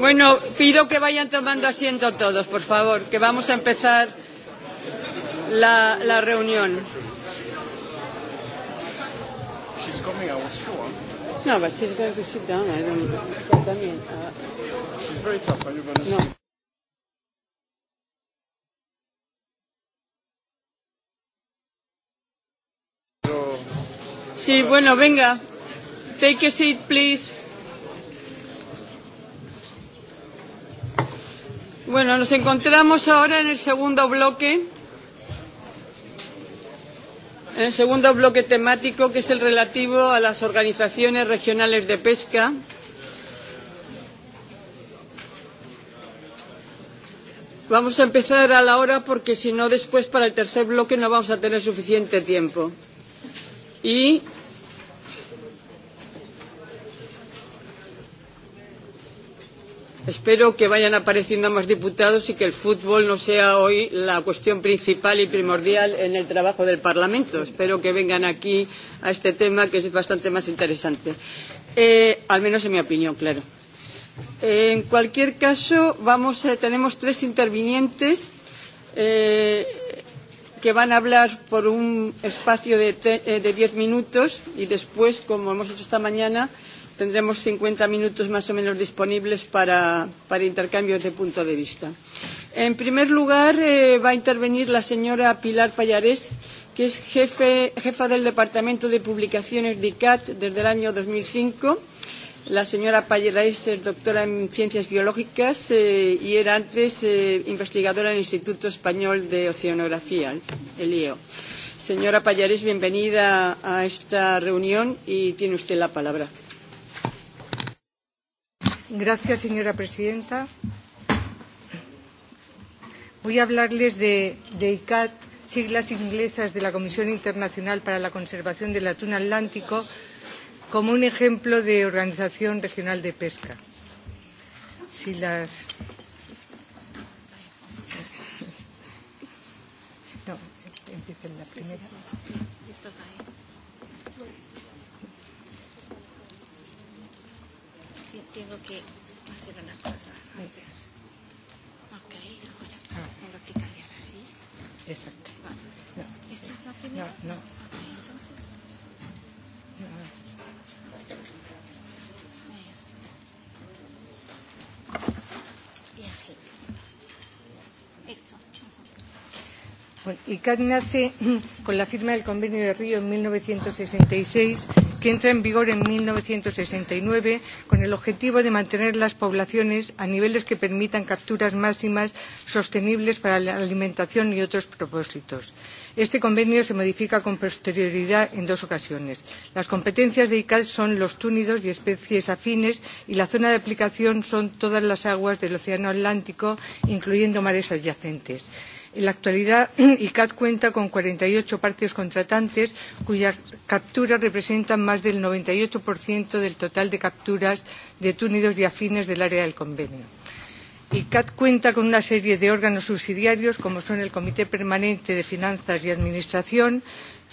Bueno, pido que vayan tomando asiento todos, por favor, que vamos a empezar la, la reunión. No, but she's going to sit down. I don't. También. Uh, she's very tough. Are you going to? No. See? Sí, bueno, venga. Take a seat, please. Bueno, nos encontramos ahora en el segundo bloque, en el segundo bloque temático que es el relativo a las organizaciones regionales de pesca. Vamos a empezar a la hora porque si no después para el tercer bloque no vamos a tener suficiente tiempo. Y Espero que vayan apareciendo más diputados y que el fútbol no sea hoy la cuestión principal y primordial en el trabajo del Parlamento. Espero que vengan aquí a este tema que es bastante más interesante. Eh, al menos en mi opinión, claro. En cualquier caso, vamos a, tenemos tres intervinientes eh, que van a hablar por un espacio de, de diez minutos y después, como hemos hecho esta mañana, tendremos 50 minutos más o menos disponibles para, para intercambios de punto de vista. En primer lugar, eh, va a intervenir la señora Pilar Payarés, que es jefe, jefa del Departamento de Publicaciones de ICAT desde el año 2005. La señora Payarés es doctora en Ciencias Biológicas eh, y era antes eh, investigadora en el Instituto Español de Oceanografía, el IEO. Señora Pallarés, bienvenida a esta reunión y tiene usted la palabra. Gracias, señora presidenta. Voy a hablarles de, ICAT, siglas inglesas de la Comisión Internacional para la Conservación del Atún Atlántico, como un ejemplo de organización regional de pesca. Si las... No, en la primera. Tengo que Exacto. No. ¿Esta es la primera? No, no. ICAT nace con la firma del Convenio de Río en mil novecientos sesenta y seis, que entra en vigor en mil novecientos sesenta y nueve, con el objetivo de mantener las poblaciones a niveles que permitan capturas máximas sostenibles para la alimentación y otros propósitos. Este convenio se modifica con posterioridad en dos ocasiones. Las competencias de ICAT son los túnidos y especies afines y la zona de aplicación son todas las aguas del Océano Atlántico, incluyendo mares adyacentes. En la actualidad, ICAT cuenta con cuarenta y ocho partes contratantes, cuyas capturas representan más del noventa y ocho del total de capturas de túnidos y afines del área del convenio. ICAT cuenta con una serie de órganos subsidiarios, como son el Comité Permanente de Finanzas y Administración,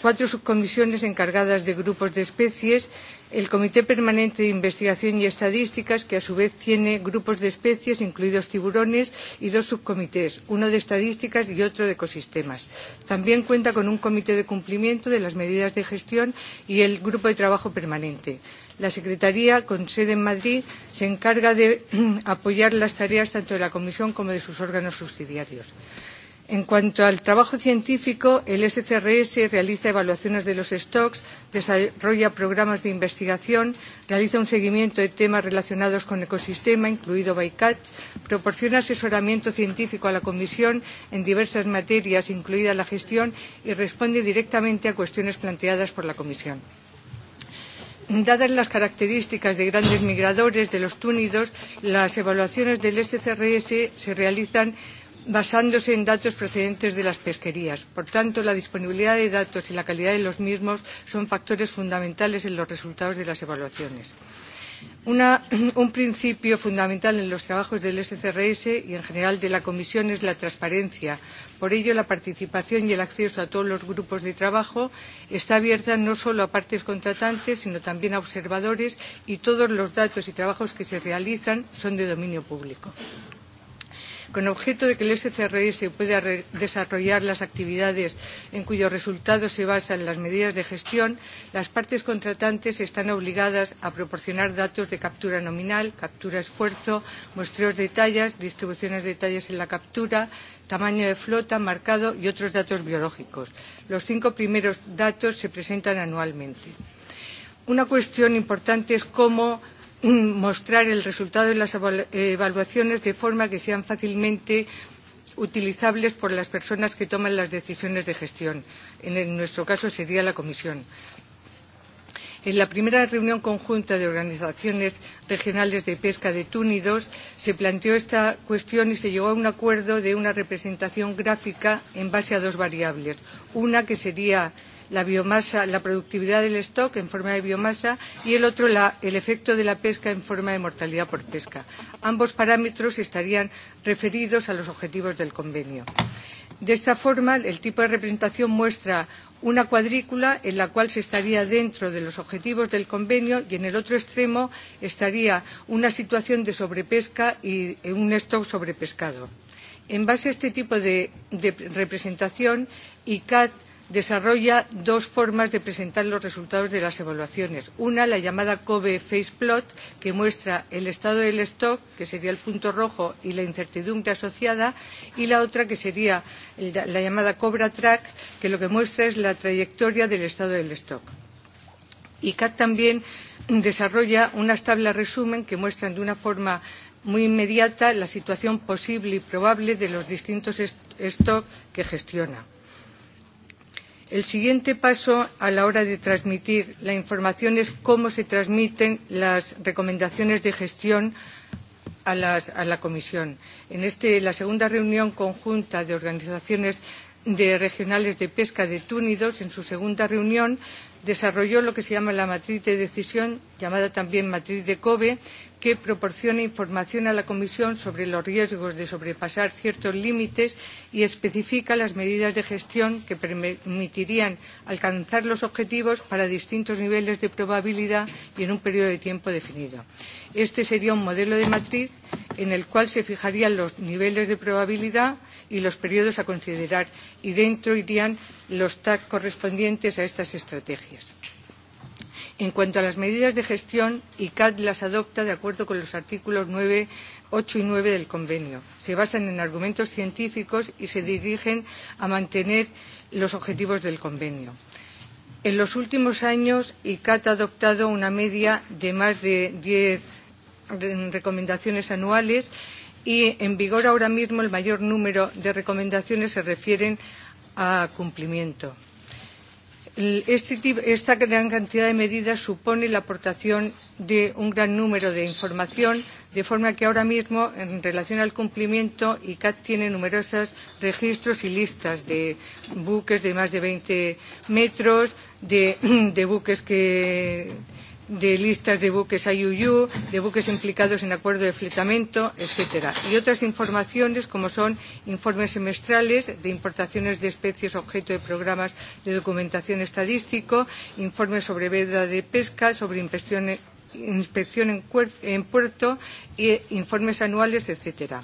cuatro subcomisiones encargadas de grupos de especies el comité permanente de investigación y estadísticas que a su vez tiene grupos de especies incluidos tiburones y dos subcomités uno de estadísticas y otro de ecosistemas. también cuenta con un comité de cumplimiento de las medidas de gestión y el grupo de trabajo permanente. la secretaría con sede en madrid se encarga de apoyar las tareas tanto de la comisión como de sus órganos subsidiarios. en En cuanto al trabajo científico, el SCRS realiza evaluaciones de los stocks, desarrolla programas de investigación, realiza un seguimiento de temas relacionados con ecosistema, incluido bycatch, proporciona asesoramiento científico a la Comisión en diversas materias, incluida la gestión, y responde directamente a cuestiones planteadas por la Comisión dadas las características de grandes migradores de los túnidos, las evaluaciones del SCRS se realizan basándose en datos procedentes de las pesquerías. Por tanto, la disponibilidad de datos y la calidad de los mismos son factores fundamentales en los resultados de las evaluaciones. un principio fundamental en los trabajos del SCRS y en general de la Comisión es la transparencia. Por ello, la participación y el acceso a todos los grupos de trabajo está abierta no solo a partes contratantes, sino también a observadores y todos los datos y trabajos que se realizan son de dominio público con objeto de que el SCRS pueda desarrollar las actividades en cuyos resultados se basan las medidas de gestión, las partes contratantes están obligadas a proporcionar datos de captura nominal, captura esfuerzo, muestreos de tallas, distribuciones de tallas en la captura, tamaño de flota, marcado y otros datos biológicos. Los cinco primeros datos se presentan anualmente. Una cuestión importante es cómo mostrar el resultado de las evaluaciones de forma que sean fácilmente utilizables por las personas que toman las decisiones de gestión. En nuestro caso sería la Comisión. En la primera reunión conjunta de organizaciones regionales de pesca de Túnidos se planteó esta cuestión y se llegó a un acuerdo de una representación gráfica en base a dos variables. Una que sería la biomasa, la productividad del stock en forma de biomasa y el otro el efecto de la pesca en forma de mortalidad por pesca. Ambos parámetros estarían referidos a los objetivos del convenio. De esta forma, el tipo de representación muestra una cuadrícula en la cual se estaría dentro de los objetivos del convenio y en el otro extremo estaría una situación de sobrepesca y un stock sobrepescado. En base a este tipo de, representación, ICAT desarrolla dos formas de presentar los resultados de las evaluaciones. Una, la llamada kobe Face Plot, que muestra el estado del stock, que sería el punto rojo, y la incertidumbre asociada, y la otra, que sería la llamada Cobra Track, que lo que muestra es la trayectoria del estado del stock. ICAT también desarrolla unas tablas resumen que muestran de una forma muy inmediata la situación posible y probable de los distintos stocks que gestiona. El siguiente paso a la hora de transmitir la información es cómo se transmiten las recomendaciones de gestión a, la Comisión. En la segunda reunión conjunta de organizaciones regionales de pesca de Túnidos, en su segunda reunión, desarrolló lo que se llama la matriz de decisión, llamada también matriz de COBE, que proporciona información a la Comisión sobre los riesgos de sobrepasar ciertos límites y especifica las medidas de gestión que permitirían alcanzar los objetivos para distintos niveles de probabilidad y en un periodo de tiempo definido. Este sería un modelo de matriz en el cual se fijarían los niveles de probabilidad y los periodos a considerar y dentro irían los tac correspondientes a estas estrategias. En cuanto a las medidas de gestión, ICAT las adopta de acuerdo con los artículos nueve, ocho y nueve del convenio. Se basan en argumentos científicos y se dirigen a mantener los objetivos del convenio. En los últimos años, ICAT ha adoptado una media de más de diez recomendaciones anuales y en vigor ahora mismo el mayor número de recomendaciones se refieren a cumplimiento. Esta gran cantidad de medidas supone la aportación de un gran número de información, de forma que ahora mismo, en relación al cumplimiento, ICAT tiene numerosos registros y listas de buques de más de veinte metros, de, buques que de listas de buques IUU, de buques implicados en acuerdo de fletamento, etcétera, y otras informaciones como son informes semestrales de importaciones de especies objeto de programas de documentación estadístico, informes sobre veda de pesca, sobre inspección en puerto, informes anuales, etcétera.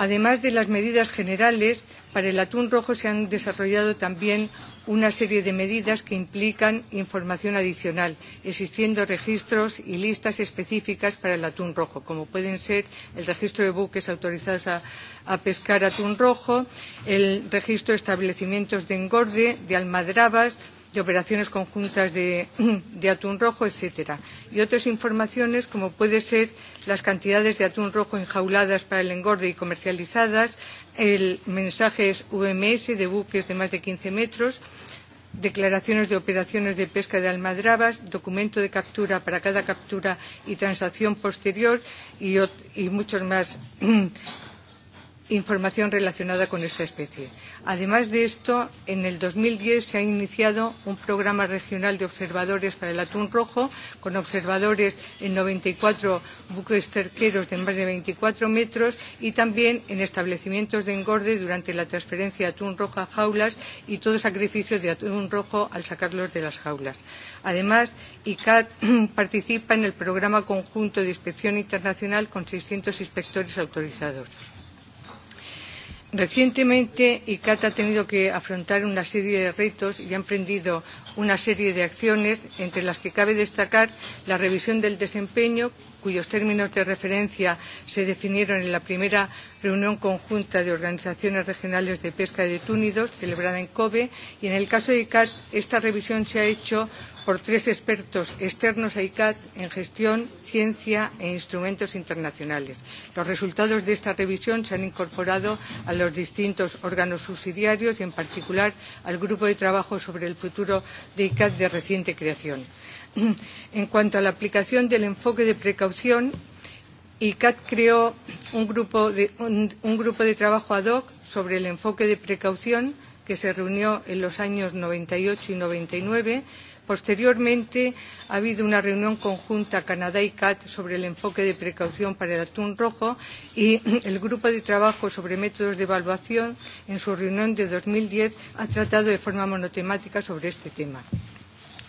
Además de las medidas generales, para el atún rojo se han desarrollado también una serie de medidas que implican información adicional, existiendo registros y listas específicas para el atún rojo, como pueden ser el registro de buques autorizados a, pescar atún rojo, el registro de establecimientos de engorde, de almadrabas, de operaciones conjuntas de, de atún rojo, etcétera, y otras informaciones como pueden ser las cantidades de atún rojo enjauladas para el engorde y comercializadas, el mensajes UMS de buques de más de 15 metros, declaraciones de operaciones de pesca de almadrabas, documento de captura para cada captura y transacción posterior y, muchos más información relacionada con esta especie. Además de esto, en el dos mil diez se ha iniciado un programa regional de observadores para el atún rojo, con observadores en noventa y cuatro buques cerqueros de más de veinticuatro metros y también en establecimientos de engorde durante la transferencia de atún rojo a jaulas y todo sacrificio de atún rojo al sacarlos de las jaulas. Además, ICAT participa en el programa conjunto de inspección internacional con seiscientos inspectores autorizados. Recientemente, ICAT ha tenido que afrontar una serie de retos y ha emprendido una serie de acciones, entre las que cabe destacar la revisión del desempeño, cuyos términos de referencia se definieron en la primera reunión conjunta de organizaciones regionales de pesca de túnidos, celebrada en Kobe, y en el caso de ICAT, esta revisión se ha hecho por tres expertos externos a ICAT en gestión, ciencia e instrumentos internacionales. Los resultados de esta revisión se han incorporado a los distintos órganos subsidiarios y, en particular, al Grupo de Trabajo sobre el Futuro de ICAT de reciente creación. En cuanto a la aplicación del enfoque de precaución, ICAT creó un grupo de, trabajo ad hoc sobre el enfoque de precaución que se reunió en los años noventa y ocho y noventa y nueve Posteriormente, ha habido una reunión conjunta Canadá y CAT sobre el enfoque de precaución para el atún rojo y el Grupo de Trabajo sobre Métodos de Evaluación, en su reunión de dos mil diez, ha tratado de forma monotemática sobre este tema.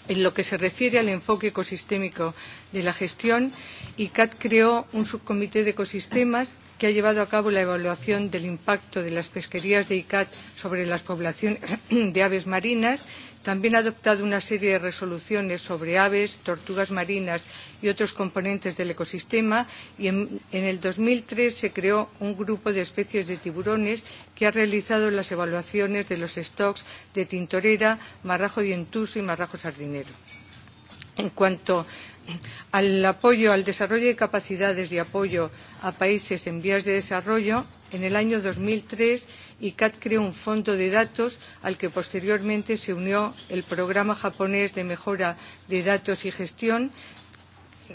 En lo que se refiere al enfoque ecosistémico de la gestión, ICAT creó un subcomité de ecosistemas que ha llevado a cabo la evaluación del impacto de las pesquerías de ICAT sobre las poblaciones de aves marinas También ha adoptado una serie de resoluciones sobre aves, tortugas marinas y otros componentes del ecosistema y en, en dos mil tres se creó un grupo de especies de tiburones que ha realizado las evaluaciones de los stocks de tintorera, marrajo dientuso y marrajo sardinero. En cuanto a al apoyo al desarrollo de capacidades y apoyo a países en vías de desarrollo, en el año dos mil tres ICAT creó un fondo de datos al que posteriormente se unió el programa japonés de mejora de datos y gestión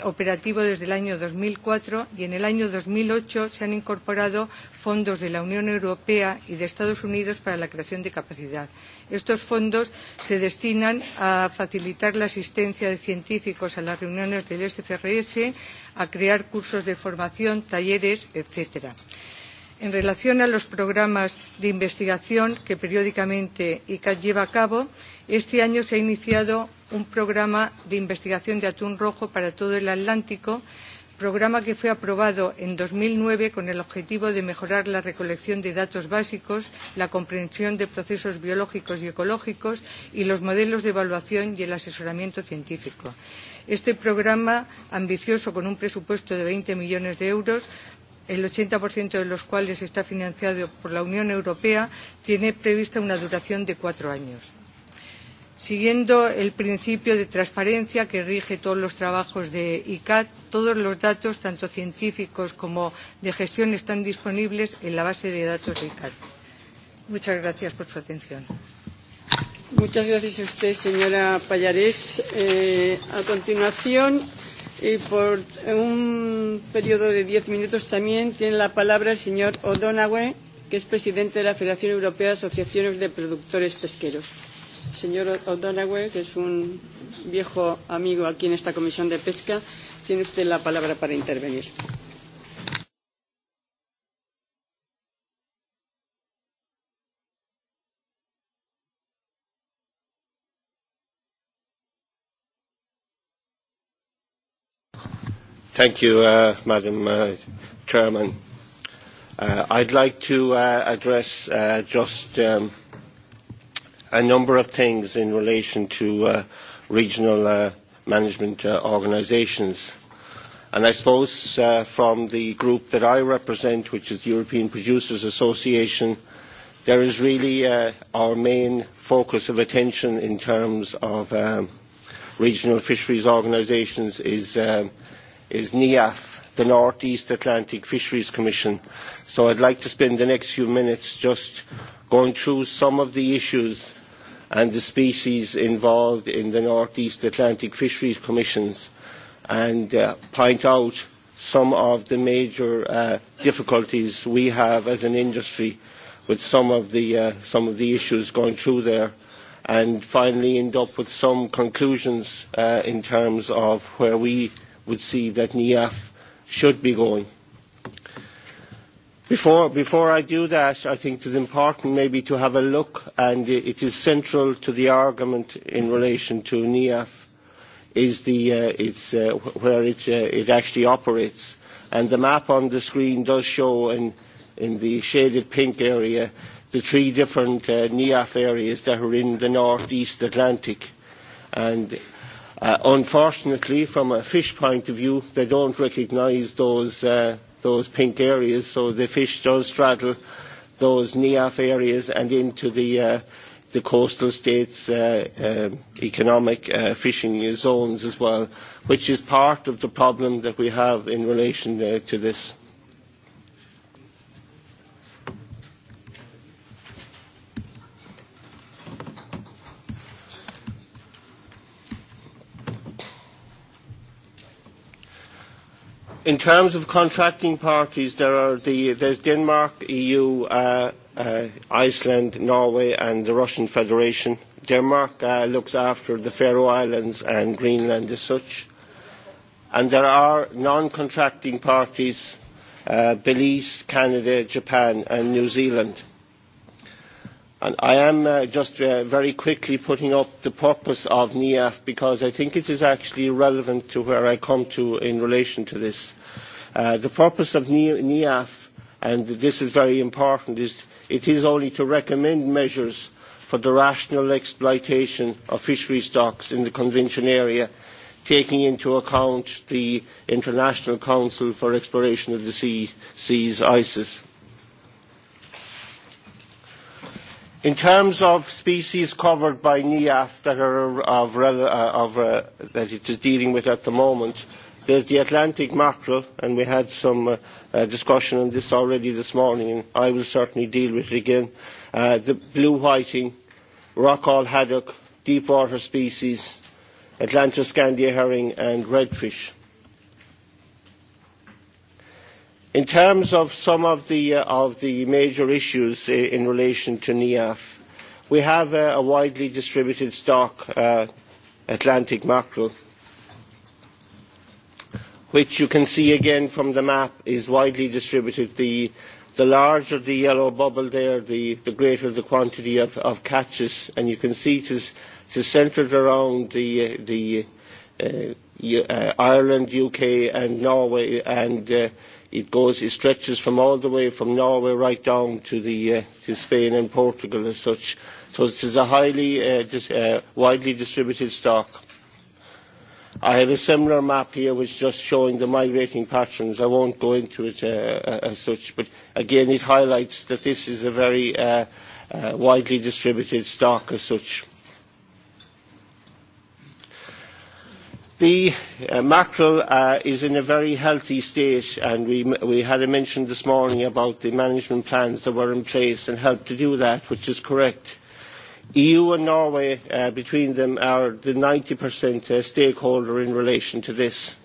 operativo desde el año dos mil cuatro y en el año dos mil ocho se han incorporado fondos de la Unión Europea y de los Estados Unidos para la creación de capacidad. Estos fondos se destinan a facilitar la asistencia de científicos a las reuniones del SCRS, a crear cursos de formación, talleres, etcétera. En relación con los programas de investigación que periódicamente ICAT lleva a cabo, este año se ha iniciado un programa de investigación de atún rojo para todo el Atlántico, programa que fue aprobado en dos mil nueve con el objetivo de mejorar la recolección de datos básicos, la comprensión de procesos biológicos y ecológicos y los modelos de evaluación y el asesoramiento científico. Este programa ambicioso, con un presupuesto de veinte millones de euros, el ochenta de los cuales está financiado por la Unión Europea, tiene prevista una duración de cuatro años. Siguiendo el principio de transparencia que rige todos los trabajos de ICAT, todos los datos, tanto científicos como de gestión, están disponibles en la base de datos de ICAT. Muchas gracias por su atención. Muchas gracias a usted, señora Payarés. Eh, a continuación, y por un periodo de diez minutos también, tiene la palabra el señor O'Donoghue, que es presidente de la Federación Europea de Asociaciones de Productores Pesqueros. Señor O'Donoghue, que es un viejo amigo aquí en esta Comisión de Pesca, tiene usted la palabra para intervenir. Thank you, uh, Madam uh, Chairman. Uh, I'd like to uh, address uh, just um, – a number of things in relation to uh, regional uh, management uh, organisations. And I suppose uh, from the group that I represent, which is the European Producers Association, there is really uh, our main focus of attention in terms of um, regional fisheries organisations is, um, is NIAF, the North East Atlantic Fisheries Commission. So I'd like to spend the next few minutes just going through some of the issues and the species involved in the North East Atlantic Fisheries Commissions and point out some of the major difficulties we have as an industry with some of the issues going through there and finally end up with some conclusions in terms of where we would see that NIAF should be going. Before, before I do that, I think it is important maybe to have a look, and it is central to the argument in relation to NIAF, is the, uh, it's, uh, where it, uh, it actually operates. And the map on the screen does show in, in the shaded pink area the three different uh, NIAF areas that are in the North East Atlantic. And uh, unfortunately, from a fish point of view, they don't recognise those uh, – those pink areas, so the fish does straddle those NEAF areas and into the, uh, the coastal states' uh, uh, economic uh, fishing zones as well, which is part of the problem that we have in relation uh, to this. in terms of contracting parties, there are the, there's Denmark, EU, uh, uh, Iceland, Norway, and the Russian Federation. Denmark uh, looks after the Faroe Islands and Greenland as such. And there are non-contracting parties, uh, Belize, Canada, Japan, and New Zealand. And I am uh, just uh, very quickly putting up the purpose of NIAF because I think it is actually relevant to where I come to in relation to this the purpose of NIAF and this is very important, is it is only to recommend measures for the rational exploitation of fishery stocks in the convention area, taking into account the International Council for Exploration of the Sea, Seas, ICES. In terms of species covered by NIAF that, are of, uh, of, uh, that it is dealing with at the moment, There is the Atlantic mackerel, and we had some discussion on this already this morning, and I will certainly deal with it again. the blue whiting, rock all haddock, deep water species, Atlantoscandia herring, and redfish. In terms of some of the, major issues in relation to NIAF, we have a, widely distributed stock, Atlantic mackerel, which you can see again from the map is widely distributed. The, the larger the yellow bubble there, the, the greater the quantity of, of catches. And you can see it is, it is centred around the, the uh, uh, Ireland, UK and Norway and uh, it goes, it stretches from all the way from Norway right down to, the, uh, to Spain and Portugal as such. So it is a highly, uh, dis, uh, widely distributed stock I have a similar map here which just showing the migrating patterns. I won't go into it uh, as such, but again it highlights that this is a very uh, uh, widely distributed stock as such. The uh, mackerel uh, is in a very healthy state and we, we had a mention this morning about the management plans that were in place and helped to do that, which is correct EU and Norway between them are the 90% stakeholder in relation to this.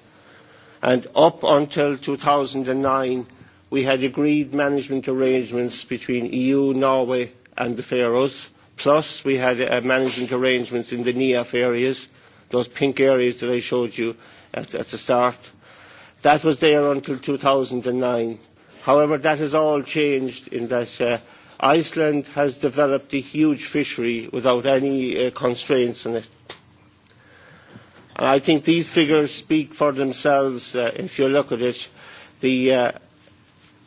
And up until two thousand nine we had agreed management arrangements between EU, Norway and the Faroes. Plus, we had management arrangements in the NIAF areas, those pink areas that I showed you at, the start. That was there until two thousand nine. However, that has all changed in that Iceland has developed a huge fishery without any constraints on it. I think these figures speak for themselves if you look at it. The,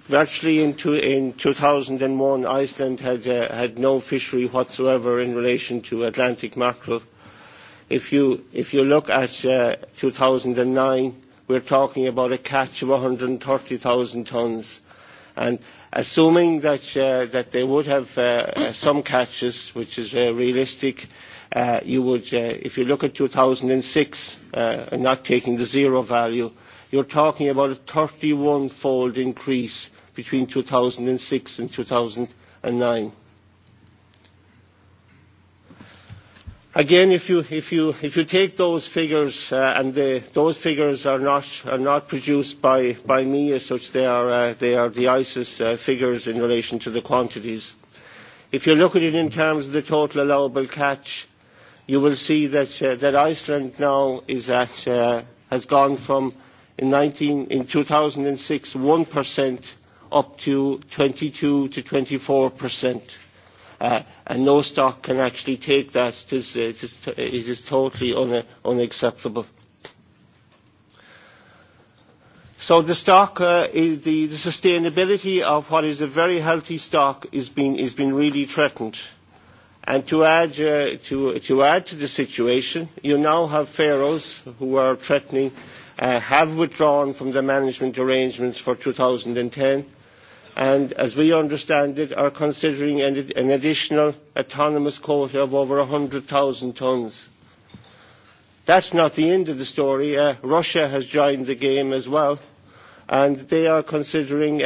virtually in, two, in 2001, Iceland had, uh, had no fishery whatsoever in relation to Atlantic mackerel. If you, if you look at uh, 2009, we're talking about a catch of 130,000 tonnes. And assuming that, uh, that they would have uh, some catches, which is uh, realistic, uh, you would, uh, if you look at 2006 uh, and not taking the zero value, you're talking about a 31-fold increase between 2006 and 2009 Again, if you, if you, if you take those figures, uh, and the, those figures are not, are not produced by, by me as such, they are, uh, they are the ISIS uh, figures in relation to the quantities. If you look at it in terms of the total allowable catch, you will see that, uh, that Iceland now is at, uh, has gone from in, 19, in 2006 1% up to 22 to 24 percent uh, and no stock can actually take that. It is, it is, it is totally un, unacceptable. So the stock, uh, is the, the sustainability of what is a very healthy stock is being, is being really threatened. And to add, uh, to, to add to the situation, you now have pharaohs who are threatening, uh, have withdrawn from the management arrangements for 2010 and as we understand it are considering an additional autonomous quota of over one hundred 100,000 tonnes. That is not the end of the story. Russia has joined the game as well and they are considering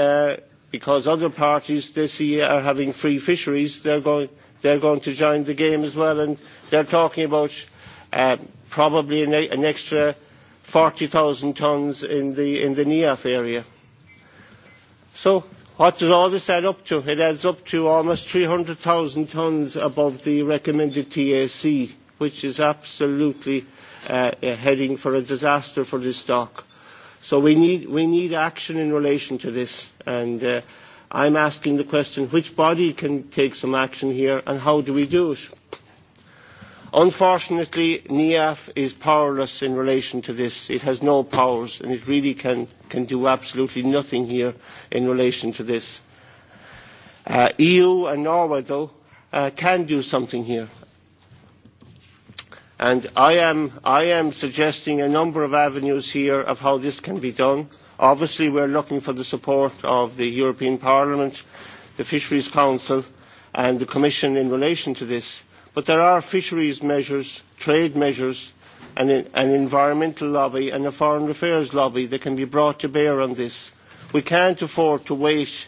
because other parties they see are having free fisheries they are going they're going to join the game as well and they're talking about probably an, an extra 40,000 tonnes in the, in the NIAF area. So What does all this add up to? It adds up to almost 300,000 tonnes above the recommended TAC, which is absolutely uh, heading for a disaster for this stock. So we need, we need action in relation to this. And uh, I'm asking the question, which body can take some action here and how do we do it? Unfortunately, NIAF is powerless in relation to this. It has no powers and it really can, can do absolutely nothing here in relation to this. Uh, EU and Norway, though, uh, can do something here. And I am, I am suggesting a number of avenues here of how this can be done. Obviously, we are looking for the support of the European Parliament, the Fisheries Council and the Commission in relation to this But there are fisheries measures, trade measures, and an environmental lobby and a foreign affairs lobby that can be brought to bear on this. We can't afford to wait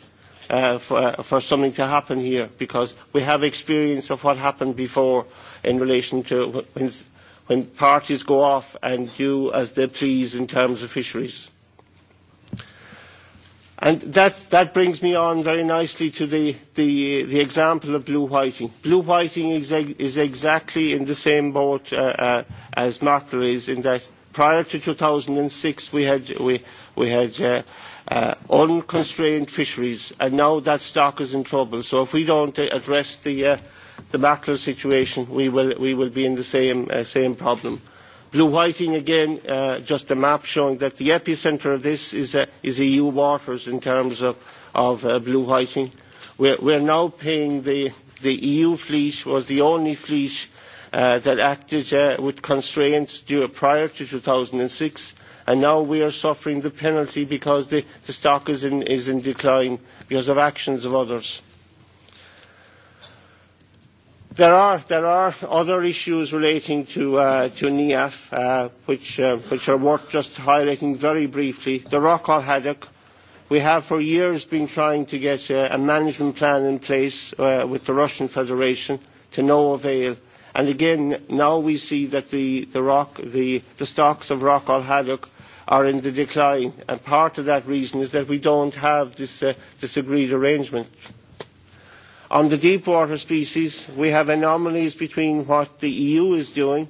for, something to happen here because we have experience of what happened before in relation to when, when parties go off and do as they please in terms of fisheries. And that, that brings me on very nicely to the, the, the example of blue whiting. Blue whiting is, is exactly in the same boat uh, uh, as mackerel is in that prior to 2006 we had, we, we had uh, uh, unconstrained fisheries and now that stock is in trouble. So if we don't address the, uh, the mackerel situation we will, we will be in the same, uh, same problem Blue whiting, again, uh, just a map showing that the epicentre of this is, uh, is EU waters in terms of, of uh, blue whiting. We're, we're now paying the, the EU fleet was the only fleet uh, that acted uh, with constraints due, prior to 2006, and now we are suffering the penalty because the, the stock is in, is in decline because of actions of others There are, there are other issues relating to, uh, to NIAF, uh, which, uh, which are worth just highlighting very briefly. The Rockall haddock. We have for years been trying to get a, a management plan in place uh, with the Russian Federation to no avail. And again, now we see that the, the, rock, the, the stocks of Rockall haddock are in the decline. And part of that reason is that we don't have this, uh, this agreed arrangement On the deep water species, we have anomalies between what the EU is doing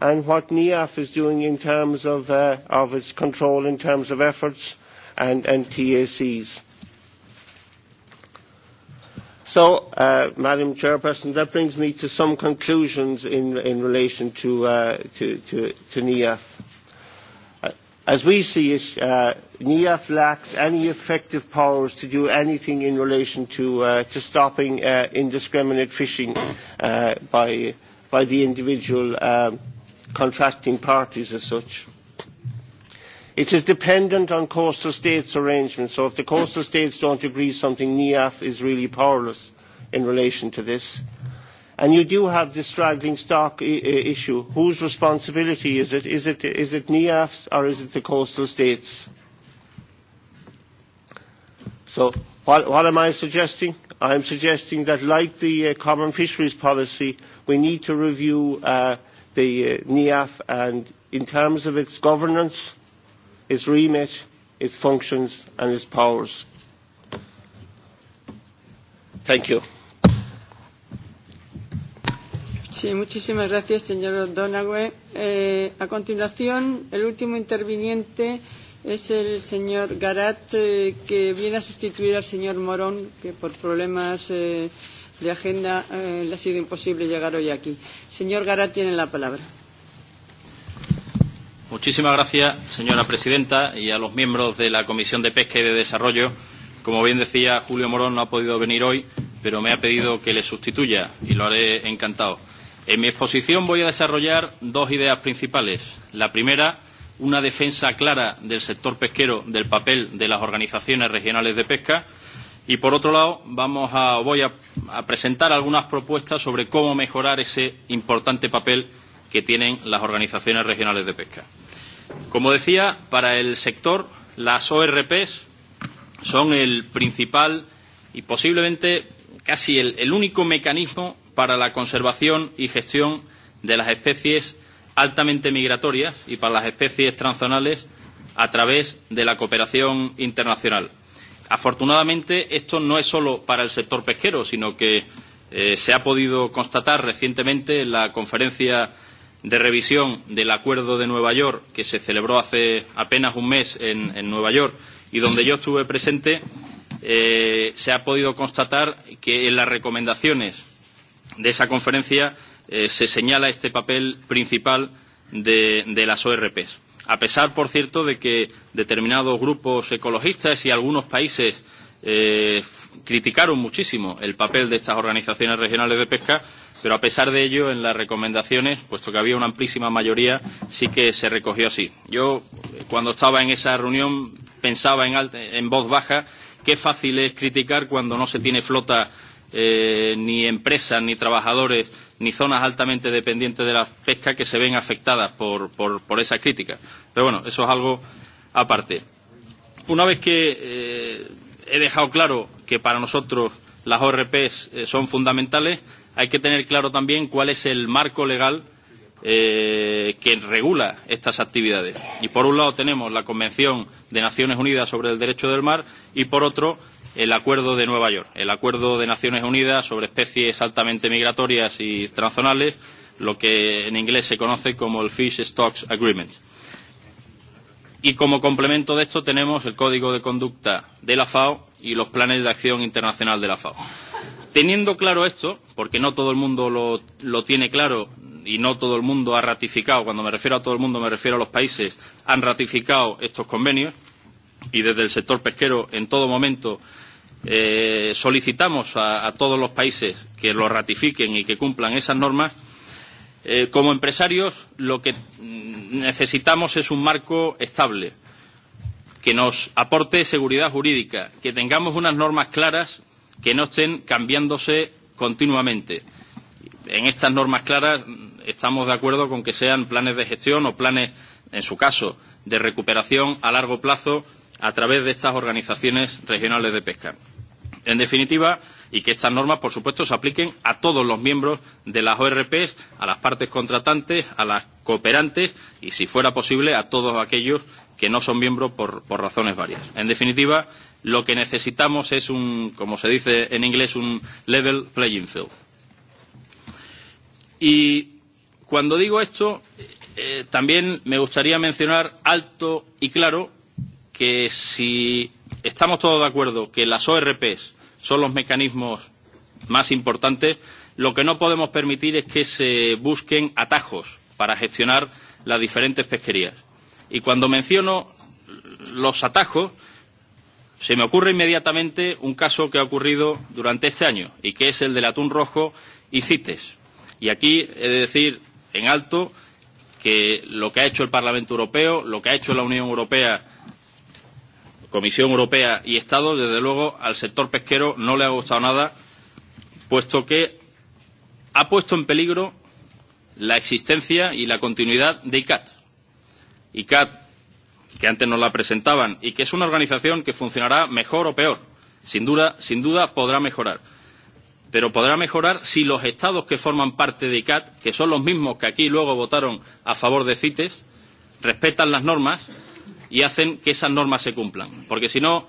and what NIAF is doing in terms of, uh, of its control, in terms of efforts and, and TACs. So, uh, Madam Chairperson, that brings me to some conclusions in, in relation to, uh, to, to, to As we see it, uh, NIAF lacks any effective powers to do anything in relation to, uh, to stopping uh, indiscriminate fishing uh, by, by the individual um, contracting parties as such. It is dependent on coastal states arrangements, so if the coastal states don't agree something, NIAF is really powerless in relation to this. Uh, And you do have this straggling stock issue. Whose responsibility is it? Is it, is it NEAF's or is it the coastal states? So what, what am I suggesting? I am suggesting that like the uh, common fisheries policy, we need to review uh, the uh, NEAF and in terms of its governance, its remit, its functions and its powers. Thank you. Sí, muchísimas gracias, señor Donagüe. Eh, a continuación, el último interviniente es el señor Garat, eh, que viene a sustituir al señor Morón, que por problemas eh, de agenda eh, le ha sido imposible llegar hoy aquí. Señor Garat tiene la palabra. Muchísimas gracias, señora presidenta, y a los miembros de la Comisión de Pesca y de Desarrollo. Como bien decía, Julio Morón no ha podido venir hoy, pero me ha pedido que le sustituya y lo haré encantado. En mi exposición voy a desarrollar dos ideas principales. La primera, una defensa clara del sector pesquero del papel de las organizaciones regionales de pesca y por otro lado vamos a, voy a, a presentar algunas propuestas sobre cómo mejorar ese importante papel que tienen las organizaciones regionales de pesca. Como decía, para el sector las ORPs son el principal y posiblemente casi el, el único mecanismo para la conservación y gestión de las especies altamente migratorias y para las especies transzonales a través de la cooperación internacional. Afortunadamente, esto no es solo para el sector pesquero, sino que eh, se ha podido constatar recientemente en la conferencia de revisión del Acuerdo de Nueva York, que se celebró hace apenas un mes en, en Nueva York y donde yo estuve presente, eh, se ha podido constatar que en las recomendaciones de esa conferencia eh, se señala este papel principal de, de las ORP. A pesar, por cierto, de que determinados grupos ecologistas y algunos países eh, criticaron muchísimo el papel de estas organizaciones regionales de pesca, pero a pesar de ello, en las recomendaciones, puesto que había una amplísima mayoría, sí que se recogió así. Yo, cuando estaba en esa reunión, pensaba en, alta, en voz baja qué fácil es criticar cuando no se tiene flota eh, ni empresas, ni trabajadores, ni zonas altamente dependientes de la pesca que se ven afectadas por, por, por esa crítica. Pero bueno, eso es algo aparte. Una vez que eh, he dejado claro que para nosotros las ORP son fundamentales, hay que tener claro también cuál es el marco legal eh, eh, que regula estas actividades. Y por un lado tenemos la Convención de Naciones Unidas sobre el Derecho del Mar y por otro el Acuerdo de Nueva York, el Acuerdo de Naciones Unidas sobre especies altamente migratorias y transzonales, lo que en inglés se conoce como el Fish Stocks Agreement. Y como complemento de esto tenemos el Código de Conducta de la FAO y los planes de acción internacional de la FAO. Teniendo claro esto, porque no todo el mundo lo, lo tiene claro y no todo el mundo ha ratificado, cuando me refiero a todo el mundo me refiero a los países, han ratificado estos convenios y desde el sector pesquero en todo momento eh, solicitamos a, a todos los países que lo ratifiquen y que cumplan esas normas. Eh, como empresarios lo que necesitamos es un marco estable que nos aporte seguridad jurídica, que tengamos unas normas claras que no estén cambiándose continuamente en estas normas claras estamos de acuerdo con que sean planes de gestión o planes, en su caso, de recuperación a largo plazo a través de estas organizaciones regionales de pesca. En definitiva, y que estas normas, por supuesto, se apliquen a todos los miembros de las ORP, a las partes contratantes, a las cooperantes y, si fuera posible, a todos aquellos que no son miembros por, por razones varias. En definitiva, lo que necesitamos es un, como se dice en inglés, un level playing field Y cuando digo esto, eh, también me gustaría mencionar alto y claro que si estamos todos de acuerdo que las ORPs son los mecanismos más importantes, lo que no podemos permitir es que se busquen atajos para gestionar las diferentes pesquerías. Y cuando menciono los atajos, se me ocurre inmediatamente un caso que ha ocurrido durante este año y que es el del atún rojo y CITES. Y aquí he de decir en alto que lo que ha hecho el Parlamento Europeo, lo que ha hecho la Unión Europea, Comisión Europea y Estado, desde luego al sector pesquero no le ha gustado nada, puesto que ha puesto en peligro la existencia y la continuidad de ICAT. ICAT, que antes nos la presentaban, y que es una organización que funcionará mejor o peor. Sin duda, sin duda podrá mejorar pero podrá mejorar si los estados que forman parte de ICAT, que son los mismos que aquí luego votaron a favor de CITES, respetan las normas y hacen que esas normas se cumplan, porque si no,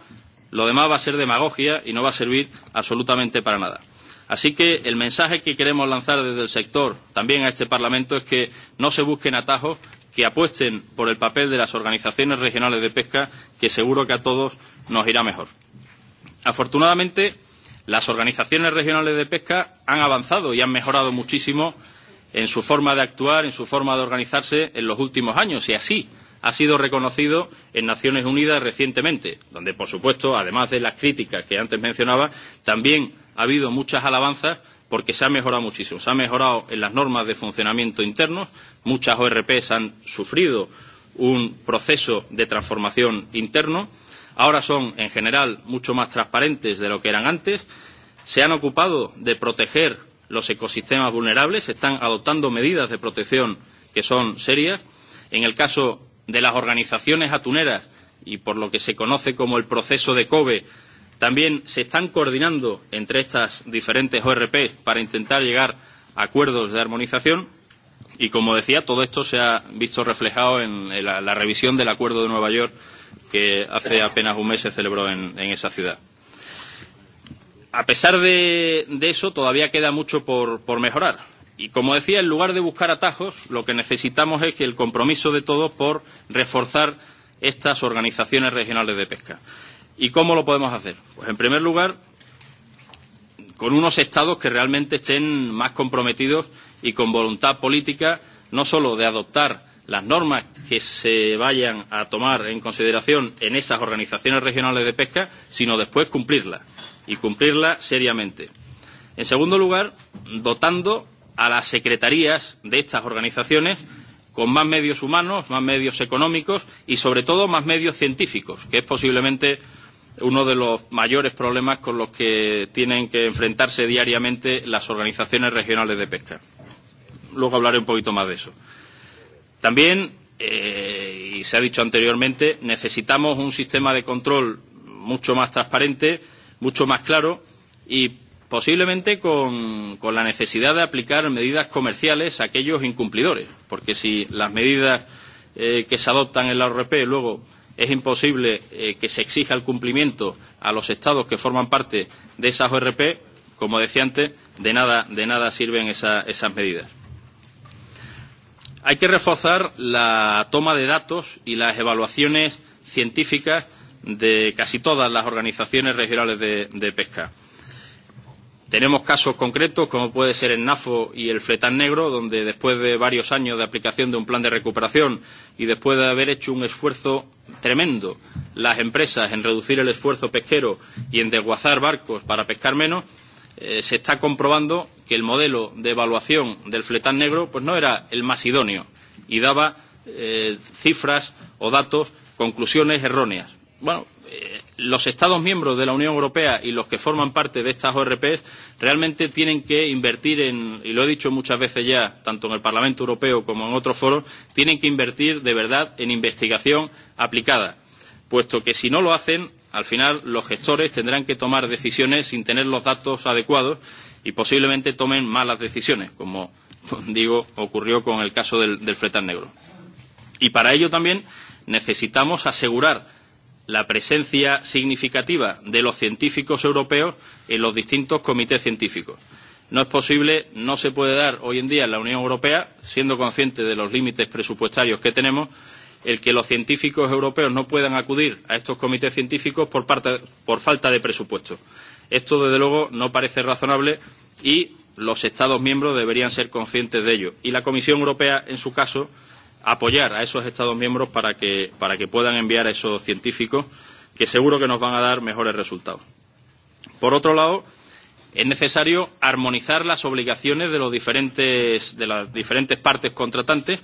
lo demás va a ser demagogia y no va a servir absolutamente para nada. Así que el mensaje que queremos lanzar desde el sector también a este Parlamento es que no se busquen atajos, que apuesten por el papel de las organizaciones regionales de pesca, que seguro que a todos nos irá mejor. Afortunadamente, Las organizaciones regionales de pesca han avanzado y han mejorado muchísimo en su forma de actuar, en su forma de organizarse en los últimos años y así ha sido reconocido en Naciones Unidas recientemente, donde, por supuesto, además de las críticas que antes mencionaba, también ha habido muchas alabanzas porque se ha mejorado muchísimo. Se ha mejorado en las normas de funcionamiento interno, muchas ORP han sufrido un proceso de transformación interno ahora son en general mucho más transparentes de lo que eran antes, se han ocupado de proteger los ecosistemas vulnerables, se están adoptando medidas de protección que son serias. En el caso de las organizaciones atuneras y por lo que se conoce como el proceso de COBE, también se están coordinando entre estas diferentes ORP para intentar llegar a acuerdos de armonización. Y como decía, todo esto se ha visto reflejado en la, la revisión del Acuerdo de Nueva York que hace apenas un mes se celebró en, en esa ciudad. A pesar de, de eso, todavía queda mucho por, por mejorar. Y como decía, en lugar de buscar atajos, lo que necesitamos es que el compromiso de todos por reforzar estas organizaciones regionales de pesca. ¿Y cómo lo podemos hacer? Pues en primer lugar, con unos estados que realmente estén más comprometidos y con voluntad política, no solo de adoptar las normas que se vayan a tomar en consideración en esas organizaciones regionales de pesca, sino después cumplirlas y cumplirlas seriamente. En segundo lugar, dotando a las secretarías de estas organizaciones con más medios humanos, más medios económicos y, sobre todo, más medios científicos, que es posiblemente uno de los mayores problemas con los que tienen que enfrentarse diariamente las organizaciones regionales de pesca. Luego hablaré un poquito más de eso. También, eh, y se ha dicho anteriormente, necesitamos un sistema de control mucho más transparente, mucho más claro y posiblemente con, con la necesidad de aplicar medidas comerciales a aquellos incumplidores, porque si las medidas eh, que se adoptan en la ORP luego es imposible eh, que se exija el cumplimiento a los Estados que forman parte de esas ORP, como decía antes, de nada, de nada sirven esa, esas medidas. Hay que reforzar la toma de datos y las evaluaciones científicas de casi todas las organizaciones regionales de, de pesca. Tenemos casos concretos, como puede ser el NAFO y el Fletán Negro, donde después de varios años de aplicación de un plan de recuperación y después de haber hecho un esfuerzo tremendo las empresas en reducir el esfuerzo pesquero y en desguazar barcos para pescar menos, se está comprobando que el modelo de evaluación del fletán negro pues no era el más idóneo y daba cifras o datos, conclusiones erróneas. Bueno, los Estados miembros de la Unión Europea y los que forman parte de estas ORP realmente tienen que invertir en, y lo he dicho muchas veces ya, tanto en el Parlamento Europeo como en otros foros, tienen que invertir de verdad en investigación aplicada, puesto que si no lo hacen Al final, los gestores tendrán que tomar decisiones sin tener los datos adecuados y posiblemente tomen malas decisiones, como digo, ocurrió con el caso del, del fretán negro. Y para ello también necesitamos asegurar la presencia significativa de los científicos europeos en los distintos comités científicos. No es posible, no se puede dar hoy en día en la Unión Europea, siendo consciente de los límites presupuestarios que tenemos, el que los científicos europeos no puedan acudir a estos comités científicos por, parte, por falta de presupuesto. Esto, desde luego, no parece razonable y los Estados miembros deberían ser conscientes de ello. Y la Comisión Europea, en su caso, apoyar a esos Estados miembros para que, para que puedan enviar a esos científicos que seguro que nos van a dar mejores resultados. Por otro lado, es necesario armonizar las obligaciones de, los diferentes, de las diferentes partes contratantes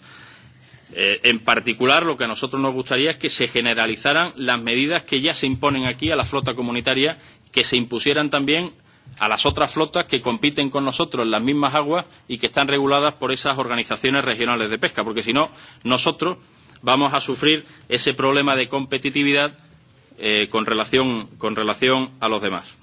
en particular, lo que a nosotros nos gustaría es que se generalizaran las medidas que ya se imponen aquí a la flota comunitaria, que se impusieran también a las otras flotas que compiten con nosotros en las mismas aguas y que están reguladas por esas organizaciones regionales de pesca, porque si no, nosotros vamos a sufrir ese problema de competitividad eh, con, relación, con relación a los demás.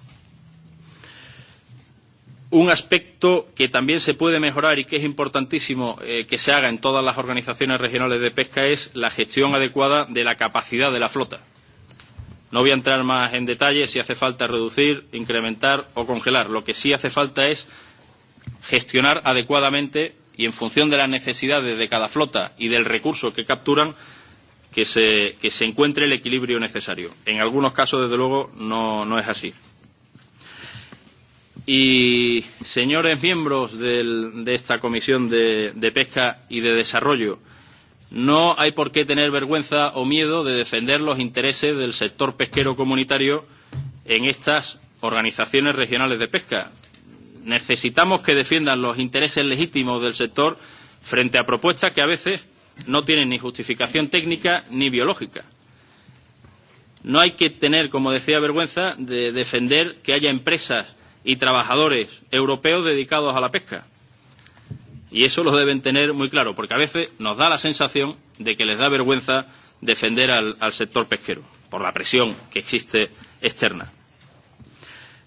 Un aspecto que también se puede mejorar y que es importantísimo eh, que se haga en todas las organizaciones regionales de pesca es la gestión adecuada de la capacidad de la flota. No voy a entrar más en detalle si hace falta reducir, incrementar o congelar. Lo que sí hace falta es gestionar adecuadamente y en función de las necesidades de cada flota y del recurso que capturan, que se, que se encuentre el equilibrio necesario. En algunos casos, desde luego, no, no es así. Y, señores miembros del, de esta Comisión de, de Pesca y de Desarrollo, no hay por qué tener vergüenza o miedo de defender los intereses del sector pesquero comunitario en estas organizaciones regionales de pesca. Necesitamos que defiendan los intereses legítimos del sector frente a propuestas que a veces no tienen ni justificación técnica ni biológica. No hay que tener, como decía, vergüenza de defender que haya empresas y trabajadores europeos dedicados a la pesca. Y eso lo deben tener muy claro, porque a veces nos da la sensación de que les da vergüenza defender al, al sector pesquero, por la presión que existe externa.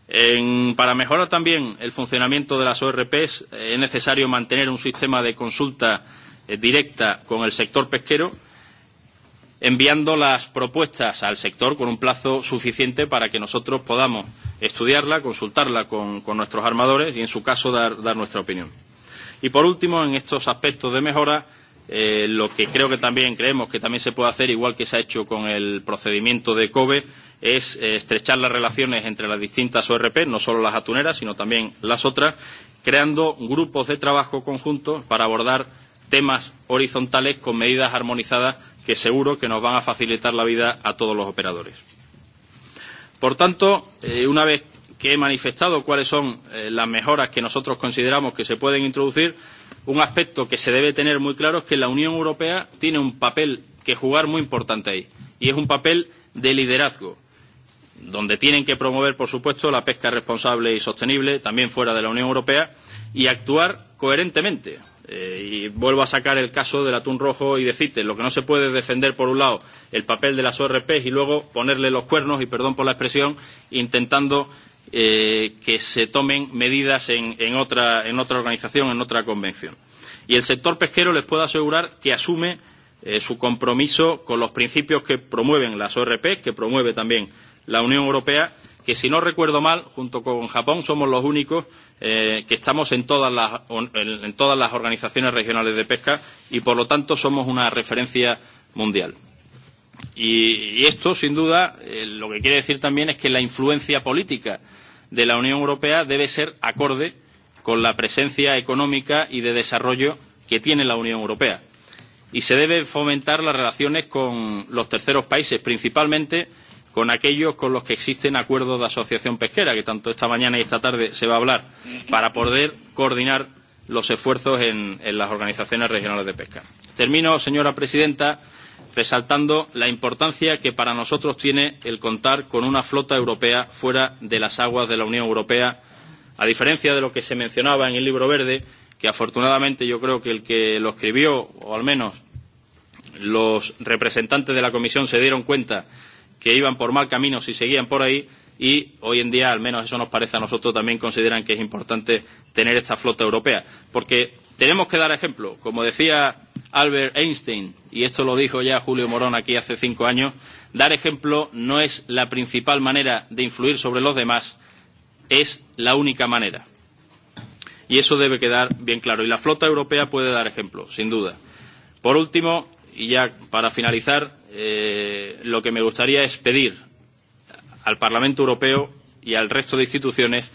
En, para mejorar también el funcionamiento de las ORP es necesario mantener un sistema de consulta directa con el sector pesquero enviando las propuestas al sector con un plazo suficiente para que nosotros podamos estudiarla, consultarla con, con nuestros armadores y, en su caso, dar, dar nuestra opinión. Y, por último, en estos aspectos de mejora, eh, lo que creo que también creemos que también se puede hacer, igual que se ha hecho con el procedimiento de COBE, es eh, estrechar las relaciones entre las distintas ORP, no solo las atuneras, sino también las otras, creando grupos de trabajo conjuntos para abordar temas horizontales con medidas armonizadas que seguro que nos van a facilitar la vida a todos los operadores. Por tanto, eh, una vez que he manifestado cuáles son eh, las mejoras que nosotros consideramos que se pueden introducir, un aspecto que se debe tener muy claro es que la Unión Europea tiene un papel que jugar muy importante ahí, y es un papel de liderazgo, donde tienen que promover, por supuesto, la pesca responsable y sostenible, también fuera de la Unión Europea, y actuar coherentemente y vuelvo a sacar el caso del atún rojo y de CITES. Lo que no se puede es defender, por un lado, el papel de las ORP y luego ponerle los cuernos, y perdón por la expresión, intentando eh, que se tomen medidas en, en, otra, en otra organización, en otra convención. Y el sector pesquero les puedo asegurar que asume eh, su compromiso con los principios que promueven las ORP, que promueve también la Unión Europea, que si no recuerdo mal, junto con Japón, somos los únicos eh, que estamos en todas, las, en todas las organizaciones regionales de pesca y, por lo tanto, somos una referencia mundial. Y, y esto, sin duda, eh, lo que quiere decir también es que la influencia política de la Unión Europea debe ser acorde con la presencia económica y de desarrollo que tiene la Unión Europea. Y se deben fomentar las relaciones con los terceros países, principalmente con aquellos con los que existen acuerdos de asociación pesquera, que tanto esta mañana y esta tarde se va a hablar, para poder coordinar los esfuerzos en, en las organizaciones regionales de pesca. Termino, señora presidenta, resaltando la importancia que para nosotros tiene el contar con una flota europea fuera de las aguas de la Unión Europea, a diferencia de lo que se mencionaba en el libro verde, que afortunadamente yo creo que el que lo escribió, o al menos los representantes de la Comisión se dieron cuenta que iban por mal camino si seguían por ahí y hoy en día, al menos eso nos parece a nosotros, también consideran que es importante tener esta flota europea. Porque tenemos que dar ejemplo. Como decía Albert Einstein, y esto lo dijo ya Julio Morón aquí hace cinco años, dar ejemplo no es la principal manera de influir sobre los demás, es la única manera. Y eso debe quedar bien claro. Y la flota europea puede dar ejemplo, sin duda. Por último, y ya para finalizar, eh, lo que me gustaría es pedir al Parlamento Europeo y al resto de instituciones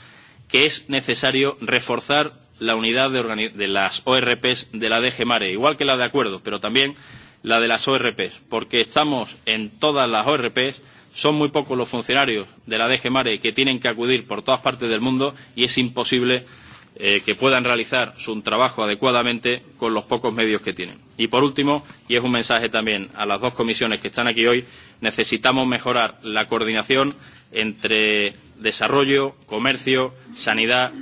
que es necesario reforzar la unidad de, de las ORP de la DG Mare, igual que la de acuerdo, pero también la de las ORP, porque estamos en todas las ORP, son muy pocos los funcionarios de la DG Mare que tienen que acudir por todas partes del mundo y es imposible eh, que puedan realizar su trabajo adecuadamente con los pocos medios que tienen. Y por último, y es un mensaje también a las dos comisiones que están aquí hoy, necesitamos mejorar la coordinación entre desarrollo, comercio, sanidad,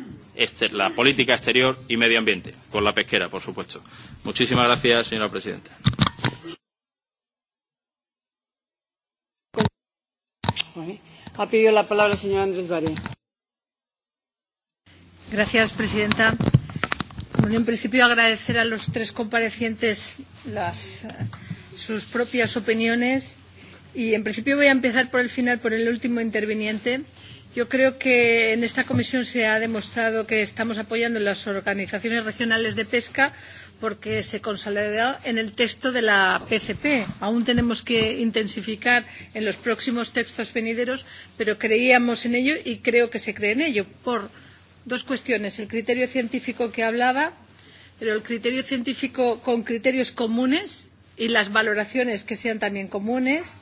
la política exterior y medio ambiente, con la pesquera, por supuesto. Muchísimas gracias, señora presidenta. Ha pedido la palabra el señor Andrés Baré. Señora presidenta. en principio, agradecer a los tres comparecientes sus propias opiniones. Y, en principio, voy a empezar por el final, por el último interviniente. Yo creo que en esta comisión se ha demostrado que estamos apoyando a las organizaciones regionales de pesca porque se consolidó en el texto de la PCP. Aún tenemos que intensificar en los próximos textos venideros, pero creíamos en ello y creo que se cree en ello. Por dos cuestiones. El criterio científico que hablaba, pero el criterio científico con criterios comunes y las valoraciones que sean también comunes.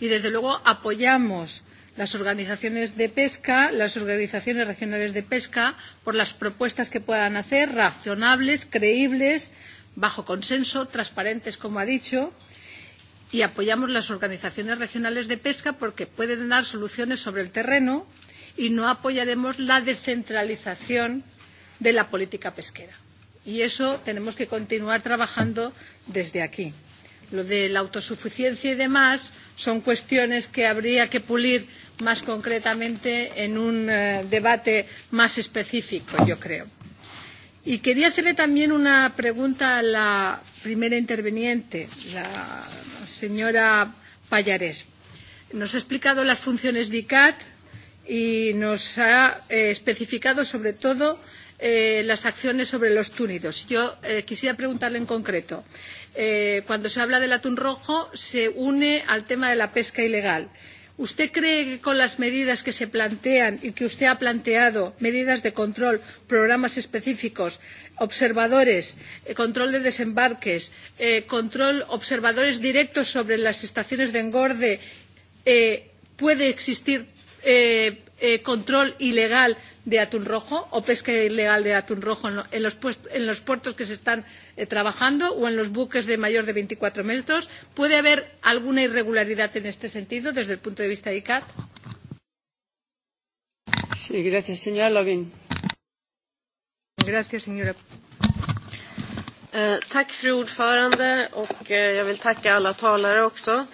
Y, desde luego, apoyamos las organizaciones de pesca, las organizaciones regionales de pesca, por las propuestas que puedan hacer, razonables, creíbles, bajo consenso, transparentes, como ha dicho, y apoyamos las organizaciones regionales de pesca porque pueden dar soluciones sobre el terreno y no apoyaremos la descentralización de la política pesquera. Y eso tenemos que continuar trabajando desde aquí. Lo de la autosuficiencia y demás son cuestiones que habría que pulir más concretamente en un debate más específico, yo creo. Y quería hacerle también una pregunta a la primera interveniente, la señora Pallares. Nos ha explicado las funciones de ICAT, y nos ha especificado sobre todo las acciones sobre los túnidos. Yo quisiera preguntarle en concreto, cuando se habla del atún rojo se une al tema de la pesca ilegal. ¿Usted cree que con las medidas que se plantean y que usted ha planteado, medidas de control, programas específicos, observadores, control de desembarques, control, observadores directos sobre las estaciones de engorde, puede existir eh, eh, control ilegal de atún rojo o pesca ilegal de atún rojo en, lo, en, los, puest, en los puertos que se están eh, trabajando o en los buques de mayor de 24 metros. ¿Puede haber alguna irregularidad en este sentido desde el punto de vista de ICAT? Sí, gracias, señora Lovin. Gracias, señora. Eh, tack, fru ordförande, och eh, jag vill tacka alla talare också.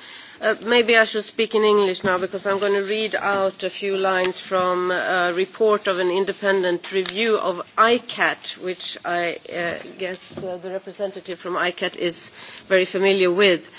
Maybe I should speak in English now because I'm going to read out a few lines from a report of an independent review of ICAT, which I guess the representative from ICAT is very familiar with.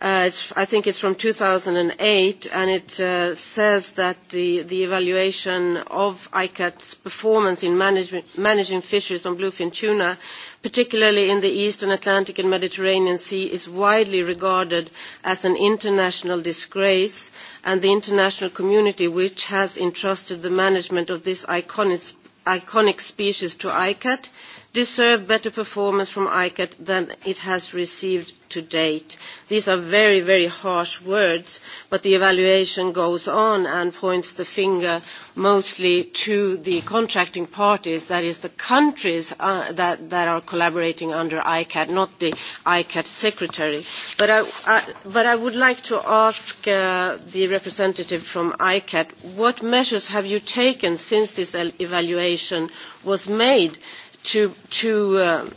I think it's from 2008, and it says that the evaluation of ICAT's performance in managing fisheries on bluefin tuna particularly in the Eastern Atlantic and Mediterranean Sea, is widely regarded as an international disgrace, and the international community, which has entrusted the management of this iconic, species to ICAT, deserve better performance from ICAT than it has received to date. These are very, very harsh words, but the evaluation goes on and points the finger mostly to the contracting parties, that is the countries that, are collaborating under ICAT, not the ICAT secretary. But I, would like to ask the representative from ICAT, what measures have you taken since this evaluation was made to, to uh,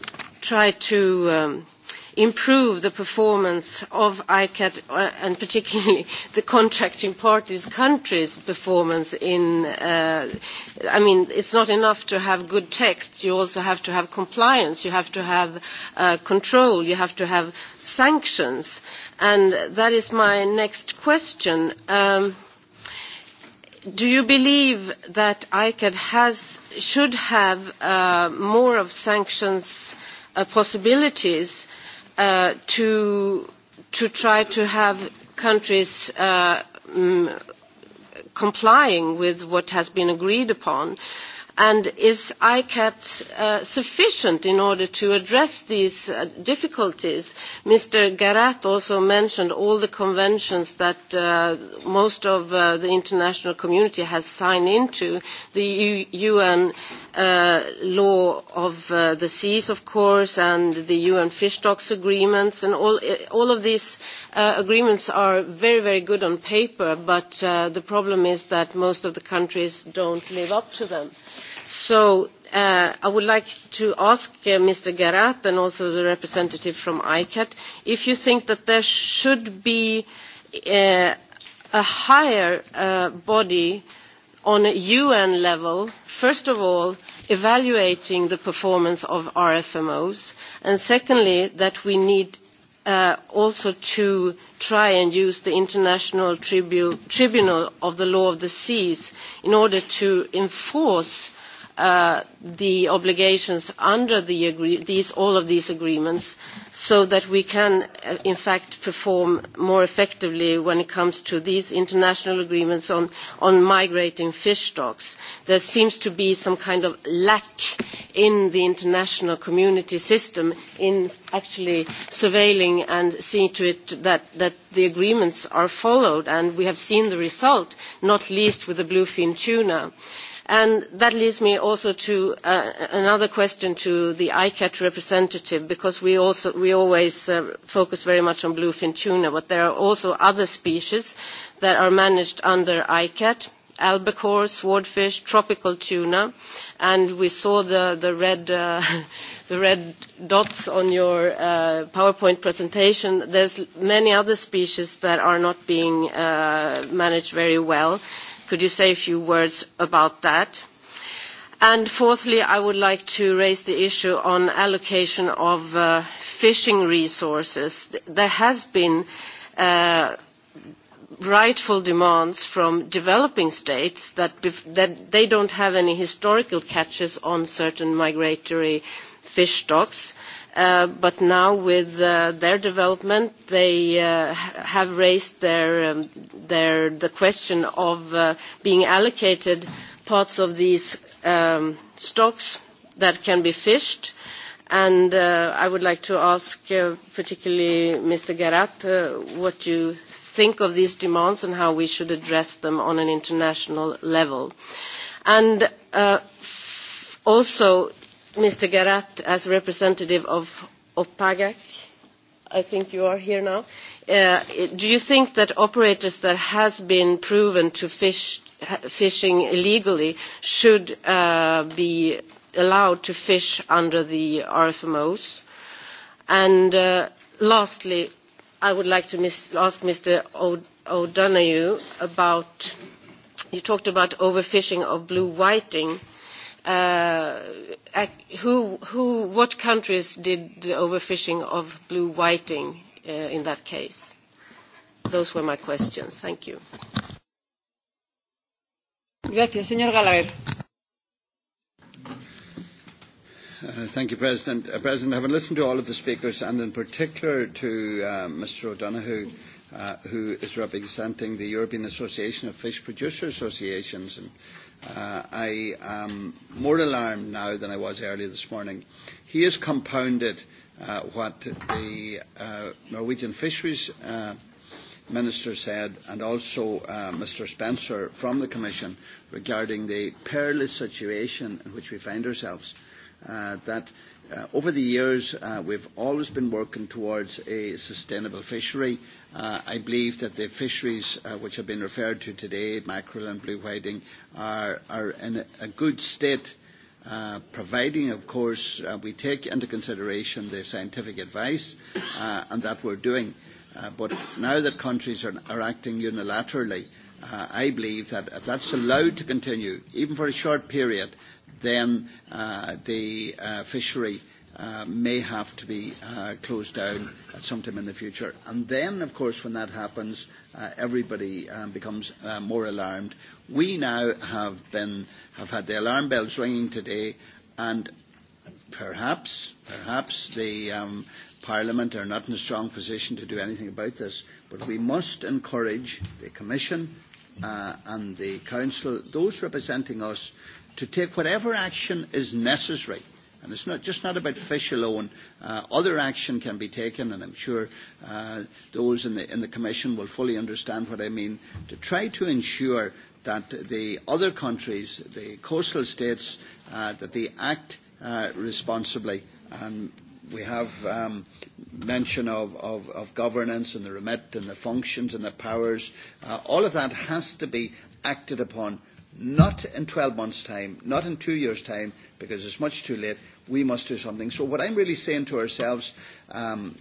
try to um, improve the performance of ICAT uh, and particularly the contracting parties' countries' performance in, uh, I mean, it's not enough to have good text. You also have to have compliance. You have to have uh, control. You have to have sanctions. And that is my next question. Um, do you believe that ICAD has, should have uh, more of sanctions uh, possibilities uh, to, to try to have countries uh, complying with what has been agreed upon? Uh, And is ICAT sufficient in order to address these difficulties? Mr. Garat also mentioned all the conventions that most of the international community has signed into, the UN law of the seas, of course, and the UN fish stocks agreements, and all, all of these agreements are very, very good on paper, but the problem is that most of the countries don't live up to them. So I would like to ask Mr. Garat and also the representative from ICAT if you think that there should be a higher body on a UN level, first of all, evaluating the performance of RFMOs, and secondly, that we need also to try and use the International Tribunal of the Law of the Seas in order to enforce the obligations under all of these agreements so that we can in fact perform more effectively when it comes to these international agreements on migrating fish stocks. There seems to be some kind of lack in the international community system in actually surveilling and seeing to it that the agreements are followed and we have seen the result, not least with the bluefin tuna. Uh, And that leads me also to another question to the ICAT representative, because we always focus very much on bluefin tuna, but there are also other species that are managed under ICAT, albacore, swordfish, tropical tuna, and we saw the red dots on your PowerPoint presentation. There's many other species that are not being managed very well Could you say a few words about that? And fourthly, I would like to raise the issue on allocation of fishing resources. There has been rightful demands from developing states that, they do not have any historical catches on certain migratory fish stocks, but now with their development, they have raised the question of being allocated parts of these stocks that can be fished. and I would like to ask particularly Mr. Garat what you think of these demands and how we should address them on an international level. And Also Mr. Garat as representative of OPAGAC. I think you are here now. do you think that operators that have been proven to fish fishing illegally should be allowed to fish under the RFMOs? And lastly, I would like to ask Mr. O'Donoghue about, you talked about overfishing of blue whiting who, who, what countries did the overfishing of blue whiting uh, in that case? Those were my questions. Thank you. Gracias, señor Gallagher. Thank you, President. Uh, President, having listened to all of the speakers, and in particular to uh, Mr O'Donoghue, uh, who is representing the European Association of Fish Producer Associations, and Uh, I am more alarmed now than I was earlier this morning. He has compounded uh, what the uh, Norwegian fisheries uh, minister said, and also uh, Mr. Spencer from the Commission regarding the perilous situation in which we find ourselves. Uh, that over the years, we have always been working towards a sustainable fishery. I believe that the fisheries which have been referred to today, mackerel and blue whiting, are, in a good state, providing, of course, we take into consideration the scientific advice and that we are doing. but now that countries are, acting unilaterally, I believe that if that is allowed to continue, even for a short period, then uh, the uh, fishery uh, may have to be uh, closed down at some time in the future. And then, of course, when that happens, uh, everybody um, becomes uh, more alarmed. We now have, been, have had the alarm bells ringing today, and perhaps, perhaps the um, Parliament are not in a strong position to do anything about this, but we must encourage the Commission uh, and the Council, those representing us, to take whatever action is necessary And it's not just not about fish alone. Uh, other action can be taken, and I'm sure uh, those in the, in the Commission will fully understand what I mean, to try to ensure that the other countries, the coastal states, uh, that they act uh, responsibly. And we have um, mention of, of, of governance and the remit and the functions and the powers. Uh, all of that has to be acted upon not in 12 months' time, not in two years' time, because it's much too late. We must do something. So what I'm really saying to ourselves, um,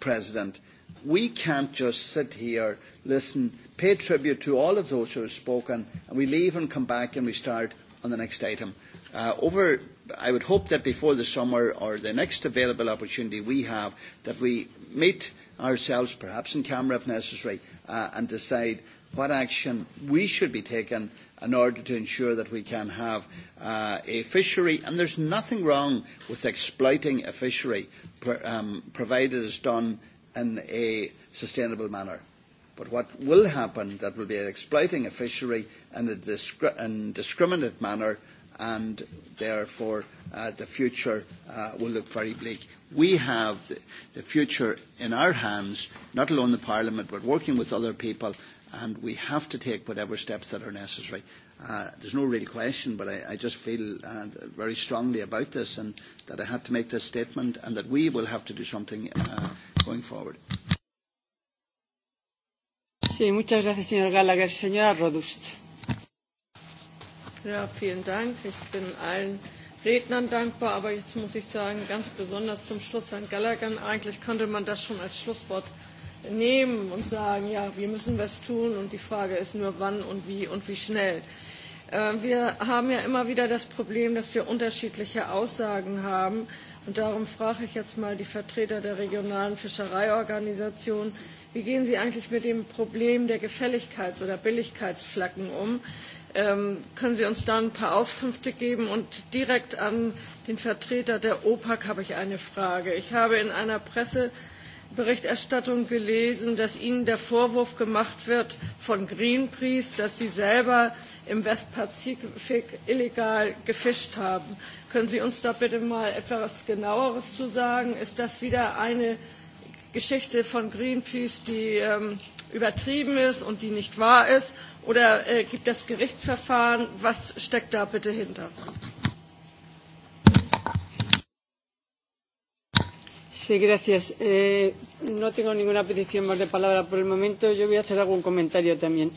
President, we can't just sit here, listen, pay tribute to all of those who have spoken, and we leave and come back and we start on the next item. Uh, over, I would hope that before the summer or the next available opportunity we have, that we meet ourselves, perhaps in camera if necessary, uh, and decide what action we should be taking in order to ensure that we can have a fishery. And there's nothing wrong with exploiting a fishery, provided it's done in a sustainable manner. But what will happen that will be exploiting a fishery in a discri- manner and therefore uh, the future uh, will look very bleak. We have the, the future in our hands, not alone the Parliament, but working with other people and we have to take whatever steps that are necessary. Uh, there's no real question, but I, I just feel uh, very strongly about this and that I had to make this statement and that we will have to do something uh, going forward. Sí, muchas gracias, señor Gallagher. Señora Rodust. Ja, vielen Dank. Ich bin allen Rednern dankbar, aber jetzt muss ich sagen, ganz besonders zum Schluss Herrn Gallagher. Eigentlich konnte man das schon als Schlusswort nehmen und sagen, ja, wir müssen was tun und die Frage ist nur, wann und wie und wie schnell. Wir haben ja immer wieder das Problem, dass wir unterschiedliche Aussagen haben. Und darum frage ich jetzt mal die Vertreter der regionalen Fischereiorganisationen, wie gehen Sie eigentlich mit dem Problem der Gefälligkeits- oder Billigkeitsflaggen um? können Sie uns da ein paar Auskünfte geben? Und direkt an den Vertreter der OPAC habe ich eine Frage. Ich habe in einer Pressemitteilung Berichterstattung gelesen, dass Ihnen der Vorwurf gemacht wird von Greenpeace, dass Sie selber im Westpazifik illegal gefischt haben. Können Sie uns da bitte mal etwas genaueres zu sagen? Ist das wieder eine Geschichte von Greenpeace, die übertrieben ist und die nicht wahr ist? Oder gibt es Gerichtsverfahren? Was steckt da bitte hinter? Sí, gracias. Eh, no tengo ninguna petición más de palabra por el momento. Yo voy a hacer algún comentario también.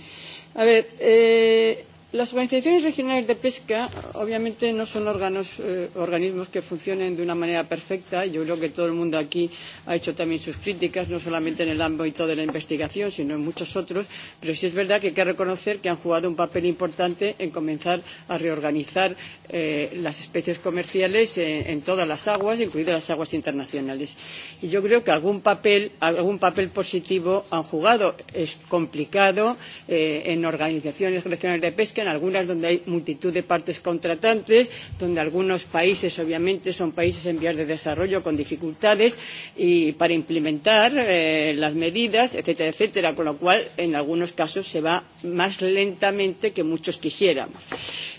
A ver, eh, Las organizaciones regionales de pesca obviamente no son órganos, eh, organismos que funcionen de una manera perfecta. Yo creo que todo el mundo aquí ha hecho también sus críticas, no solamente en el ámbito de la investigación, sino en muchos otros. Pero sí es verdad que hay que reconocer que han jugado un papel importante en comenzar a reorganizar eh, las especies comerciales en, en todas las aguas, incluidas las aguas internacionales. Y yo creo que algún papel, algún papel positivo han jugado. Es complicado eh, en organizaciones regionales de pesca cuestión, algunas donde hay multitud de partes contratantes, donde algunos países obviamente son países en vías de desarrollo con dificultades y para implementar eh, las medidas, etcétera, etcétera, con lo cual en algunos casos se va más lentamente que muchos quisiéramos.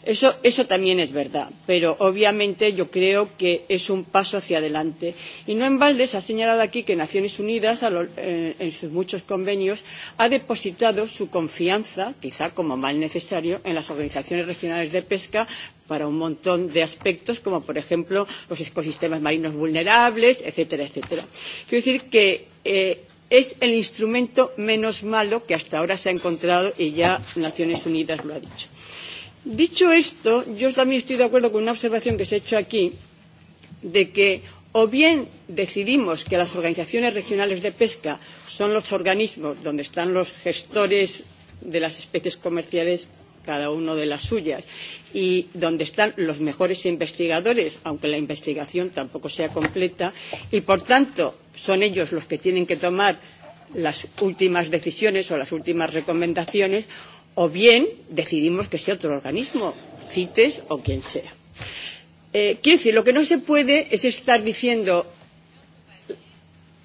Eso, eso también es verdad, pero obviamente yo creo que es un paso hacia adelante. Y no en balde se ha señalado aquí que Naciones Unidas, lo, en, en sus muchos convenios, ha depositado su confianza, quizá como mal necesario, en las organizaciones regionales de pesca para un montón de aspectos, como por ejemplo los ecosistemas marinos vulnerables, etcétera, etcétera. Quiero decir que eh, es el instrumento menos malo que hasta ahora se ha encontrado y ya Naciones Unidas lo ha dicho. Dicho esto, yo también estoy de acuerdo con una observación que se ha hecho aquí, de que o bien decidimos que las organizaciones regionales de pesca son los organismos donde están los gestores de las especies comerciales cada uno de las suyas y donde están los mejores investigadores, aunque la investigación tampoco sea completa, y por tanto son ellos los que tienen que tomar las últimas decisiones o las últimas recomendaciones, o bien decidimos que sea otro organismo, CITES o quien sea. Eh, quiero decir, lo que no se puede es estar diciendo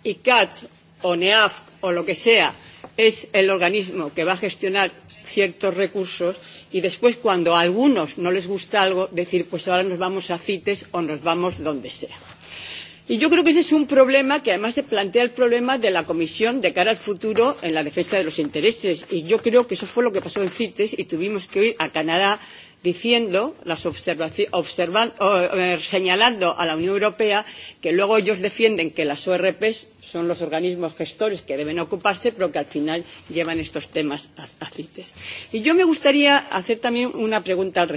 ICAT o NEAF o lo que sea es el organismo que va a gestionar ciertos recursos y después cuando a algunos no les gusta algo decir pues ahora nos vamos a CITES o nos vamos donde sea. Y yo creo que ese es un problema que además se plantea el problema de la Comisión de cara al futuro en la defensa de los intereses. Y yo creo que eso fue lo que pasó en CITES y tuvimos que ir a Canadá diciendo, las señalando a la Unión Europea que luego ellos defienden que las ORP son los organismos gestores que deben ocuparse, pero que al final llevan estos temas a, CITES. Y yo me gustaría hacer también una pregunta al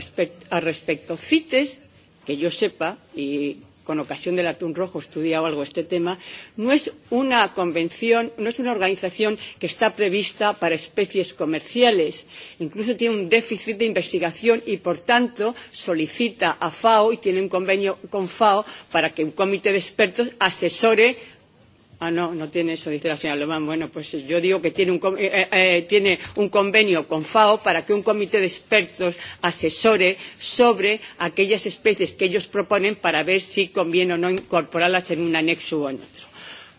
respecto. CITES, que yo sepa, y con ocasión del atún rojo estudiado algo este tema, no es una convención, no es una organización que está prevista para especies comerciales. Incluso tiene un déficit de investigación y, por tanto, solicita a FAO y tiene un convenio con FAO para que un comité de expertos asesore Ah, no, no tiene eso, dice la señora alemán. Bueno, pues yo digo que tiene un, eh, eh, tiene un convenio con FAO para que un comité de expertos asesore sobre aquellas especies que ellos proponen para ver si conviene o no incorporarlas en un anexo o en otro.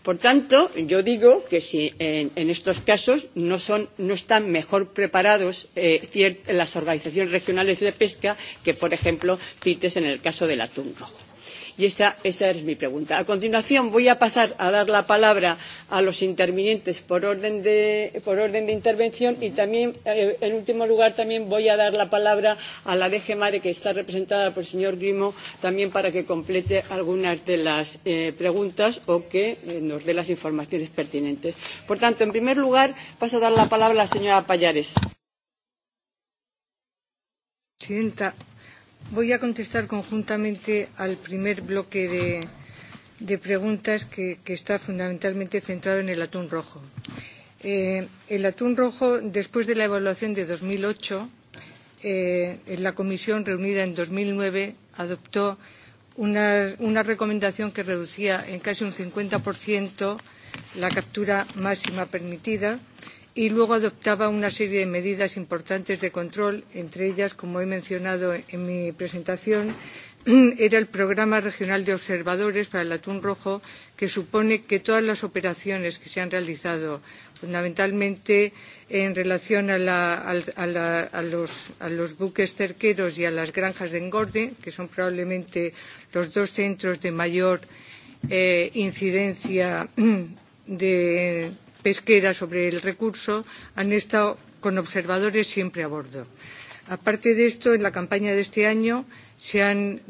Por tanto, yo digo que si en, en estos casos no, son, no están mejor preparados eh, ciert, las organizaciones regionales de pesca que, por ejemplo, CITES en el caso del atún rojo. Y esa, esa es mi pregunta. A continuación voy a pasar a dar la palabra a los intervinientes por orden de, por orden de intervención y también, eh, en último lugar, también voy a dar la palabra a la DG Mare, que está representada por el señor Grimo, también para que complete algunas de las eh, preguntas o que eh, nos dé las informaciones pertinentes. Por tanto, en primer lugar, paso a dar la palabra a la señora Payares. Presidenta, Voy a contestar conjuntamente al primer bloque de, de preguntas que, que está fundamentalmente centrado en el atún rojo. Eh, el atún rojo, después de la evaluación de 2008, eh, en la comisión reunida en 2009 adoptó una, una recomendación que reducía en casi un 50% la captura máxima permitida, y luego adoptaba una serie de medidas importantes de control, entre ellas, como he mencionado en mi presentación, era el programa regional de observadores para el atún rojo, que supone que todas las operaciones que se han realizado, fundamentalmente en relación a, los, buques cerqueros y a las granjas de engorde, que son probablemente los dos centros de mayor incidencia de, pesquera sobre el recurso han estado con observadores siempre a bordo. Aparte de esto, en la campaña de este año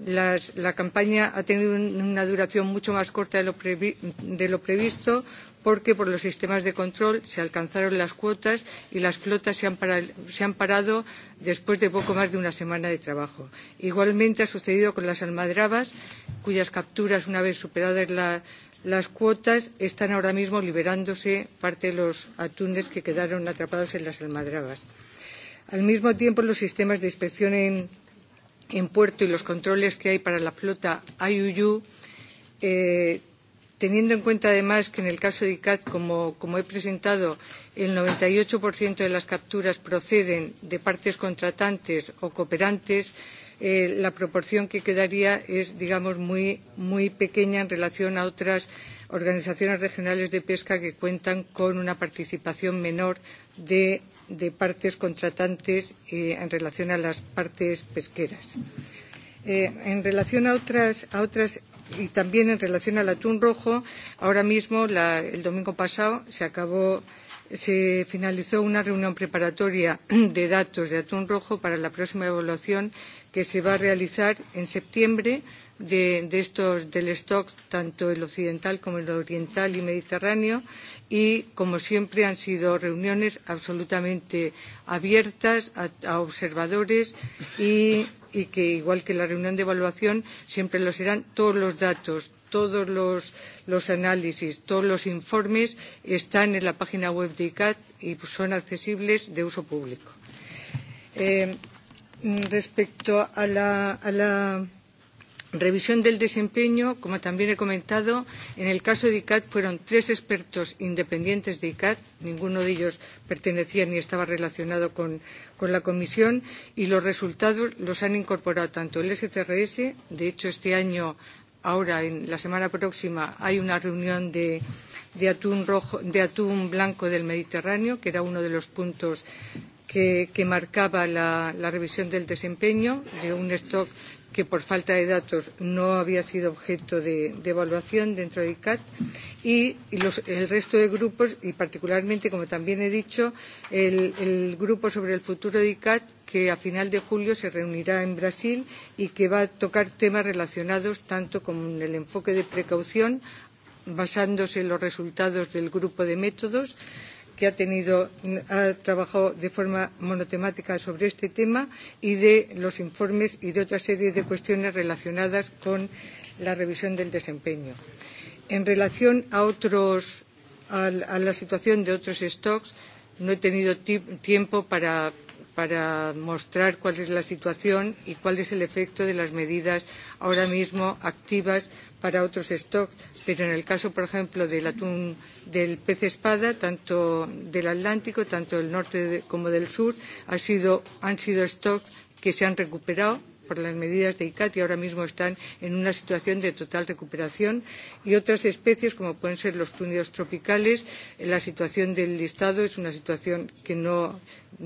la campaña ha tenido una duración mucho más corta de lo previsto porque por los sistemas de control se alcanzaron las cuotas y las flotas se han, parado después de poco más de una semana de trabajo. Igualmente ha sucedido con las almadrabas, cuyas capturas, una vez superadas las Las cuotas están ahora mismo liberándose parte de los atunes que quedaron atrapados en las almadrabas. Al mismo tiempo, los sistemas de inspección en, en puerto y los controles que hay para la flota IUU, eh, teniendo en cuenta además que en el caso de ICAT, como, como he presentado, el 98% de las capturas proceden de partes contratantes o cooperantes, eh, eh, la proporción que quedaría es, digamos, muy, muy pequeña en relación a otras organizaciones regionales de pesca que cuentan con una participación menor de, de partes contratantes eh, en relación a las partes pesqueras. Eh, en relación a otras, a otras y también en relación al atún rojo, ahora mismo, la, el domingo pasado, se acabó se finalizó una reunión preparatoria de datos de atún rojo para la próxima evaluación que se va a realizar en septiembre de, de estos del stock, tanto el occidental como el oriental y mediterráneo, y como siempre han sido reuniones absolutamente abiertas a, a observadores y, y que igual que la reunión de evaluación siempre lo serán todos los datos, todos los, los análisis, todos los informes están en la página web de ICAT y son accesibles de uso público. Eh, respecto a la, a la Revisión del desempeño, como también he comentado, en el caso de ICAT fueron tres expertos independientes de ICAT, ninguno de ellos pertenecía ni estaba relacionado con, la Comisión, y los resultados los han incorporado tanto el STRS, de hecho este año, ahora en la semana próxima, hay una reunión de, atún, blanco del Mediterráneo, que era uno de los puntos que, que marcaba la, la revisión del desempeño de un stock que por falta de datos no había sido objeto de, de evaluación dentro de ICAT y los, el resto de grupos y particularmente, como también he dicho, el, el grupo sobre el futuro de ICAT que a final de julio se reunirá en Brasil y que va a tocar temas relacionados tanto con el enfoque de precaución basándose en los resultados del grupo de métodos, que ha tenido, ha trabajado de forma monotemática sobre este tema y de los informes y de otra serie de cuestiones relacionadas con la revisión del desempeño. En relación a otros, a, la situación de otros stocks, no he tenido tiempo para para mostrar cuál es la situación y cuál es el efecto de las medidas ahora mismo activas para otros stocks, pero en el caso, por ejemplo, del atún del pez espada, tanto del Atlántico, tanto del norte como del sur, han sido stocks que se han recuperado por las medidas de ICAT y ahora mismo están en una situación de total recuperación y otras especies como pueden ser los túnidos tropicales la situación del listado es una situación que no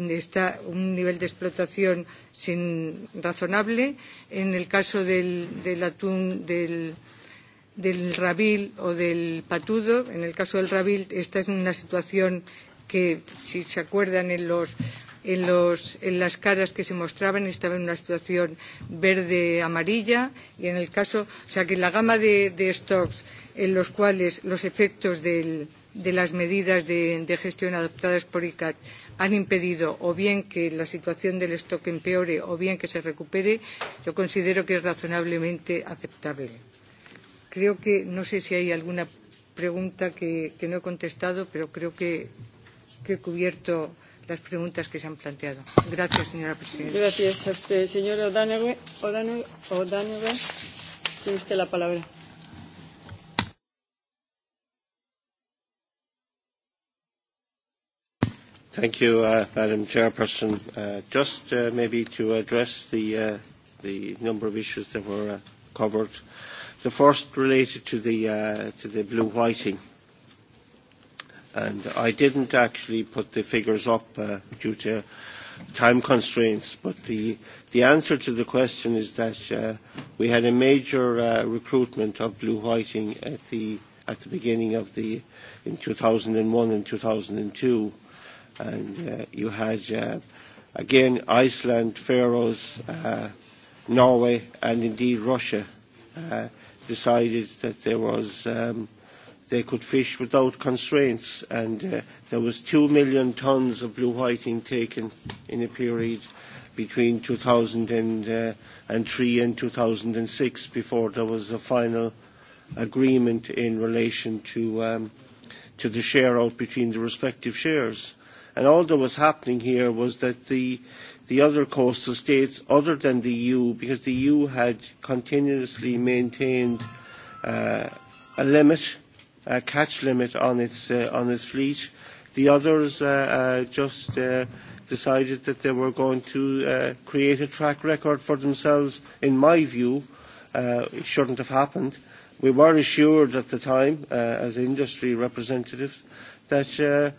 está un nivel de explotación sin razonable en el caso del atún del del rabil o del patudo. En el caso del rabil, esta es una situación que, si se acuerdan, en los en, los, en las caras que se mostraban estaba en una situación verde amarilla y en el caso o sea que la gama de, de stocks en los cuales los efectos del, de las medidas de, de gestión adoptadas por ICAT han impedido o bien que la situación del stock empeore o bien que se recupere, yo considero que es razonablemente aceptable creo que, no sé si hay alguna pregunta que, que no he contestado, pero creo que, que he cubierto las preguntas que se han planteado. Gracias, señora presidenta. Gracias a usted. Señora O'Donoghue, tiene usted la palabra. Thank you, uh, Madam Chairperson. Uh, just uh, maybe to address the, uh, the number of issues that were uh, covered. Uh, The first related to the, uh, to the blue whiting. And I didn't actually put the figures up uh, due to time constraints, but the, the answer to the question is that uh, we had a major uh, recruitment of blue whiting at the, at the beginning of the, in 2001 and 2002. And uh, you had, uh, again, Iceland, Faroes, uh, Norway, and indeed Russia uh, decided that there was um, they could fish without constraints, and uh, there was two million tons of blue whiting taken in a period between 2003 and 2006 before there was a final agreement in relation to um, to the share out between the respective shares. And all that was happening here was that the the other coastal states other than the EU because the EU had continuously maintained uh, a limit, a catch limit on its, uh, on its fleet. The others uh, uh, just uh, decided that they were going to uh, create a track record for themselves, in my view. Uh, it shouldn't have happened. We were assured at the time, uh, as industry representatives, that uh,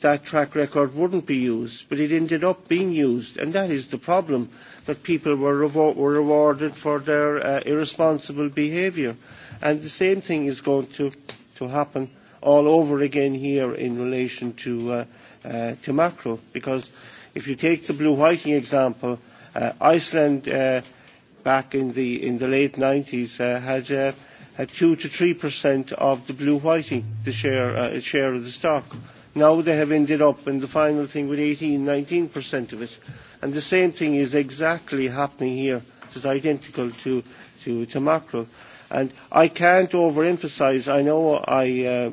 that track record wouldn't be used, but it ended up being used, and that is the problem, that people were, revo- were rewarded for their uh, irresponsible behaviour. And the same thing is going to, to happen all over again here in relation to, uh, uh, to mackerel, because if you take the blue whiting example, uh, Iceland uh, back in the, in the late 90s uh, had, uh, had 2 to 3% of the blue whiting, the share, uh, share of the stock Now they have ended up in the final thing with 18, 19% of it. And the same thing is exactly happening here. It is identical to, to, to mackerel. And I can't overemphasize, I know I, uh,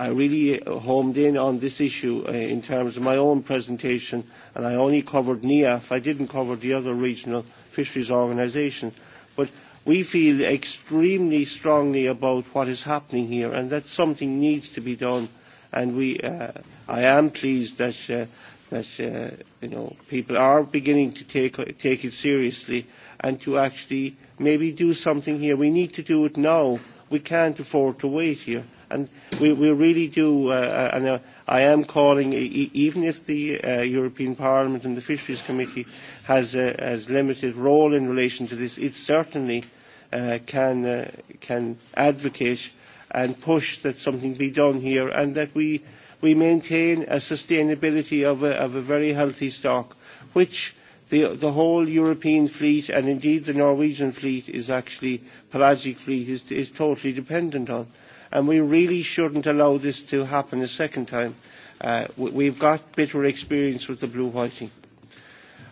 I really homed in on this issue uh, in terms of my own presentation, and I only covered NIAF, I didn't cover the other regional fisheries organisation. But we feel extremely strongly about what is happening here, and that something needs to be done And we, uh, I am pleased that, uh, that uh, you know, people are beginning to take, take it seriously and to actually maybe do something here. We need to do it now. We can't afford to wait here. And we, we really do, uh, and uh, I am calling, even if the uh, European Parliament and the Fisheries Committee has a has limited role in relation to this, it certainly uh, can, uh, can advocate and push that something be done here and that we, we maintain a sustainability of a, of a very healthy stock, which the, the whole European fleet and indeed the Norwegian fleet is actually, pelagic fleet is, is totally dependent on. And we really shouldn't allow this to happen a second time. Uh, we've got bitter experience with the blue whiting.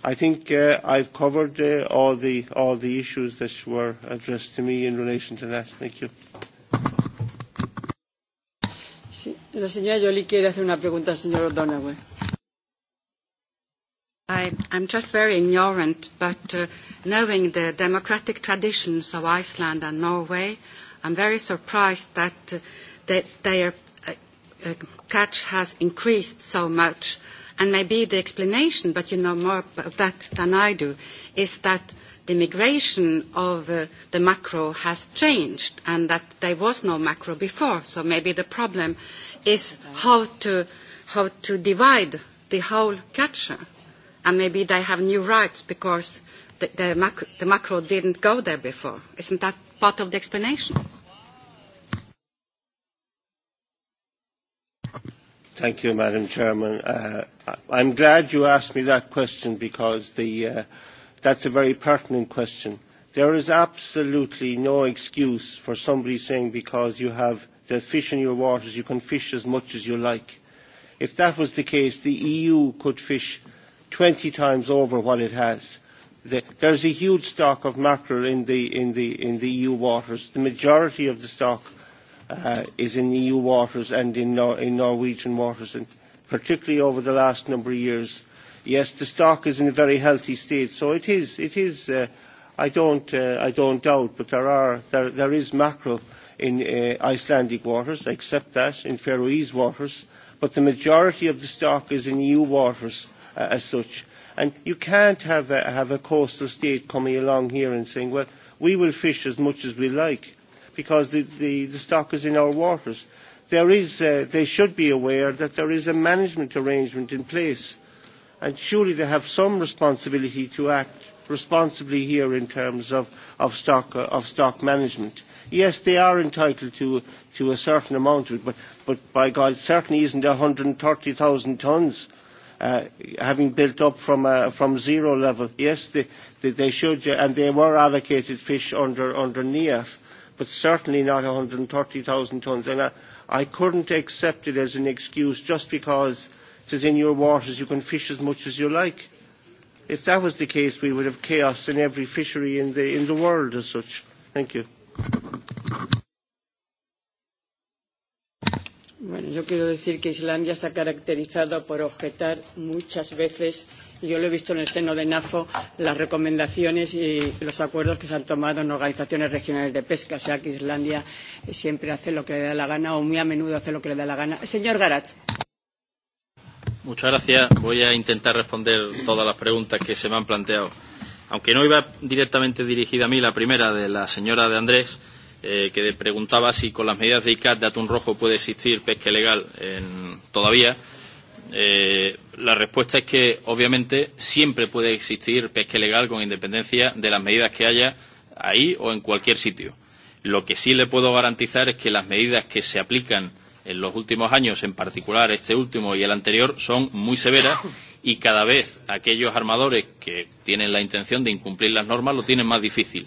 I think uh, I've covered uh, all, the, all the issues that were addressed to me in relation to that. Thank you la señora Jolie quiere hacer una pregunta al señor O'Donoghue. I, I'm just very ignorant, but uh, knowing the democratic traditions of Iceland and Norway, I'm very surprised that, uh, that their uh, uh, catch has increased so much. And maybe the explanation, but you know more of that than I do, is that uh, the migration of uh, the macro has changed and that there was no macro before. So maybe the problem is how to, how to divide the whole catcher, And maybe they have new rights because the, the, macro, the macro didn't go there before. Isn't that part of the explanation? Thank you, Madam Chairman. Uh, I'm glad you asked me that question because the uh, that's a very pertinent question. There is absolutely no excuse for somebody saying because you have there's fish in your waters, you can fish as much as you like. If that was the case, the EU could fish 20 times over what it has. There's a huge stock of mackerel in the, in the, in the EU waters. The majority of the stock uh, is in EU waters and in, Nor- in Norwegian waters, and particularly over the last number of years yes, the stock is in a very healthy state. So it is, it is uh, I, don't, uh, I don't doubt, but there, are, there, there is mackerel in uh, Icelandic waters, I accept that, in Faroese waters, but the majority of the stock is in EU waters uh, as such. And you can't have a, have a coastal state coming along here and saying, well, we will fish as much as we like because the, the, the stock is in our waters. There is, uh, they should be aware that there is a management arrangement in place and surely they have some responsibility to act responsibly here in terms of, of, stock, of stock management. Yes, they are entitled to, to a certain amount of it, but, but by God, it certainly isn't 130,000 tonnes uh, having built up from, uh, from zero level. Yes, they, they, they should, and they were allocated fish under, under but certainly not 130,000 tonnes. And I, I couldn't accept it as an excuse just because says in your waters you can fish as much as you like. If that was the case, we would have chaos in every fishery in the, in the world as such. Thank you. Bueno, yo quiero decir que Islandia se ha caracterizado por objetar muchas veces, yo lo he visto en el seno de NAFO, las recomendaciones y los acuerdos que se han tomado en organizaciones regionales de pesca. O sea que Islandia siempre hace lo que le da la gana o muy a menudo hace lo que le da la gana. Señor Garat. Muchas gracias. Voy a intentar responder todas las preguntas que se me han planteado. Aunque no iba directamente dirigida a mí la primera de la señora de Andrés, eh, que preguntaba si con las medidas de ICAT de atún rojo puede existir pesca legal en, todavía. Eh, la respuesta es que, obviamente, siempre puede existir pesca legal con independencia de las medidas que haya ahí o en cualquier sitio. Lo que sí le puedo garantizar es que las medidas que se aplican en los últimos años, en particular este último y el anterior, son muy severas y cada vez aquellos armadores que tienen la intención de incumplir las normas lo tienen más difícil.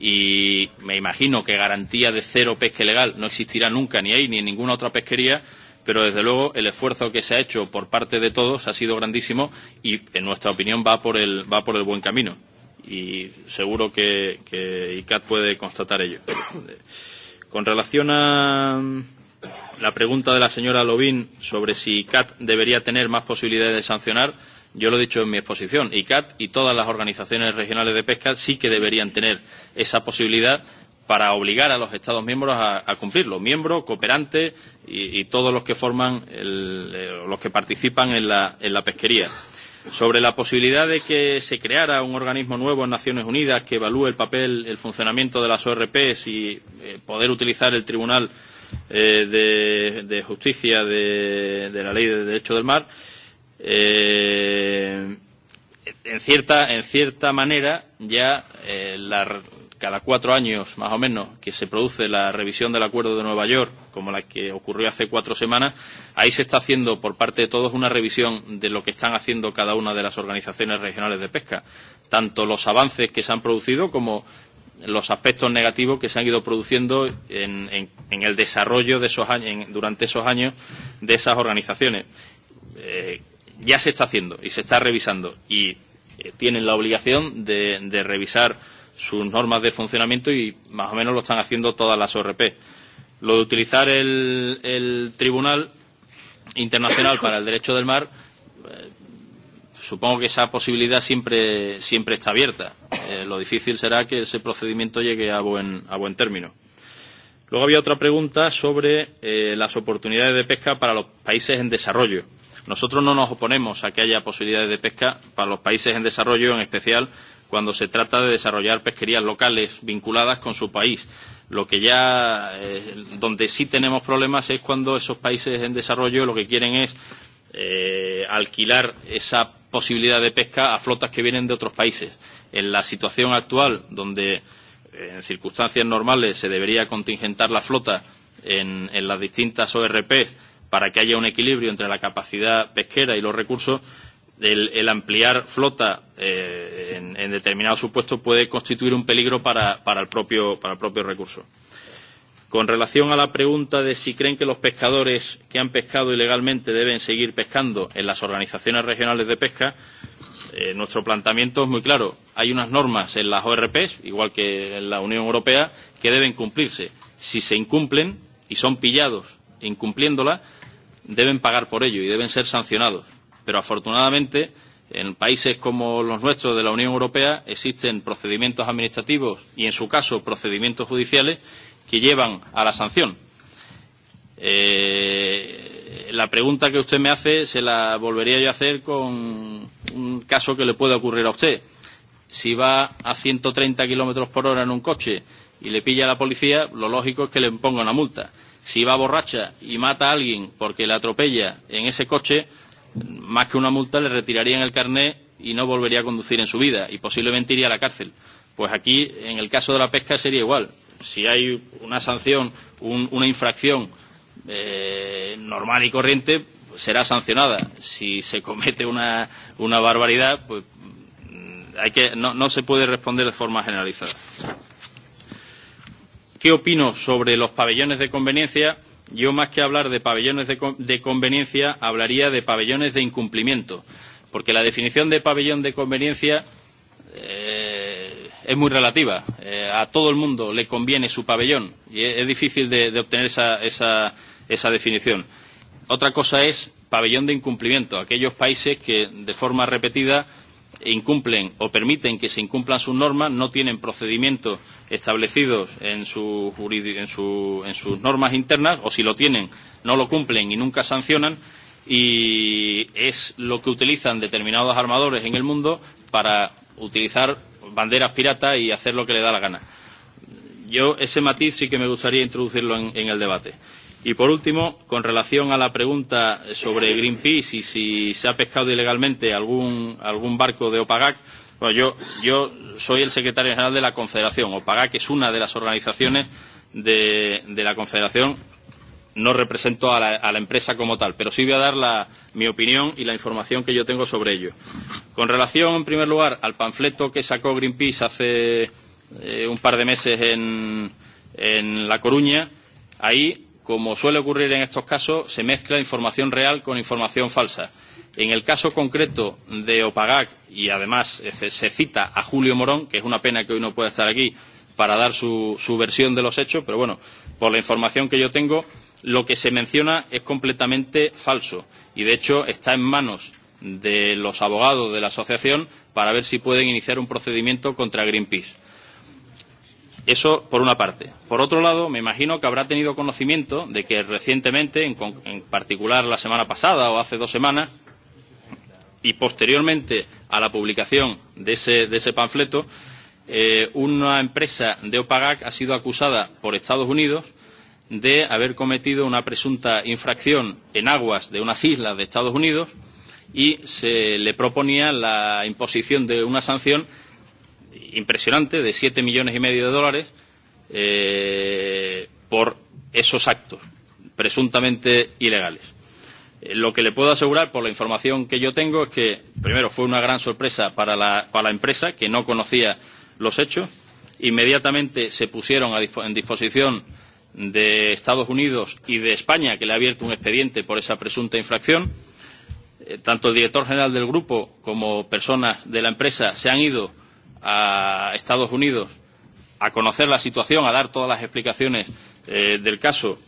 Y me imagino que garantía de cero pesca legal no existirá nunca ni ahí ni en ninguna otra pesquería, pero desde luego el esfuerzo que se ha hecho por parte de todos ha sido grandísimo y en nuestra opinión va por el, va por el buen camino. Y seguro que, que ICAT puede constatar ello. Con relación a, la pregunta de la señora Lovín sobre si CAT debería tener más posibilidades de sancionar, yo lo he dicho en mi exposición, ICAT y todas las organizaciones regionales de pesca sí que deberían tener esa posibilidad para obligar a los Estados miembros a, a cumplirlo, miembros, cooperantes y, y todos los que forman, el, los que participan en la, en la pesquería. Sobre la posibilidad de que se creara un organismo nuevo en Naciones Unidas que evalúe el papel, el funcionamiento de las ORP y eh, poder utilizar el Tribunal eh, eh, de, de Justicia de, de la Ley de Derecho del Mar, eh, en, cierta, en cierta manera ya eh, la, cada cuatro años más o menos que se produce la revisión del Acuerdo de Nueva York, como la que ocurrió hace cuatro semanas, ahí se está haciendo por parte de todos una revisión de lo que están haciendo cada una de las organizaciones regionales de pesca, tanto los avances que se han producido como los aspectos negativos que se han ido produciendo en, en, en el desarrollo de esos años, en, durante esos años de esas organizaciones. Eh, ya se está haciendo y se está revisando y eh, tienen la obligación de, de revisar sus normas de funcionamiento y más o menos lo están haciendo todas las ORP. Lo de utilizar el, el Tribunal Internacional para el Derecho del Mar supongo que esa posibilidad siempre, siempre está abierta. Eh, lo difícil será que ese procedimiento llegue a buen, a buen término. Luego había otra pregunta sobre eh, las oportunidades de pesca para los países en desarrollo. Nosotros no nos oponemos a que haya posibilidades de pesca para los países en desarrollo, en especial cuando se trata de desarrollar pesquerías locales vinculadas con su país. Lo que ya, eh, donde sí tenemos problemas es cuando esos países en desarrollo lo que quieren es eh, alquilar esa posibilidad de pesca a flotas que vienen de otros países. En la situación actual, donde en circunstancias normales se debería contingentar la flota en, en las distintas ORP para que haya un equilibrio entre la capacidad pesquera y los recursos, el, el ampliar flota eh, en, en determinados supuestos puede constituir un peligro para, para, el propio, para el propio recurso. Con relación a la pregunta de si creen que los pescadores que han pescado ilegalmente deben seguir pescando en las organizaciones regionales de pesca, eh, nuestro planteamiento es muy claro. Hay unas normas en las ORP, igual que en la Unión Europea, que deben cumplirse. Si se incumplen y son pillados incumpliéndolas, deben pagar por ello y deben ser sancionados. Pero afortunadamente, en países como los nuestros de la Unión Europea existen procedimientos administrativos y, en su caso, procedimientos judiciales que llevan a la sanción. Eh, la pregunta que usted me hace se la volvería yo a hacer con un caso que le pueda ocurrir a usted. Si va a 130 kilómetros por hora en un coche y le pilla a la policía, lo lógico es que le ponga una multa. Si va borracha y mata a alguien porque le atropella en ese coche, más que una multa le retirarían el carné y no volvería a conducir en su vida y posiblemente iría a la cárcel. Pues aquí, en el caso de la pesca, sería igual si hay una sanción, un, una infracción eh, normal y corriente, será sancionada. Si se comete una, una barbaridad, pues hay que, no, no se puede responder de forma generalizada. ¿Qué opino sobre los pabellones de conveniencia? Yo, más que hablar de pabellones de, de conveniencia, hablaría de pabellones de incumplimiento, porque la definición de pabellón de conveniencia eh, es muy relativa. Eh, a todo el mundo le conviene su pabellón y es, es difícil de, de obtener esa, esa, esa definición. Otra cosa es pabellón de incumplimiento, aquellos países que de forma repetida incumplen o permiten que se incumplan sus normas, no tienen procedimientos establecidos en, su en, su, en sus normas internas, o si lo tienen, no lo cumplen y nunca sancionan, y es lo que utilizan determinados armadores en el mundo para utilizar banderas piratas y hacer lo que le da la gana. Yo ese matiz sí que me gustaría introducirlo en, en el debate. Y por último, con relación a la pregunta sobre Greenpeace y si se ha pescado ilegalmente algún, algún barco de OPAGAC, bueno, yo, yo soy el secretario general de la Confederación. OPAGAC es una de las organizaciones de, de la Confederación no represento a la, a la empresa como tal, pero sí voy a dar la, mi opinión y la información que yo tengo sobre ello. Con relación, en primer lugar, al panfleto que sacó Greenpeace hace eh, un par de meses en, en La Coruña, ahí, como suele ocurrir en estos casos, se mezcla información real con información falsa. En el caso concreto de Opagac, y además se cita a Julio Morón, que es una pena que hoy no pueda estar aquí para dar su, su versión de los hechos, pero bueno, por la información que yo tengo, lo que se menciona es completamente falso y, de hecho, está en manos de los abogados de la asociación para ver si pueden iniciar un procedimiento contra Greenpeace. Eso por una parte. Por otro lado, me imagino que habrá tenido conocimiento de que recientemente, en, en particular la semana pasada o hace dos semanas, y posteriormente a la publicación de ese, de ese panfleto, eh, una empresa de OPAGAC ha sido acusada por Estados Unidos de haber cometido una presunta infracción en aguas de unas islas de Estados Unidos y se le proponía la imposición de una sanción impresionante de siete millones y medio de dólares eh, por esos actos presuntamente ilegales. Lo que le puedo asegurar por la información que yo tengo es que, primero, fue una gran sorpresa para la, para la empresa, que no conocía los hechos. Inmediatamente se pusieron a en disposición de Estados Unidos y de España, que le ha abierto un expediente por esa presunta infracción. Tanto el director general del grupo como personas de la empresa se han ido a Estados Unidos a conocer la situación, a dar todas las explicaciones eh, del caso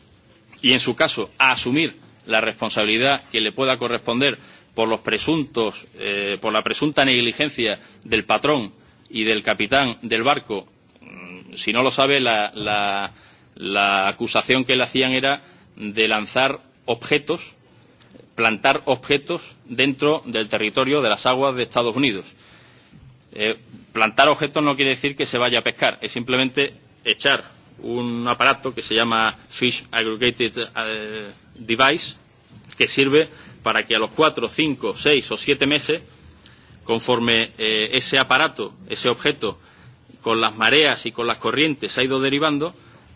y, en su caso, a asumir la responsabilidad que le pueda corresponder por los presuntos, eh, por la presunta negligencia del patrón y del capitán del barco. Si no lo sabe la, la, la acusación que le hacían era de lanzar objetos, plantar objetos dentro del territorio de las aguas de Estados Unidos. Eh, plantar objetos no quiere decir que se vaya a pescar, es simplemente echar un aparato que se llama Fish Aggregated uh, Device, que sirve para que a los cuatro, cinco, seis o siete meses, conforme eh, ese aparato, ese objeto, con las mareas y con las corrientes se ha ido derivando,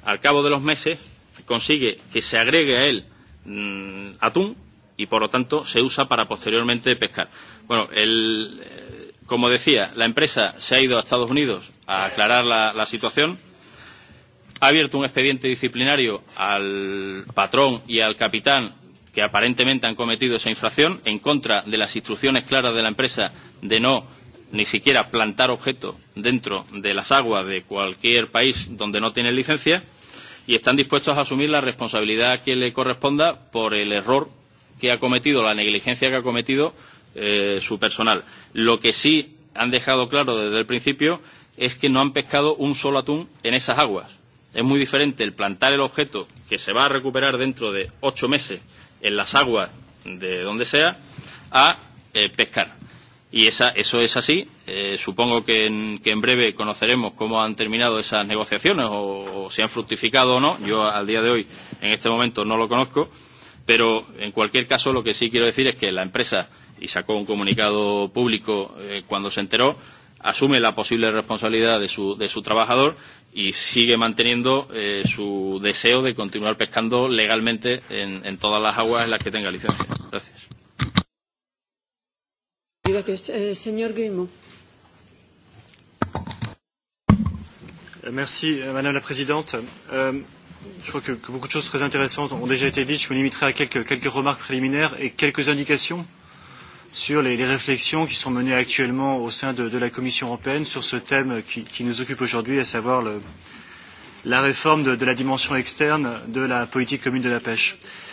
al cabo de los meses consigue que se agregue a él mmm, atún y por lo tanto se usa para posteriormente pescar. Bueno, el, eh, como decía, la empresa se ha ido a Estados Unidos a aclarar la, la situación, ha abierto un expediente disciplinario al patrón y al capitán que aparentemente han cometido esa infracción en contra de las instrucciones claras de la empresa de no ni siquiera plantar objetos dentro de las aguas de cualquier país donde no tienen licencia y están dispuestos a asumir la responsabilidad que le corresponda por el error que ha cometido, la negligencia que ha cometido eh, su personal. Lo que sí han dejado claro desde el principio es que no han pescado un solo atún en esas aguas. Es muy diferente el plantar el objeto que se va a recuperar dentro de ocho meses en las aguas de donde sea a eh, pescar Y esa, eso es así. Eh, supongo que en, que en breve conoceremos cómo han terminado esas negociaciones o, o si han fructificado o no. Yo al día de hoy, en este momento, no lo conozco. Pero, en cualquier caso, lo que sí quiero decir es que la empresa, y sacó un comunicado público eh, cuando se enteró, asume la posible responsabilidad de su, de su trabajador y sigue manteniendo eh, su deseo de continuar pescando legalmente en, en todas las aguas en las que tenga licencia. Gracias. Gracias. Eh, señor Grimo. Merci, Madame la Présidente. Euh, je crois que, que beaucoup de choses très intéressantes ont déjà été dites. Je me limiterai à quelques, quelques remarques préliminaires et quelques indications sur les, les réflexions qui sont menées actuellement au sein de, de la Commission européenne sur ce thème qui, qui nous occupe aujourd'hui, à savoir le, la réforme de, de la dimension externe de la politique commune de la pêche. Euh,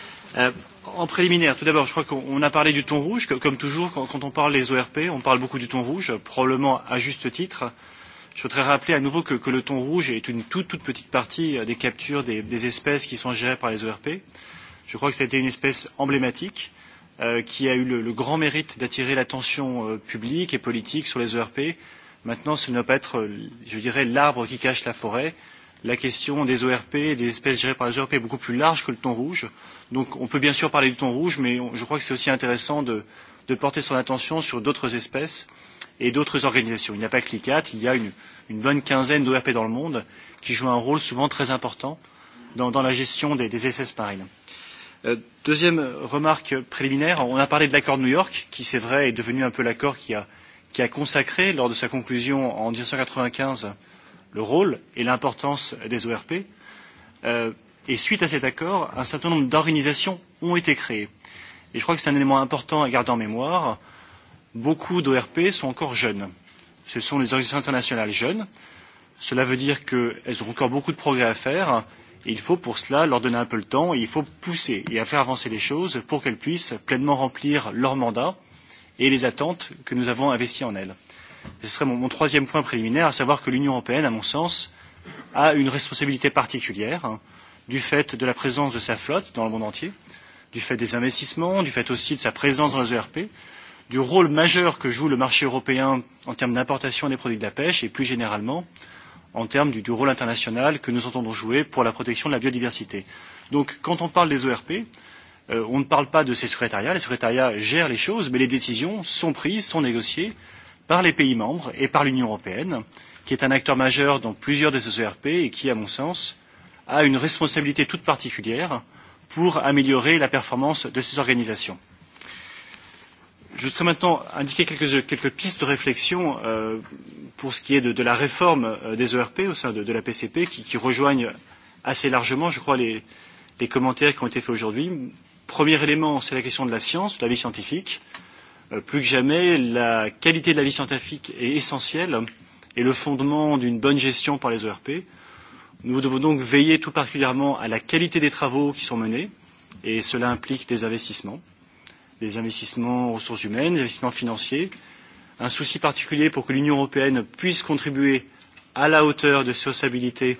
en préliminaire, tout d'abord, je crois qu'on a parlé du ton rouge. Comme toujours, quand, on parle des ORP, on parle beaucoup du ton rouge, probablement à juste titre. Je voudrais rappeler à nouveau que, le thon rouge est une toute, toute petite partie des captures des, espèces qui sont gérées par les ORP. Je crois que ça a été une espèce emblématique qui a eu le, grand mérite d'attirer l'attention publique et politique sur les ERP. Maintenant, ce ne doit pas être, je dirais, l'arbre qui cache la forêt. La question des ORP et des espèces gérées par les ORP est beaucoup plus large que le thon rouge. Donc on peut bien sûr parler du thon rouge, mais je crois que c'est aussi intéressant de, de porter son attention sur d'autres espèces et d'autres organisations. Il n'y a pas que l'ICAT, il y a une, une bonne quinzaine d'ORP dans le monde qui jouent un rôle souvent très important dans, dans la gestion des, des espèces marines. Deuxième remarque préliminaire, on a parlé de l'accord de New York, qui c'est vrai est devenu un peu l'accord qui a, qui a consacré, lors de sa conclusion en 1995, le rôle et l'importance des ORP. Euh, Et suite à cet accord, un certain nombre d'organisations ont été créées. Et je crois que c'est un élément important à garder en mémoire. Beaucoup d'ORP sont encore jeunes. Ce sont des organisations internationales jeunes. Cela veut dire qu'elles ont encore beaucoup de progrès à faire. Et il faut pour cela leur donner un peu le temps. Et il faut pousser et faire avancer les choses pour qu'elles puissent pleinement remplir leur mandat et les attentes que nous avons investies en elles. Ce serait mon, mon troisième point préliminaire, à savoir que l'Union européenne, à mon sens, a une responsabilité particulière. Hein, du fait de la présence de sa flotte dans le monde entier, du fait des investissements, du fait aussi de sa présence dans les ERP, du rôle majeur que joue le marché européen en termes d'importation des produits de la pêche et plus généralement en termes du, du rôle international que nous entendons jouer pour la protection de la biodiversité. Donc quand on parle des ERP, euh, on ne parle pas de ces secrétariats, les secrétariats gèrent les choses, mais les décisions sont prises, sont négociées par les pays membres et par l'Union européenne, qui est un acteur majeur dans plusieurs de ces ERP et qui, à mon sens, a une responsabilité toute particulière pour améliorer la performance de ces organisations. Je voudrais maintenant indiquer quelques, quelques pistes de réflexion euh, pour ce qui est de, de la réforme des ERP au sein de, de la PCP, qui, qui rejoignent assez largement, je crois, les, les commentaires qui ont été faits aujourd'hui. Premier élément, c'est la question de la science, de la vie scientifique. Euh, plus que jamais, la qualité de la vie scientifique est essentielle et le fondement d'une bonne gestion par les ERP. Euh, Nous devons donc veiller tout particulièrement à la qualité des travaux qui sont menés, et cela implique des investissements, des investissements en ressources humaines, des investissements financiers, un souci particulier pour que l'Union européenne puisse contribuer à la hauteur de ses responsabilités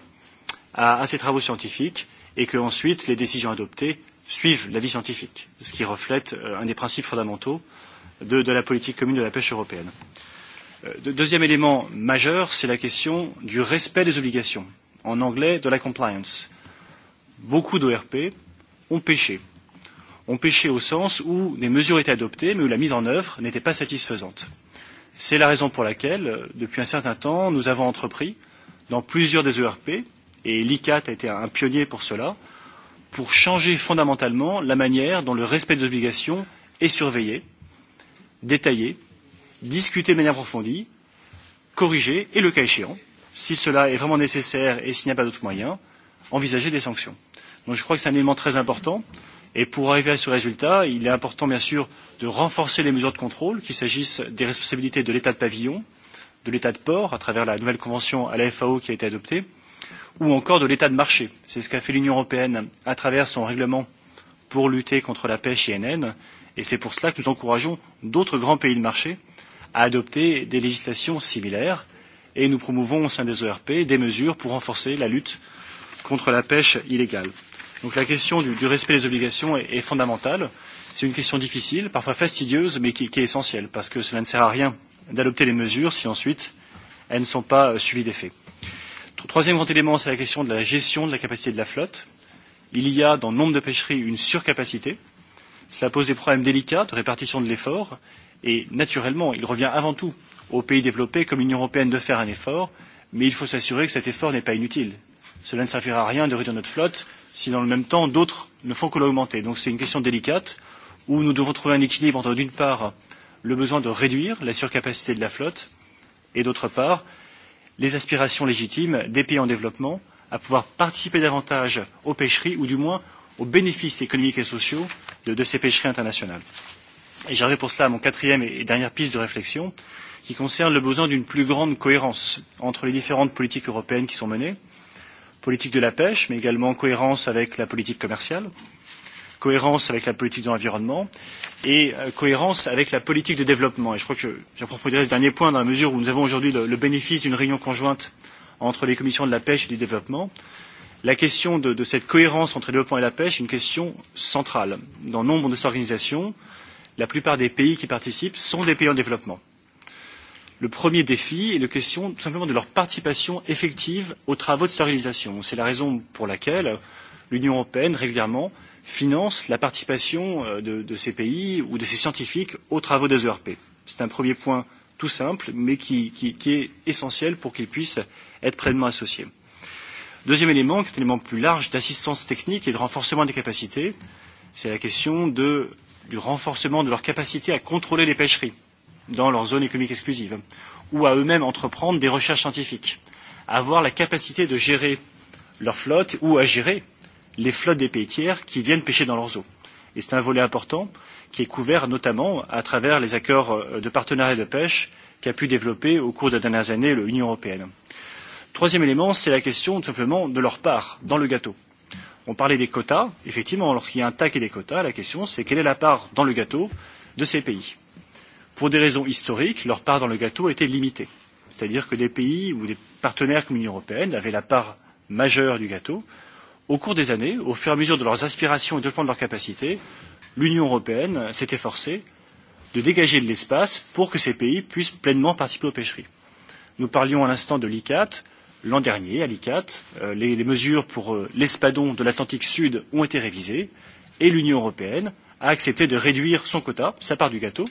à, ces travaux scientifiques, et que ensuite les décisions adoptées suivent l'avis scientifique, ce qui reflète un des principes fondamentaux de, la politique commune de la pêche européenne. deuxième élément majeur, c'est la question du respect des obligations en anglais de la compliance. Beaucoup d'ORP ont pêché. Ont pêché au sens où des mesures étaient adoptées, mais où la mise en œuvre n'était pas satisfaisante. C'est la raison pour laquelle, depuis un certain temps, nous avons entrepris, dans plusieurs des ERP, et l'ICAT a été un pionnier pour cela, pour changer fondamentalement la manière dont le respect des obligations est surveillé, détaillé, discuté de manière approfondie, corrigé et, le cas échéant, si cela est vraiment nécessaire et s'il n'y a pas d'autre moyen, envisager des sanctions. Donc je crois que c'est un élément très important. Et pour arriver à ce résultat, il est important, bien sûr, de renforcer les mesures de contrôle, qu'il s'agisse des responsabilités de l'État de pavillon, de l'État de port, à travers la nouvelle convention à la FAO qui a été adoptée, ou encore de l'État de marché. C'est ce qu'a fait l'Union européenne à travers son règlement pour lutter contre la pêche INN. Et c'est pour cela que nous encourageons d'autres grands pays de marché à adopter des législations similaires et nous promouvons au sein des ERP des mesures pour renforcer la lutte contre la pêche illégale. Donc la question du, du respect des obligations est, est fondamentale. C'est une question difficile, parfois fastidieuse, mais qui, qui est essentielle, parce que cela ne sert à rien d'adopter les mesures si ensuite elles ne sont pas suivies d'effet. Troisième grand élément, c'est la question de la gestion de la capacité de la flotte. Il y a dans le nombre de pêcheries une surcapacité. Cela pose des problèmes délicats de répartition de l'effort et naturellement, il revient avant tout aux pays développés comme l'Union européenne de faire un effort, mais il faut s'assurer que cet effort n'est pas inutile. Cela ne servira à rien de réduire notre flotte si dans le même temps d'autres ne font que l'augmenter. Donc c'est une question délicate où nous devons trouver un équilibre entre d'une part le besoin de réduire la surcapacité de la flotte et d'autre part les aspirations légitimes des pays en développement à pouvoir participer davantage aux pêcheries ou du moins aux bénéfices économiques et sociaux de, ces pêcheries internationales. Et j'arrive pour cela à mon quatrième et dernière piste de réflexion, qui concerne le besoin d'une plus grande cohérence entre les différentes politiques européennes qui sont menées, politique de la pêche, mais également cohérence avec la politique commerciale, cohérence avec la politique de l'environnement et cohérence avec la politique de développement. Et je crois que j'approfondirai ce dernier point dans la mesure où nous avons aujourd'hui le, le bénéfice d'une réunion conjointe entre les commissions de la pêche et du développement. La question de, de cette cohérence entre le développement et la pêche est une question centrale. Dans nombre de ces organisations, la plupart des pays qui participent sont des pays en développement. Le premier défi est la question tout simplement de leur participation effective aux travaux de stérilisation. C'est la raison pour laquelle l'Union européenne régulièrement finance la participation de, de ces pays ou de ces scientifiques aux travaux des ERP. C'est un premier point tout simple, mais qui, qui, qui est essentiel pour qu'ils puissent être pleinement associés. Deuxième élément, qui est un élément plus large d'assistance technique et de renforcement des capacités, c'est la question de, du renforcement de leur capacité à contrôler les pêcheries dans leur zone économique exclusive, ou à eux-mêmes entreprendre des recherches scientifiques, à avoir la capacité de gérer leur flotte ou à gérer les flottes des pays tiers qui viennent pêcher dans leurs eaux. Et c'est un volet important qui est couvert notamment à travers les accords de partenariat de pêche qu'a pu développer au cours des dernières années l'Union européenne. Troisième élément, c'est la question tout simplement de leur part dans le gâteau. On parlait des quotas. Effectivement, lorsqu'il y a un tac et des quotas, la question c'est quelle est la part dans le gâteau de ces pays pour des raisons historiques, leur part dans le gâteau était limitée. C'est-à-dire que des pays ou des partenaires comme l'Union européenne avaient la part majeure du gâteau. Au cours des années, au fur et à mesure de leurs aspirations et du développement de leurs capacités, l'Union européenne s'est efforcée de dégager de l'espace pour que ces pays puissent pleinement participer aux pêcheries. Nous parlions à l'instant de l'ICAT. L'an dernier, à l'ICAT, les, mesures pour l'espadon de l'Atlantique Sud ont été révisées et l'Union européenne a accepté de réduire son quota, sa part du gâteau,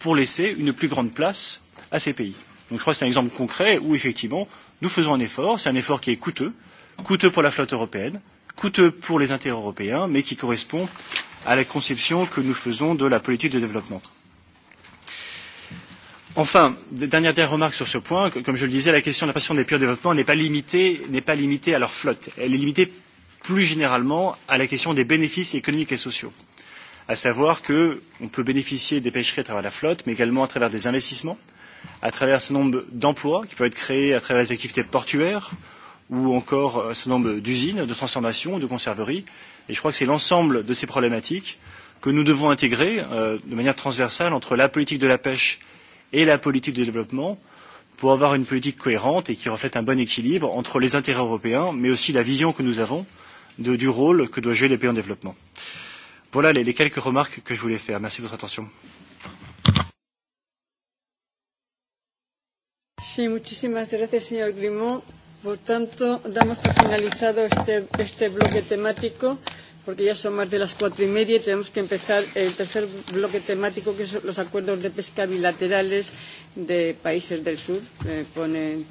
pour laisser une plus grande place à ces pays. Donc je crois que c'est un exemple concret où effectivement nous faisons un effort, c'est un effort qui est coûteux, coûteux pour la flotte européenne, coûteux pour les intérêts européens, mais qui correspond à la conception que nous faisons de la politique de développement. Enfin, dernière, dernière remarque sur ce point, comme je le disais, la question de la passion des pires développement n'est pas n'est pas limitée à leur flotte. Elle est limitée plus généralement à la question des bénéfices économiques et sociaux à savoir qu'on peut bénéficier des pêcheries à travers la flotte, mais également à travers des investissements, à travers ce nombre d'emplois qui peuvent être créés à travers les activités portuaires ou encore ce nombre d'usines de transformation ou de conserverie. Et je crois que c'est l'ensemble de ces problématiques que nous devons intégrer de manière transversale entre la politique de la pêche et la politique de développement pour avoir une politique cohérente et qui reflète un bon équilibre entre les intérêts européens, mais aussi la vision que nous avons du rôle que doivent jouer les pays en développement. Voilà les, les quelques remarques que je voulais faire. Merci de votre attention. Sí, muchísimas gracias, señor Grimaud. Por tanto, damos por finalizado este, este bloque temático, porque ya son más de las cuatro y media y tenemos que empezar el tercer bloque temático, que son los acuerdos de pesca bilaterales de países del sur. Eh, pone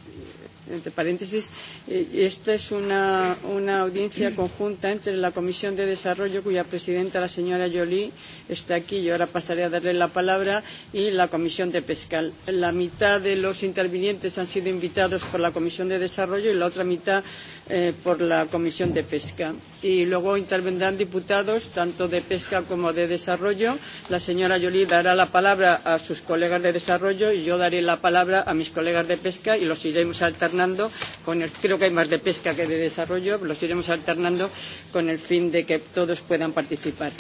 entre paréntesis, esta es una, una audiencia conjunta entre la Comisión de Desarrollo, cuya presidenta, la señora Jolie, está aquí, y ahora pasaré a darle la palabra, y la Comisión de Pesca. La mitad de los intervinientes han sido invitados por la Comisión de Desarrollo y la otra mitad eh, por la Comisión de Pesca y luego intervendrán diputados tanto de pesca como de desarrollo. La señora Joly dará la palabra a sus colegas de desarrollo y yo daré la palabra a mis colegas de pesca y los iremos alternando con el, creo que hay más de pesca que de desarrollo, los iremos alternando con el fin de que todos puedan participar.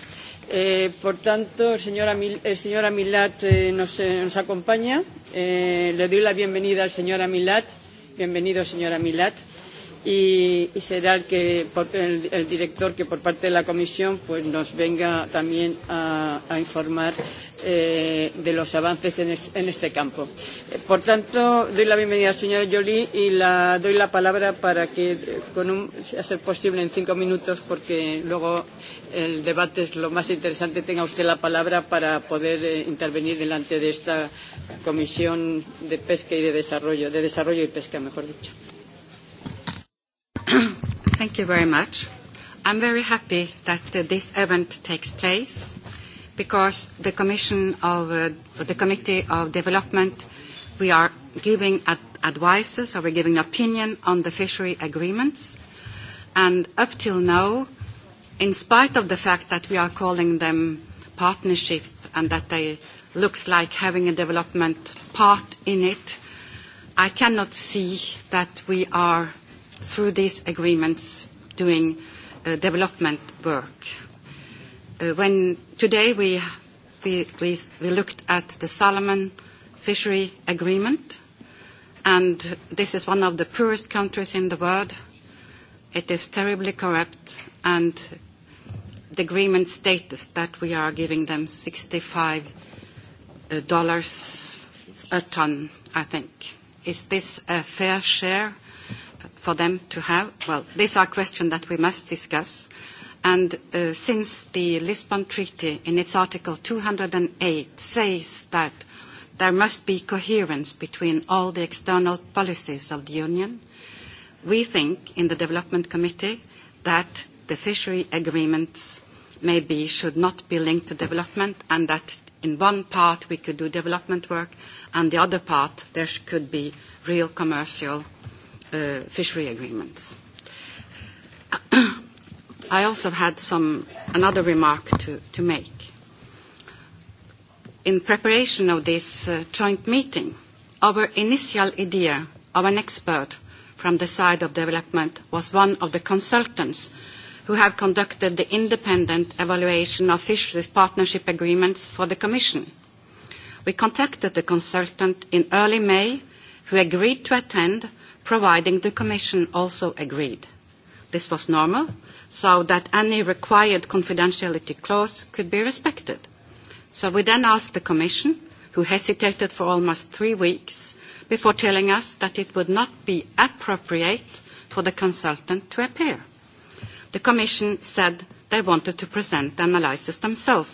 Eh, por tanto, señora, señor señora Milat eh, nos, eh, nos acompaña. Eh, le doy la bienvenida al señor Milat. Bienvenido, señora Milat. Eh, y, y será el, que, el, el director que por parte de la comisión pues nos venga también a, a informar eh, de los avances en, es, en este campo. por tanto, doy la bienvenida a la señora Jolie y la, doy la palabra para que, con un, a ser posible, en cinco minutos, porque luego el debate es lo más interesante, tenga usted la palabra para poder eh, intervenir delante de esta Comisión de Pesca y de Desarrollo, de Desarrollo y Pesca, mejor dicho. Thank you very much. I'm very happy that this event takes place because the Commission of the Committee of Development, we are giving advices, or we're giving opinion on the fishery agreements. And up till now, in spite of the fact that we are calling them partnership and that they looks like having a development part in it, I cannot see that we are through these agreements doing development work. when today we, we, we, we looked at the Solomon Fishery Agreement, and this is one of the poorest countries in the world. It is terribly corrupt, and the agreement status that we are giving them $65 a ton, I think. Is this a fair share? for them to have? Well, these are questions that we must discuss. And since the Lisbon Treaty, in its Article two hundred and eight says that there must be coherence between all the external policies of the Union, we think in the Development Committee that the fishery agreements maybe should not be linked to development and that in one part we could do development work and the other part there could be real commercial uh, fishery agreements. I also had some, another remark to, to make. In preparation of this uh, joint meeting, our initial idea of an expert from the side of development was one of the consultants who have conducted the independent evaluation of fisheries partnership agreements for the Commission. We contacted the consultant in early May, who agreed to attend providing the Commission also agreed. This was normal, so that any required confidentiality clause could be respected. So we then asked the Commission, who hesitated for almost three weeks, before telling us that it would not be appropriate for the consultant to appear. The Commission said they wanted to present the analysis themselves,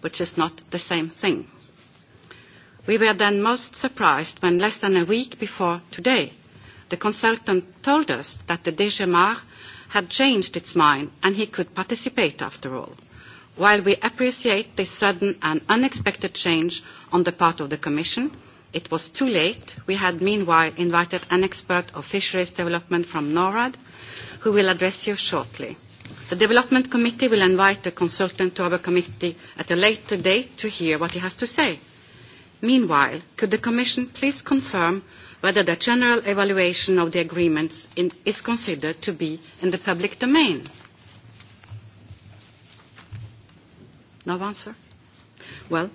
which is not the same thing. We were then most surprised when less than a week before today, the consultant told us that the DG had changed its mind and he could participate after all. While we appreciate this sudden and unexpected change on the part of the Commission, it was too late. We had meanwhile invited an expert of fisheries development from NORAD who will address you shortly. The Development Committee will invite the consultant to our committee at a later date to hear what he has to say. Meanwhile, could the Commission please confirm whether the general evaluation of the agreements is considered to be in the public domain. No answer? Well,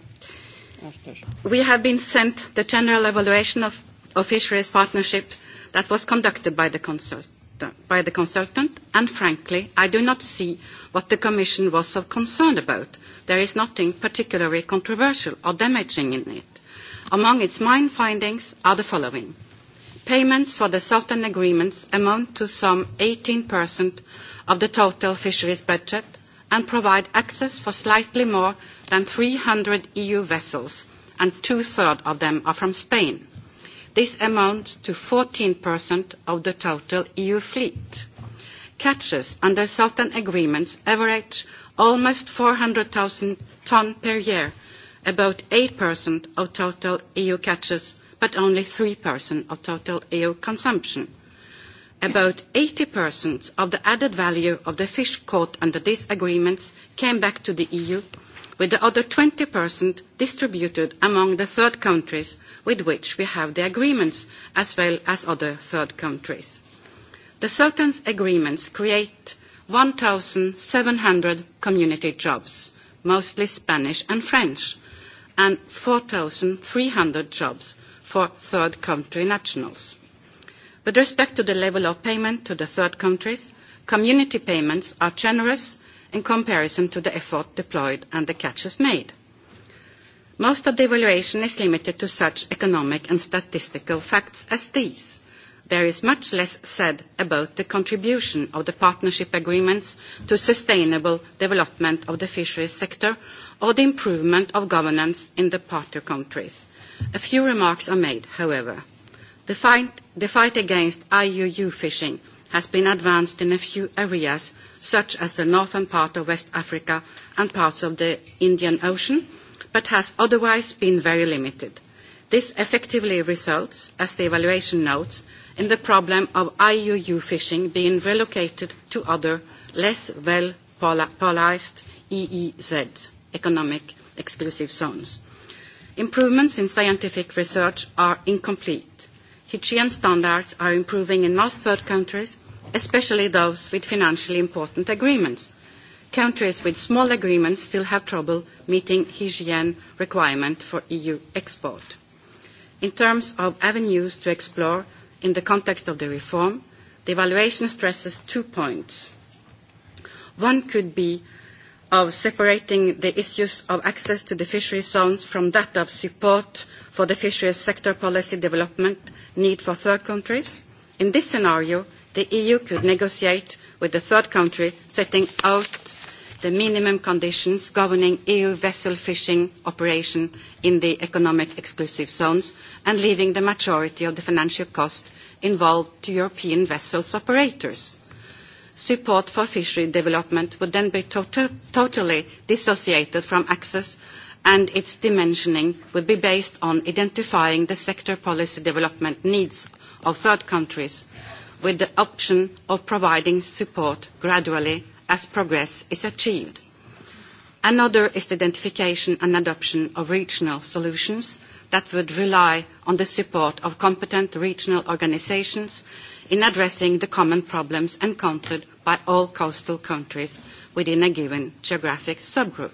we have been sent the general evaluation of, of fisheries partnership that was conducted by the, consult, by the consultant, and frankly, I do not see what the Commission was so concerned about. There is nothing particularly controversial or damaging in it. Among its main findings are the following. Payments for the southern agreements amount to some 18% of the total fisheries budget and provide access for slightly more than 300 EU vessels, and two-thirds of them are from Spain. This amounts to 14% of the total EU fleet. Catches under southern agreements average almost 400,000 tonnes per year, about 8% of total EU catches, but only 3% of total EU consumption. About 80% of the added value of the fish caught under these agreements came back to the EU, with the other 20% distributed among the third countries with which we have the agreements, as well as other third countries. The Sultan's agreements create 1,700 community jobs, mostly Spanish and French, and 4,300 jobs for third country nationals. With respect to the level of payment to the third countries, community payments are generous in comparison to the effort deployed and the catches made. Most of the evaluation is limited to such economic and statistical facts as these there is much less said about the contribution of the partnership agreements to sustainable development of the fisheries sector or the improvement of governance in the partner countries. A few remarks are made, however. The fight, against IUU fishing has been advanced in a few areas, such as the northern part of West Africa and parts of the Indian Ocean, but has otherwise been very limited. This effectively results, as the evaluation notes, in the problem of IUU fishing being relocated to other less well polarised EEZ economic exclusive zones. Improvements in scientific research are incomplete. Hygiene standards are improving in most third countries, especially those with financially important agreements. Countries with small agreements still have trouble meeting hygiene requirements for EU export. In terms of avenues to explore, in the context of the reform, the evaluation stresses two points. One could be of separating the issues of access to the fishery zones from that of support for the fisheries sector policy development need for third countries. In this scenario, the EU could negotiate with the third country, setting out the minimum conditions governing EU vessel fishing operation in the economic exclusive zones and leaving the majority of the financial cost involved to European vessels operators. Support for fishery development would then be totally dissociated from access, and its dimensioning would be based on identifying the sector policy development needs of third countries, with the option of providing support gradually as progress is achieved. Another is the identification and adoption of regional solutions that would rely on the support of competent regional organisations in addressing the common problems encountered by all coastal countries within a given geographic subgroup.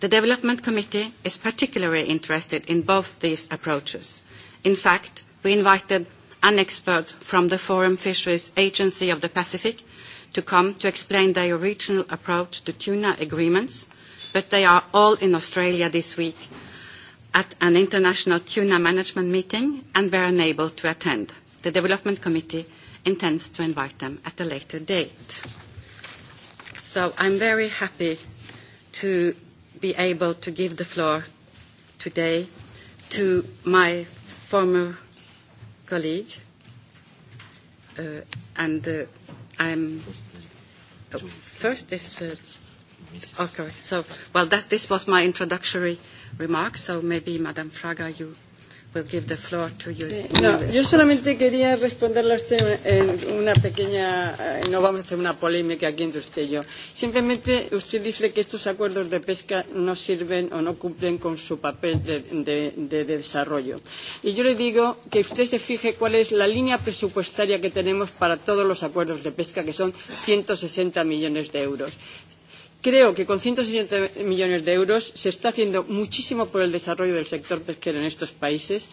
The Development Committee is particularly interested in both these approaches. In fact, we invited an expert from the Forum Fisheries Agency of the Pacific to come to explain their regional approach to tuna agreements, but they are all in Australia this week at an international tuna management meeting and were unable to attend. The Development Committee intends to invite them at a later date. So I'm very happy to be able to give the floor today to my former colleague, uh, and uh, I'm oh, first is uh, okay. So well, that this was my introductory remarks, so maybe Madam Fraga, you will give the floor to you. No, yo solamente quería responderle a usted en una pequeña, no vamos a hacer una polémica aquí entre usted y yo. Simplemente usted dice que estos acuerdos de pesca no sirven o no cumplen con su papel de, de, de desarrollo. Y yo le digo que usted se fije cuál es la línea presupuestaria que tenemos para todos los acuerdos de pesca, que son 160 millones de euros. Creo que con 160 millones de euros se está haciendo muchísimo por el desarrollo del sector pesquero en estos países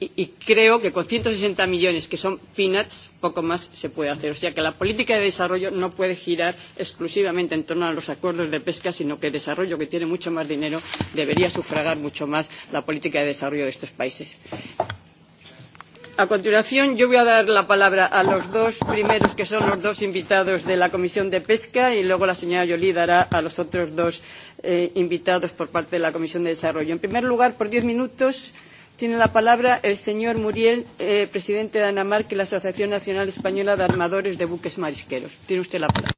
y, y creo que con 160 millones, que son peanuts, poco más se puede hacer. O sea que la política de desarrollo no puede girar exclusivamente en torno a los acuerdos de pesca, sino que el desarrollo, que tiene mucho más dinero, debería sufragar mucho más la política de desarrollo de estos países. A continuación, yo voy a dar la palabra a los dos primeros, que son los dos invitados de la Comisión de Pesca, y luego la señora Joly dará a los otros dos invitados por parte de la Comisión de Desarrollo. En primer lugar, por diez minutos, tiene la palabra el señor Muriel, presidente de Anamarca y la Asociación Nacional Española de Armadores de Buques Marisqueros. Tiene usted la palabra.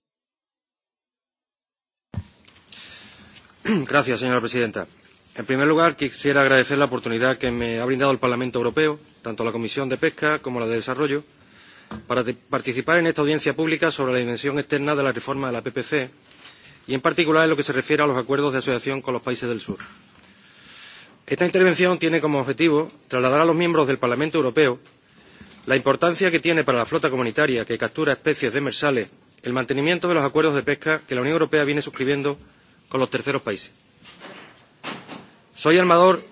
Gracias, señora presidenta. En primer lugar, quisiera agradecer la oportunidad que me ha brindado el Parlamento Europeo, tanto la Comisión de Pesca como la de Desarrollo, para participar en esta audiencia pública sobre la dimensión externa de la reforma de la PPC y, en particular, en lo que se refiere a los acuerdos de asociación con los países del sur. Esta intervención tiene como objetivo trasladar a los miembros del Parlamento Europeo la importancia que tiene para la flota comunitaria que captura especies demersales el mantenimiento de los acuerdos de pesca que la Unión Europea viene suscribiendo con los terceros países. Soy Almador.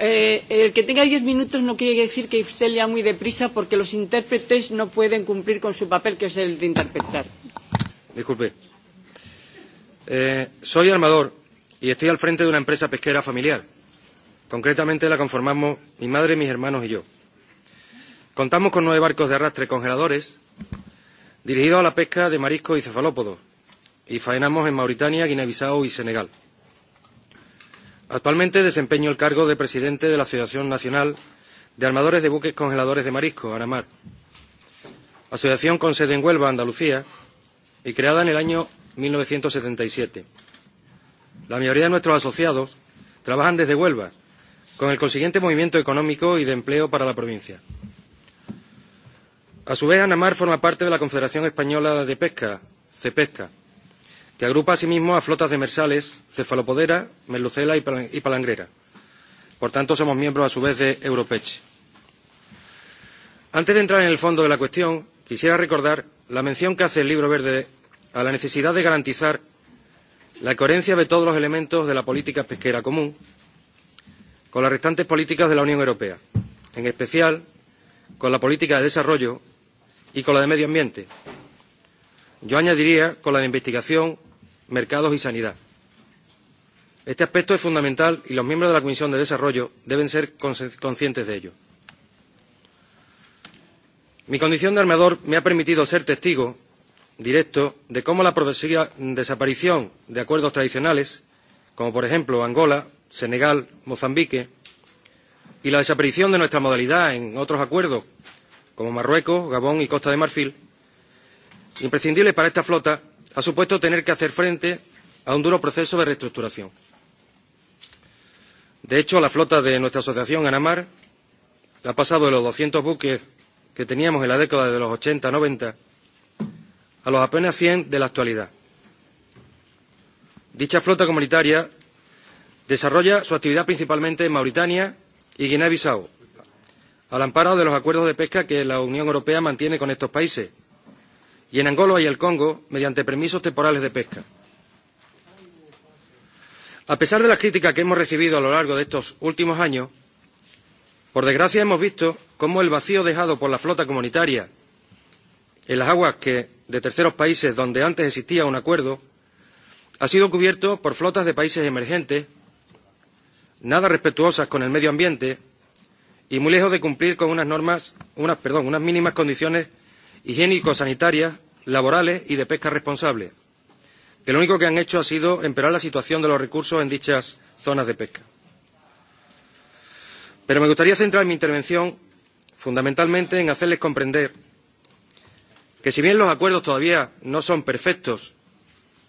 Eh, el que tenga diez minutos no quiere decir que usted lea muy deprisa porque los intérpretes no pueden cumplir con su papel, que es el de interpretar. Disculpe. Eh, soy Almador y estoy al frente de una empresa pesquera familiar. Concretamente la conformamos mi madre, mis hermanos y yo. Contamos con nueve barcos de arrastre congeladores dirigidos a la pesca de mariscos y cefalópodos y faenamos en Mauritania, Guinea-Bissau y Senegal. Actualmente desempeño el cargo de presidente de la Asociación Nacional de Armadores de Buques Congeladores de Marisco, ANAMAR, asociación con sede en Huelva, Andalucía, y creada en el año mil novecientos setenta y siete. La mayoría de nuestros asociados trabajan desde Huelva, con el consiguiente movimiento económico y de empleo para la provincia. A su vez, ANAMAR forma parte de la Confederación Española de Pesca, CEPESCA, que agrupa asimismo a flotas demersales, cefalopodera, merlucela y palangrera. Por tanto, somos miembros a su vez de Europech. Antes de entrar en el fondo de la cuestión, quisiera recordar la mención que hace el libro verde a la necesidad de garantizar la coherencia de todos los elementos de la política pesquera común con las restantes políticas de la Unión Europea, en especial con la política de desarrollo y con la de medio ambiente. Yo añadiría con la de investigación mercados y sanidad. Este aspecto es fundamental y los miembros de la Comisión de Desarrollo deben ser conscientes de ello. Mi condición de armador me ha permitido ser testigo directo de cómo la desaparición de acuerdos tradicionales, como por ejemplo Angola, Senegal, Mozambique, y la desaparición de nuestra modalidad en otros acuerdos, como Marruecos, Gabón y Costa de Marfil, imprescindibles para esta flota, ha supuesto tener que hacer frente a un duro proceso de reestructuración. De hecho, la flota de nuestra asociación, Anamar, ha pasado de los 200 buques que teníamos en la década de los 80-90 a los apenas 100 de la actualidad. Dicha flota comunitaria desarrolla su actividad principalmente en Mauritania y Guinea-Bissau, al amparo de los acuerdos de pesca que la Unión Europea mantiene con estos países, y en Angola y el Congo mediante permisos temporales de pesca. A pesar de las críticas que hemos recibido a lo largo de estos últimos años, por desgracia hemos visto cómo el vacío dejado por la flota comunitaria en las aguas que, de terceros países donde antes existía un acuerdo ha sido cubierto por flotas de países emergentes, nada respetuosas con el medio ambiente y muy lejos de cumplir con unas normas, unas, perdón, unas mínimas condiciones higiénico sanitarias, laborales y de pesca responsable, que lo único que han hecho ha sido empeorar la situación de los recursos en dichas zonas de pesca. Pero me gustaría centrar mi intervención fundamentalmente en hacerles comprender que si bien los acuerdos todavía no son perfectos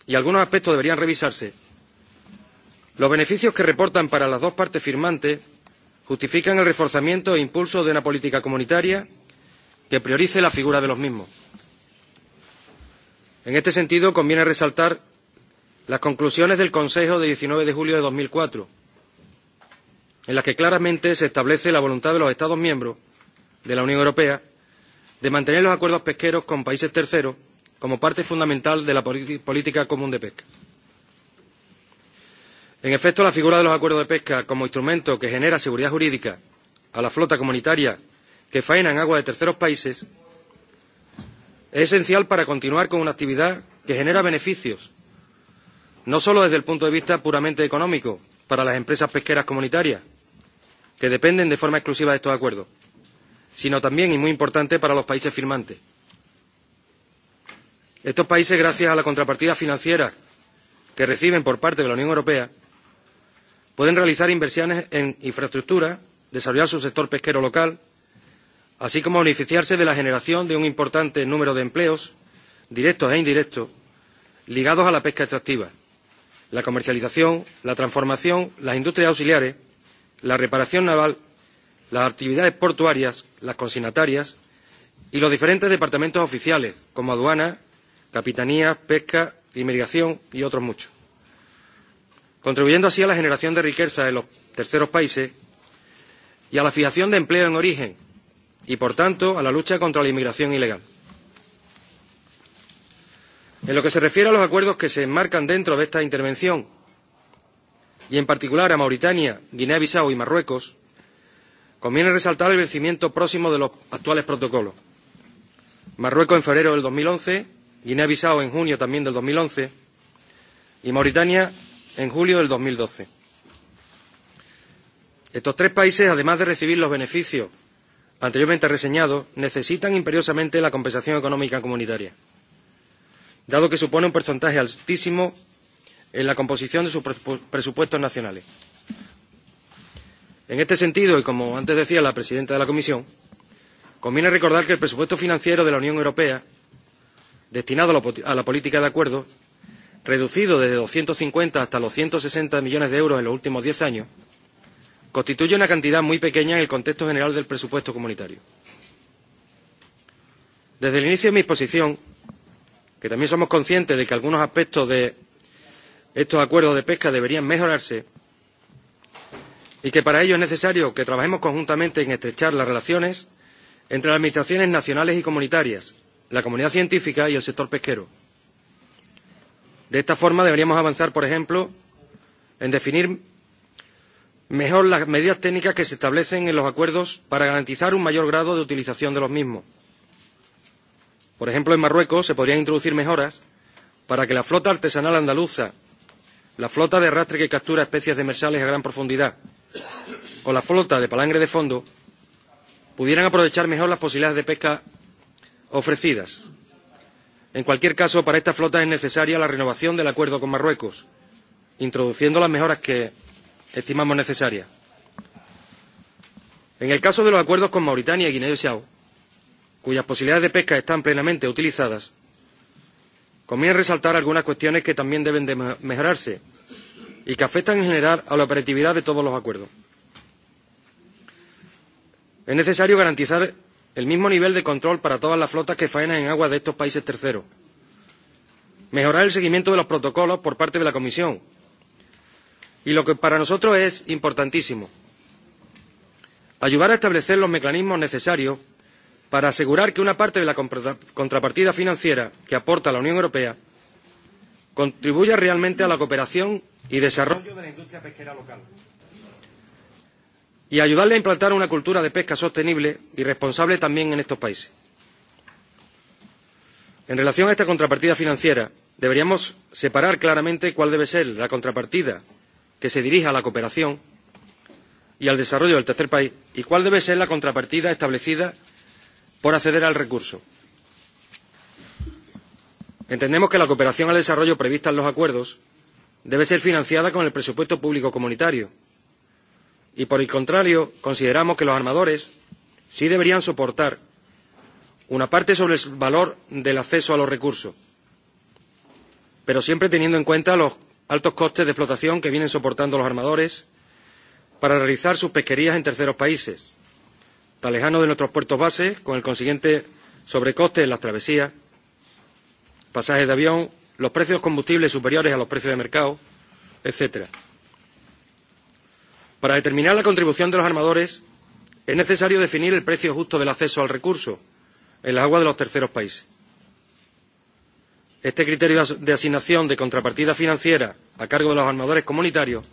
y algunos aspectos deberían revisarse, los beneficios que reportan para las dos partes firmantes justifican el reforzamiento e impulso de una política comunitaria que priorice la figura de los mismos. En este sentido, conviene resaltar las conclusiones del Consejo de 19 de julio de 2004, en las que claramente se establece la voluntad de los Estados miembros de la Unión Europea de mantener los acuerdos pesqueros con países terceros como parte fundamental de la política común de pesca. En efecto, la figura de los acuerdos de pesca como instrumento que genera seguridad jurídica a la flota comunitaria que faena en aguas de terceros países es esencial para continuar con una actividad que genera beneficios, no solo desde el punto de vista puramente económico para las empresas pesqueras comunitarias, que dependen de forma exclusiva de estos acuerdos, sino también, y muy importante, para los países firmantes. Estos países, gracias a la contrapartida financiera que reciben por parte de la Unión Europea, pueden realizar inversiones en infraestructura, desarrollar su sector pesquero local, así como beneficiarse de la generación de un importante número de empleos, directos e indirectos, ligados a la pesca extractiva, la comercialización, la transformación, las industrias auxiliares, la reparación naval, las actividades portuarias, las consignatarias y los diferentes departamentos oficiales, como aduanas, capitanías, pesca, inmigración y otros muchos, contribuyendo así a la generación de riqueza en los terceros países y a la fijación de empleo en origen, y, por tanto, a la lucha contra la inmigración ilegal. En lo que se refiere a los acuerdos que se enmarcan dentro de esta intervención, y en particular a Mauritania, Guinea-Bissau y Marruecos, conviene resaltar el vencimiento próximo de los actuales protocolos. Marruecos en febrero del 2011, Guinea-Bissau en junio también del 2011 y Mauritania en julio del 2012. Estos tres países, además de recibir los beneficios anteriormente reseñado necesitan imperiosamente la compensación económica comunitaria, dado que supone un porcentaje altísimo en la composición de sus presupuestos nacionales. En este sentido, y como antes decía la presidenta de la Comisión, conviene recordar que el presupuesto financiero de la Unión Europea, destinado a la política de acuerdo, reducido desde doscientos cincuenta hasta los ciento sesenta millones de euros en los últimos diez años, constituye una cantidad muy pequeña en el contexto general del presupuesto comunitario. Desde el inicio de mi exposición, que también somos conscientes de que algunos aspectos de estos acuerdos de pesca deberían mejorarse y que para ello es necesario que trabajemos conjuntamente en estrechar las relaciones entre las administraciones nacionales y comunitarias, la comunidad científica y el sector pesquero. De esta forma deberíamos avanzar, por ejemplo, en definir mejor las medidas técnicas que se establecen en los acuerdos para garantizar un mayor grado de utilización de los mismos. Por ejemplo, en Marruecos se podrían introducir mejoras para que la flota artesanal andaluza, la flota de arrastre que captura especies demersales a gran profundidad o la flota de palangre de fondo pudieran aprovechar mejor las posibilidades de pesca ofrecidas. En cualquier caso, para esta flota es necesaria la renovación del acuerdo con Marruecos, introduciendo las mejoras que estimamos necesaria. En el caso de los acuerdos con Mauritania y Guinea-Bissau, cuyas posibilidades de pesca están plenamente utilizadas, conviene resaltar algunas cuestiones que también deben mejorarse y que afectan en general a la operatividad de todos los acuerdos. Es necesario garantizar el mismo nivel de control para todas las flotas que faenan en aguas de estos países terceros. Mejorar el seguimiento de los protocolos por parte de la Comisión Y lo que para nosotros es importantísimo, ayudar a establecer los mecanismos necesarios para asegurar que una parte de la contrapartida financiera que aporta la Unión Europea contribuya realmente a la cooperación y desarrollo de la industria pesquera local y ayudarle a implantar una cultura de pesca sostenible y responsable también en estos países. En relación a esta contrapartida financiera, deberíamos separar claramente cuál debe ser la contrapartida que se dirija a la cooperación y al desarrollo del tercer país y cuál debe ser la contrapartida establecida por acceder al recurso. Entendemos que la cooperación al desarrollo prevista en los acuerdos debe ser financiada con el presupuesto público comunitario y, por el contrario, consideramos que los armadores sí deberían soportar una parte sobre el valor del acceso a los recursos, pero siempre teniendo en cuenta los altos costes de explotación que vienen soportando los armadores para realizar sus pesquerías en terceros países, tan lejanos de nuestros puertos base, con el consiguiente sobrecoste en las travesías, pasajes de avión, los precios de combustibles superiores a los precios de mercado, etc. Para determinar la contribución de los armadores es necesario definir el precio justo del acceso al recurso en las aguas de los terceros países. Este criterio de asignación de contrapartida financiera a cargo de los armadores comunitarios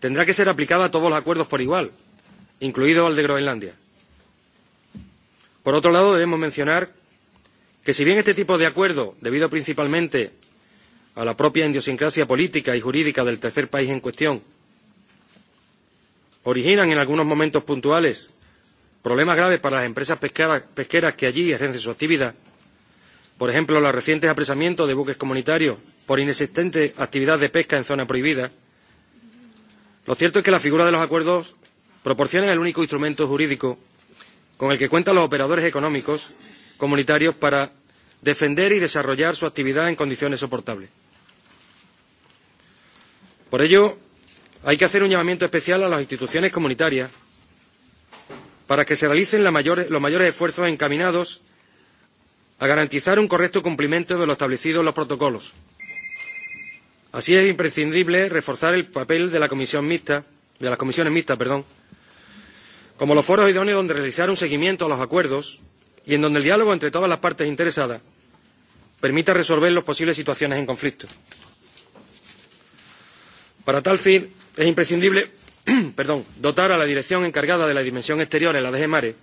tendrá que ser aplicado a todos los acuerdos por igual, incluido el de Groenlandia. Por otro lado, debemos mencionar que si bien este tipo de acuerdo, debido principalmente a la propia idiosincrasia política y jurídica del tercer país en cuestión, originan en algunos momentos puntuales problemas graves para las empresas pesqueras que allí ejercen su actividad, Por ejemplo, los recientes apresamientos de buques comunitarios por inexistente actividad de pesca en zona prohibida. Lo cierto es que la figura de los acuerdos proporciona el único instrumento jurídico con el que cuentan los operadores económicos comunitarios para defender y desarrollar su actividad en condiciones soportables. Por ello, hay que hacer un llamamiento especial a las instituciones comunitarias para que se realicen los mayores esfuerzos encaminados a garantizar un correcto cumplimiento de lo establecido en los protocolos. Así es imprescindible reforzar el papel de la comisión mixta, de las comisiones mixtas, perdón, como los foros idóneos donde realizar un seguimiento a los acuerdos y en donde el diálogo entre todas las partes interesadas permita resolver las posibles situaciones en conflicto. Para tal fin, es imprescindible dotar a la dirección encargada de la dimensión exterior en la DG Mare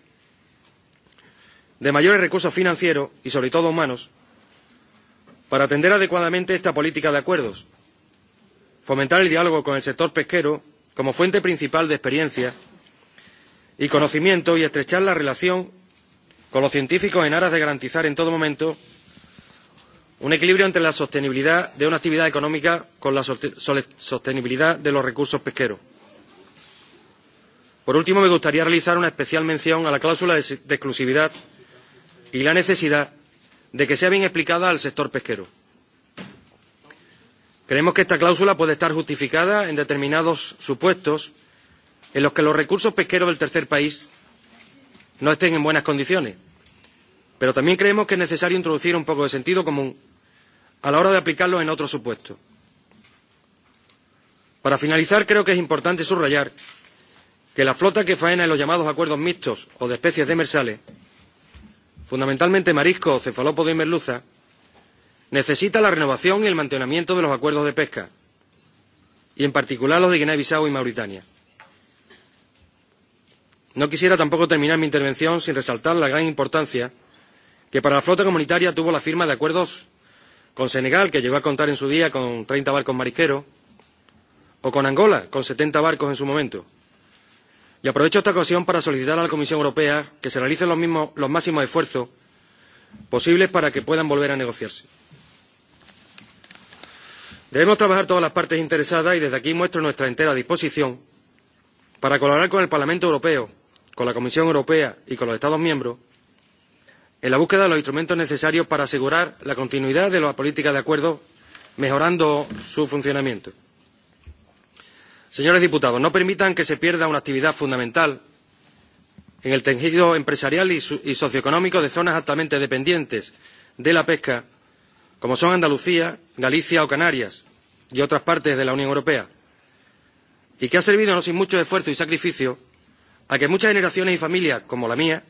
de mayores recursos financieros y, sobre todo, humanos, para atender adecuadamente esta política de acuerdos, fomentar el diálogo con el sector pesquero como fuente principal de experiencia y conocimiento y estrechar la relación con los científicos en aras de garantizar en todo momento un equilibrio entre la sostenibilidad de una actividad económica con la sostenibilidad de los recursos pesqueros. Por último, me gustaría realizar una especial mención a la cláusula de exclusividad y la necesidad de que sea bien explicada al sector pesquero. Creemos que esta cláusula puede estar justificada en determinados supuestos en los que los recursos pesqueros del tercer país no estén en buenas condiciones. Pero también creemos que es necesario introducir un poco de sentido común a la hora de aplicarlos en otros supuestos. Para finalizar, creo que es importante subrayar que la flota que faena en los llamados acuerdos mixtos o de especies demersales fundamentalmente marisco, cefalópodo y merluza, necesita la renovación y el mantenimiento de los acuerdos de pesca, y en particular los de Guinea-Bissau y Mauritania. No quisiera tampoco terminar mi intervención sin resaltar la gran importancia que para la flota comunitaria tuvo la firma de acuerdos con Senegal, que llegó a contar en su día con treinta barcos marisqueros, o con Angola, con setenta barcos en su momento, y aprovecho esta ocasión para solicitar a la comisión europea que se realicen los máximos esfuerzos posibles para que puedan volver a negociarse. debemos trabajar todas las partes interesadas y desde aquí muestro nuestra entera disposición para colaborar con el parlamento europeo con la comisión europea y con los estados miembros en la búsqueda de los instrumentos necesarios para asegurar la continuidad de la política de acuerdos mejorando su funcionamiento. Señores diputados, no permitan que se pierda una actividad fundamental en el tejido empresarial y socioeconómico de zonas altamente dependientes de la pesca, como son Andalucía, Galicia o Canarias y otras partes de la Unión Europea, y que ha servido no sin mucho esfuerzo y sacrificio a que muchas generaciones y familias, como la mía,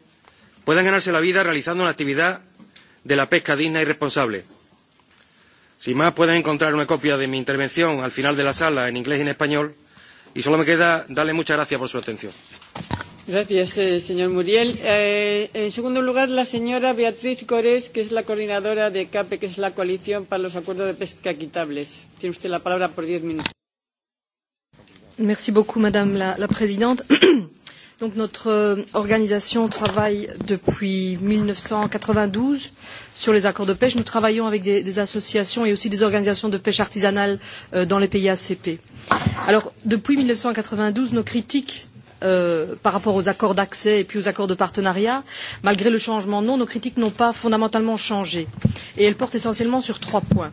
puedan ganarse la vida realizando una actividad de la pesca digna y responsable. Sin más, pueden encontrar una copia de mi intervención al final de la sala en inglés y en español Y solo me queda darle muchas gracias por su atención. Gracias, señor Muriel. en segundo lugar, la señora Beatriz Corés, que es la coordinadora de CAPE, que es la Coalición para los Acuerdos de Pesca equitables. Tiene usted la palabra por diez minutos. Merci beaucoup, madame la présidente Donc notre organisation travaille depuis mille neuf cent quatre-vingt-douze sur les accords de pêche. Nous travaillons avec des, associations et aussi des organisations de pêche artisanale dans les pays ACP. Alors depuis mille neuf cent quatre-vingt-douze, nos critiques par rapport aux accords d'accès et puis aux accords de partenariat, malgré le changement de nom, nos critiques n'ont pas fondamentalement changé. Et elles portent essentiellement sur trois points.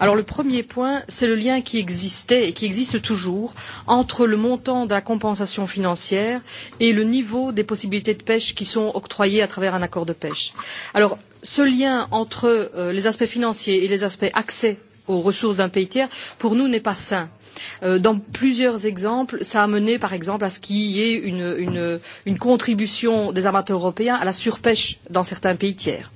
Alors le premier point, c'est le lien qui existait et qui existe toujours entre le montant de la compensation financière et le niveau des possibilités de pêche qui sont octroyées à travers un accord de pêche. Alors ce lien entre les aspects financiers et les aspects accès aux ressources d'un pays tiers, pour nous, n'est pas sain. Dans plusieurs exemples, ça a mené, par exemple, à ce qu'il y ait une, contribution des amateurs européens à la surpêche dans certains pays tiers.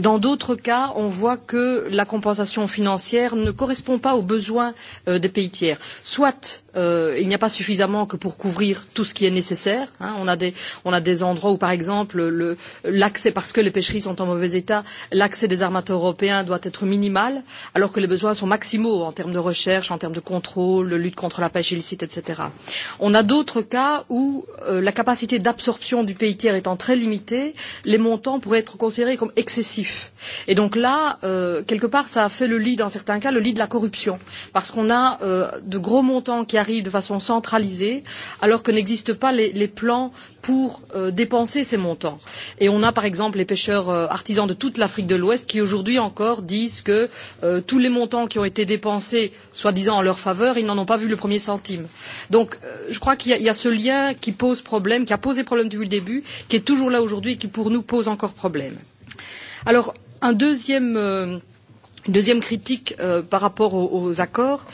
Dans d'autres cas, on voit que la compensation financière ne correspond pas aux besoins des pays tiers. Soit il n'y a pas suffisamment que pour couvrir tout ce qui est nécessaire. on, a des, endroits où, par exemple, l'accès, parce que les pêcheries sont en mauvais état, l'accès des armateurs européens doit être minimal, alors que les besoins sont maximaux en termes de recherche, en termes de contrôle, de lutte contre la pêche illicite, etc. On a d'autres cas où la capacité d'absorption du pays tiers étant très limitée, les montants pourraient être considérés comme excessifs. Et donc là, quelque part, ça a fait le lit, dans certains cas, le lit de la corruption, parce qu'on a de gros montants qui arrivent de façon centralisée, alors que n'existent pas les, plans pour dépenser ces montants. Et on a par exemple les pêcheurs artisans de toute l'Afrique de l'Ouest qui aujourd'hui encore disent que tous les montants montants qui ont été dépensés, soi-disant en leur faveur, ils n'en ont pas vu le premier centime. Donc, je crois qu'il y, a ce lien qui pose problème, qui a posé problème depuis le début, qui est toujours là aujourd'hui et qui pour nous pose encore problème. Alors, un deuxième Une deuxième critique par rapport aux, accords,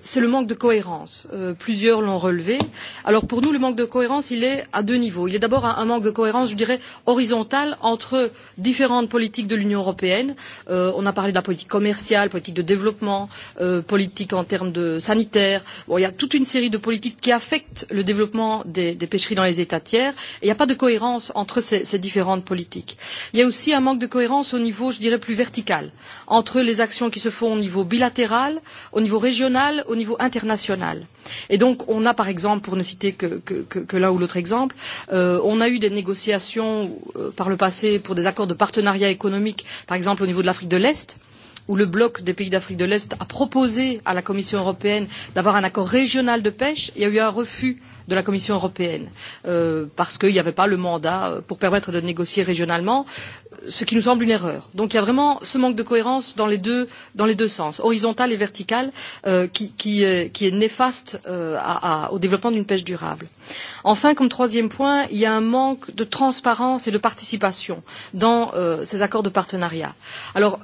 c'est le manque de cohérence. plusieurs l'ont relevé. Alors pour nous, le manque de cohérence, il est à deux niveaux. Il y a d'abord un, manque de cohérence, je dirais, horizontal entre différentes politiques de l'Union européenne. on a parlé de la politique commerciale, politique de développement, politique en termes de sanitaire. il y a toute une série de politiques qui affectent le développement des, pêcheries dans les États tiers. Et il n'y a pas de cohérence entre ces, différentes politiques. Il y a aussi un manque de cohérence au niveau, je dirais, plus vertical. Entre entre les actions qui se font au niveau bilatéral, au niveau régional, au niveau international. Et donc, on a par exemple, pour ne citer que, que, que, que l'un ou l'autre exemple, euh, on a eu des négociations euh, par le passé pour des accords de partenariat économique, par exemple au niveau de l'Afrique de l'Est, où le bloc des pays d'Afrique de l'Est a proposé à la Commission européenne d'avoir un accord régional de pêche. Il y a eu un refus de la Commission européenne parce qu'il n'y avait pas le mandat pour permettre de négocier régionalement ce qui nous semble une erreur. Donc il y a vraiment ce manque de cohérence dans les deux, dans les deux sens, horizontal et vertical, euh, qui, qui, est, qui est néfaste euh, à, à, au développement d'une pêche durable. Enfin, comme troisième point, il y a un manque de transparence et de participation dans euh, ces accords de partenariat. Alors,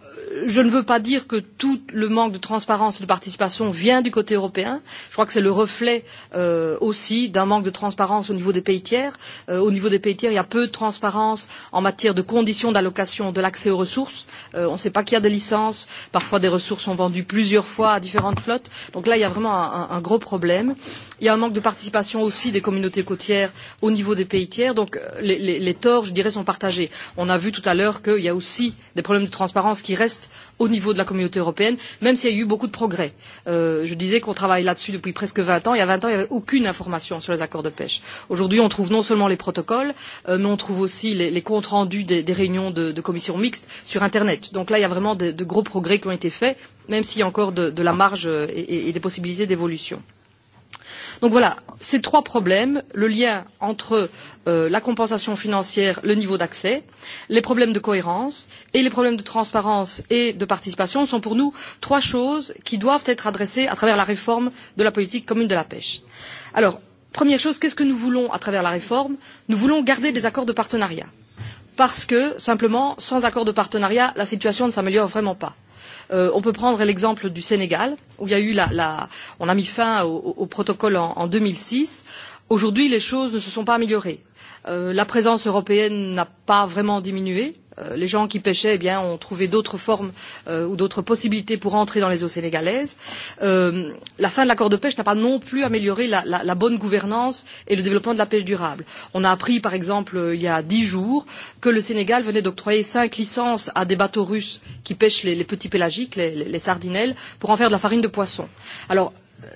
je ne veux pas dire que tout le manque de transparence et de participation vient du côté européen. Je crois que c'est le reflet euh, aussi d'un manque de transparence au niveau des pays tiers. Euh, au niveau des pays tiers, il y a peu de transparence en matière de conditions l'allocation de l'accès aux ressources. on ne sait pas qu'il y a des licences. Parfois, des ressources sont vendues plusieurs fois à différentes flottes. Donc là, il y a vraiment un, gros problème. Il y a un manque de participation aussi des communautés côtières au niveau des pays tiers. Donc les, torts, je dirais, sont partagés. On a vu tout à l'heure qu'il y a aussi des problèmes de transparence qui restent au niveau de la communauté européenne, même s'il y a eu beaucoup de progrès. je disais qu'on travaille là-dessus depuis presque vingt ans. Il y a vingt ans, il n'y avait aucune information sur les accords de pêche. Aujourd'hui, on trouve non seulement les protocoles, mais on trouve aussi les, comptes rendus des réunions de, de commissions mixtes sur Internet. Donc là, il y a vraiment de, de gros progrès qui ont été faits, même s'il y a encore de, de la marge et, et des possibilités d'évolution. Donc voilà, ces trois problèmes, le lien entre la compensation financière, le niveau d'accès, les problèmes de cohérence et les problèmes de transparence et de participation sont pour nous trois choses qui doivent être adressées à travers la réforme de la politique commune de la pêche. Alors, première chose, qu'est-ce que nous voulons à travers la réforme Nous voulons garder des accords de partenariat parce que, simplement, sans accord de partenariat, la situation ne s'améliore vraiment pas. Euh, on peut prendre l'exemple du Sénégal, où il y a eu la, la, on a mis fin au, au protocole en, en 2006. Aujourd'hui, les choses ne se sont pas améliorées. Euh, la présence européenne n'a pas vraiment diminué les gens qui pêchaient eh bien, ont trouvé d'autres formes euh, ou d'autres possibilités pour entrer dans les eaux sénégalaises. Euh, la fin de l'accord de pêche n'a pas non plus amélioré la, la, la bonne gouvernance et le développement de la pêche durable. On a appris, par exemple, il y a dix jours, que le Sénégal venait d'octroyer cinq licences à des bateaux russes qui pêchent les, les petits pélagiques, les, les, les sardinelles, pour en faire de la farine de poisson. Alors,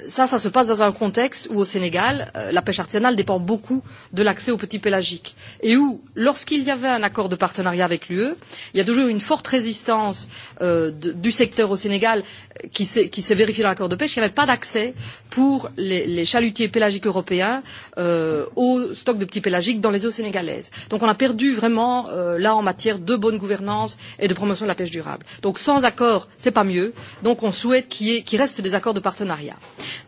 ça, ça se passe dans un contexte où au Sénégal, la pêche artisanale dépend beaucoup de l'accès aux petits pélagiques et où, lorsqu'il y avait un accord de partenariat avec l'UE, il y a toujours eu une forte résistance du secteur au Sénégal qui s'est vérifié dans l'accord de pêche. Il n'y avait pas d'accès pour les, chalutiers pélagiques européens aux stocks de petits pélagiques dans les eaux sénégalaises. Donc on a perdu vraiment là en matière de bonne gouvernance et de promotion de la pêche durable. Donc sans accord, ce n'est pas mieux. Donc on souhaite qu'il reste des accords de partenariat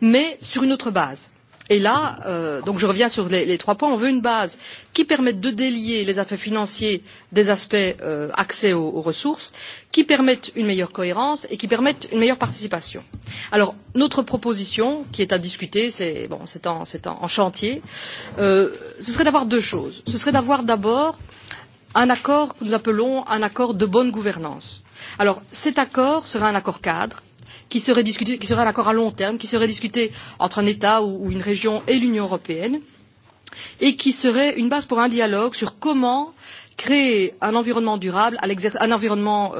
mais sur une autre base. Et là, donc je reviens sur les, trois points. On veut une base qui permette de délier les aspects financiers des aspects accès aux, ressources, qui permette une meilleure cohérence et qui permette une meilleure participation. Alors, notre proposition, qui est à discuter, c'est bon, en, chantier, ce serait d'avoir deux choses. Ce serait d'avoir d'abord un accord que nous appelons un accord de bonne gouvernance. Alors, cet accord sera un accord cadre qui serait discuté, qui serait un accord à long terme, qui serait discuté entre un État ou, une région et l'Union européenne, et qui serait une base pour un dialogue sur comment créer un environnement durable, un environnement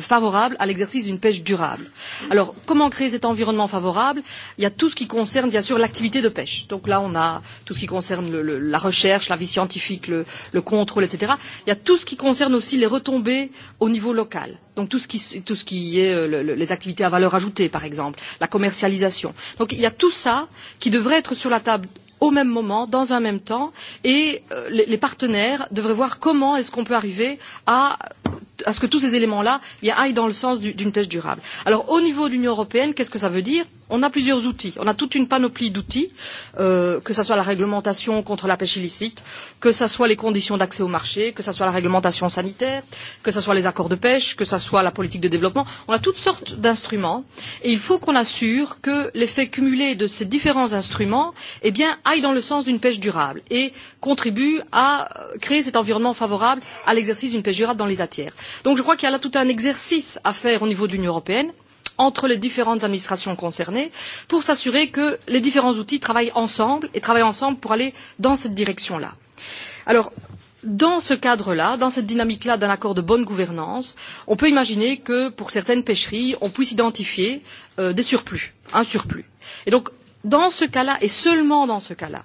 favorable à l'exercice d'une pêche durable. Alors, comment créer cet environnement favorable Il y a tout ce qui concerne, bien sûr, l'activité de pêche. Donc là, on a tout ce qui concerne la recherche, la vie scientifique, le, contrôle, etc. Il y a tout ce qui concerne aussi les retombées au niveau local. Donc tout ce qui, est les activités à valeur ajoutée, par exemple, la commercialisation. Donc il y a tout ça qui devrait être sur la table au même moment, dans un même temps, et les partenaires devraient voir comment est-ce qu'on peut arriver à à ce que tous ces éléments-là aillent dans le sens d'une pêche durable. Alors au niveau de l'Union européenne, qu'est-ce que cela veut dire On a plusieurs outils, on a toute une panoplie d'outils, que ce soit la réglementation contre la pêche illicite, que ce soit les conditions d'accès au marché, que ce soit la réglementation sanitaire, que ce soit les accords de pêche, que ce soit la politique de développement. On a toutes sortes d'instruments et il faut qu'on assure que l'effet cumulé de ces différents instruments aille dans le sens d'une pêche durable et contribue à créer cet environnement favorable à l'exercice d'une pêche durable dans les financière. Donc je crois qu'il y a là tout un exercice à faire au niveau de l'Union européenne entre les différentes administrations concernées pour s'assurer que les différents outils travaillent ensemble et travaillent ensemble pour aller dans cette direction là. Alors, dans ce cadre là, dans cette dynamique là d'un accord de bonne gouvernance, on peut imaginer que pour certaines pêcheries, on puisse identifier des surplus, un surplus. Et donc, dans ce cas là, et seulement dans ce cas là,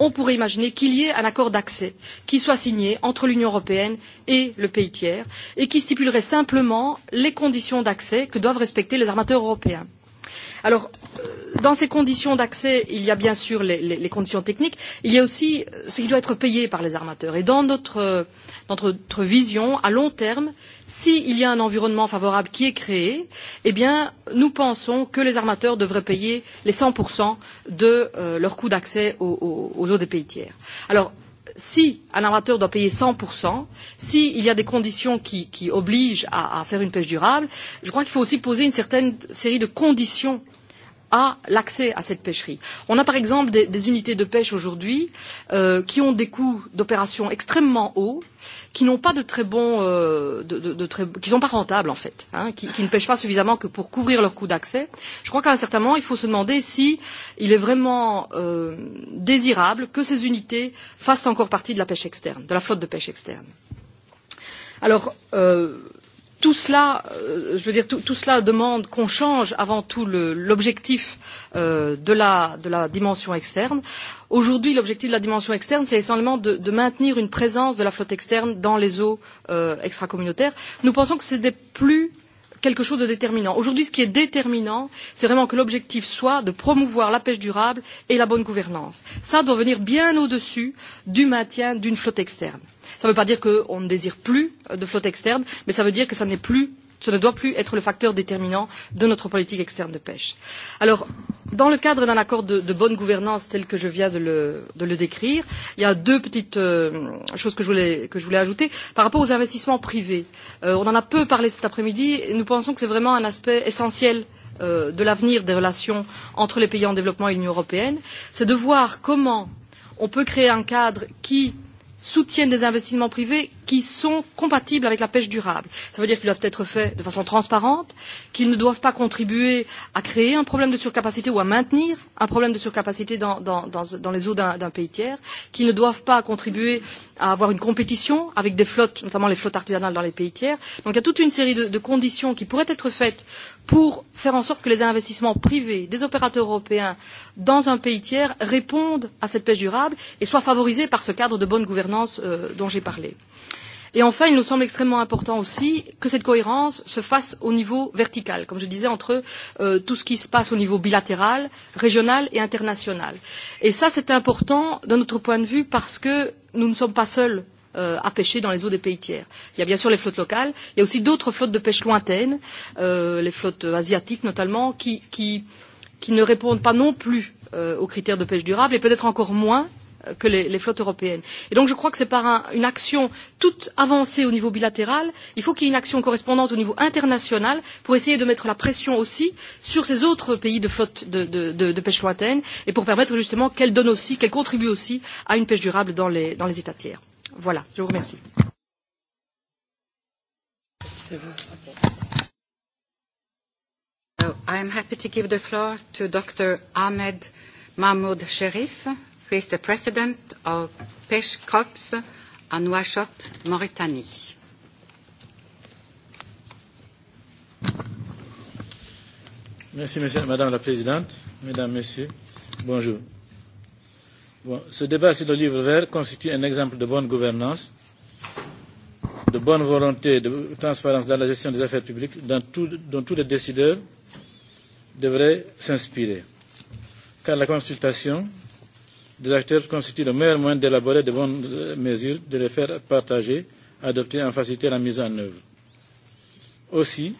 on pourrait imaginer qu'il y ait un accord d'accès qui soit signé entre l'Union européenne et le pays tiers et qui stipulerait simplement les conditions d'accès que doivent respecter les armateurs européens. Alors, dans ces conditions d'accès, il y a bien sûr les, conditions techniques, il y a aussi ce qui doit être payé par les armateurs. Et dans notre vision à long terme, S'il y a un environnement favorable qui est créé, eh bien, nous pensons que les armateurs devraient payer les 100% de euh, leur coût d'accès aux, aux, aux eaux des pays tiers. Alors, si un armateur doit payer 100%, s'il y a des conditions qui, qui obligent à, à faire une pêche durable, je crois qu'il faut aussi poser une certaine série de conditions à l'accès à cette pêcherie. On a par exemple des, des unités de pêche aujourd'hui euh, qui ont des coûts d'opération extrêmement hauts, qui n'ont pas de très bons, euh, de, de, de très, qui sont pas rentables en fait, hein, qui, qui ne pêchent pas suffisamment que pour couvrir leurs coûts d'accès. Je crois qu'à un certain moment, il faut se demander si il est vraiment euh, désirable que ces unités fassent encore partie de la pêche externe, de la flotte de pêche externe. Alors euh, tout cela, je veux dire, tout, tout cela demande qu'on change avant tout l'objectif euh, de, la, de la dimension externe. Aujourd'hui, l'objectif de la dimension externe, c'est essentiellement de, de maintenir une présence de la flotte externe dans les eaux euh, extracommunautaires. Nous pensons que c'est des plus quelque chose de déterminant. Aujourd'hui, ce qui est déterminant, c'est vraiment que l'objectif soit de promouvoir la pêche durable et la bonne gouvernance. Ça doit venir bien au-dessus du maintien d'une flotte externe. Ça ne veut pas dire qu'on ne désire plus de flotte externe, mais ça veut dire que ça n'est plus ce ne doit plus être le facteur déterminant de notre politique externe de pêche. Alors, dans le cadre d'un accord de, de bonne gouvernance tel que je viens de le, de le décrire, il y a deux petites euh, choses que je, voulais, que je voulais ajouter. Par rapport aux investissements privés, euh, on en a peu parlé cet après-midi et nous pensons que c'est vraiment un aspect essentiel euh, de l'avenir des relations entre les pays en développement et l'Union européenne, c'est de voir comment on peut créer un cadre qui soutienne des investissements privés qui sont compatibles avec la pêche durable. Cela veut dire qu'ils doivent être faits de façon transparente, qu'ils ne doivent pas contribuer à créer un problème de surcapacité ou à maintenir un problème de surcapacité dans, les eaux d'un pays tiers, qu'ils ne doivent pas contribuer à avoir une compétition avec des flottes, notamment les flottes artisanales dans les pays tiers. Donc il y a toute une série de conditions qui pourraient être faites pour faire en sorte que les investissements privés des opérateurs européens dans un pays tiers répondent à cette pêche durable et soient favorisés par ce cadre de bonne gouvernance dont j'ai parlé. Euh, Et enfin, il nous semble extrêmement important aussi que cette cohérence se fasse au niveau vertical, comme je disais, entre tout ce qui se passe au niveau bilatéral, régional et international. Et ça, c'est important de notre point de vue parce que nous ne sommes pas seuls à pêcher dans les eaux des pays tiers. Il y a bien sûr les flottes locales, il y a aussi d'autres flottes de pêche lointaines, les flottes asiatiques notamment, qui, ne répondent pas non plus aux critères de pêche durable et peut-être encore moins que les, les flottes européennes. Et donc je crois que c'est par un, une action toute avancée au niveau bilatéral, il faut qu'il y ait une action correspondante au niveau international pour essayer de mettre la pression aussi sur ces autres pays de flotte de, de, de, de pêche lointaine et pour permettre justement qu'elles donnent aussi, qu'elles contribuent aussi à une pêche durable dans les, dans les États tiers. Voilà, je vous remercie. I am happy to give the floor to Dr. Ahmed Mahmoud Sherif who is the president of Pêche Corps Anouachot, Mauritanie. Merci, monsieur, Madame la Présidente, Mesdames, Messieurs, bonjour. Bon, ce débat sur le livre vert constitue un exemple de bonne gouvernance, de bonne volonté, de transparence dans la gestion des affaires publiques, dans tout, dont tous les décideurs devraient s'inspirer. Car la consultation des acteurs constitue le meilleur moyen d'élaborer de bonnes mesures, de les faire partager, adopter en faciliter la mise en œuvre. Aussi,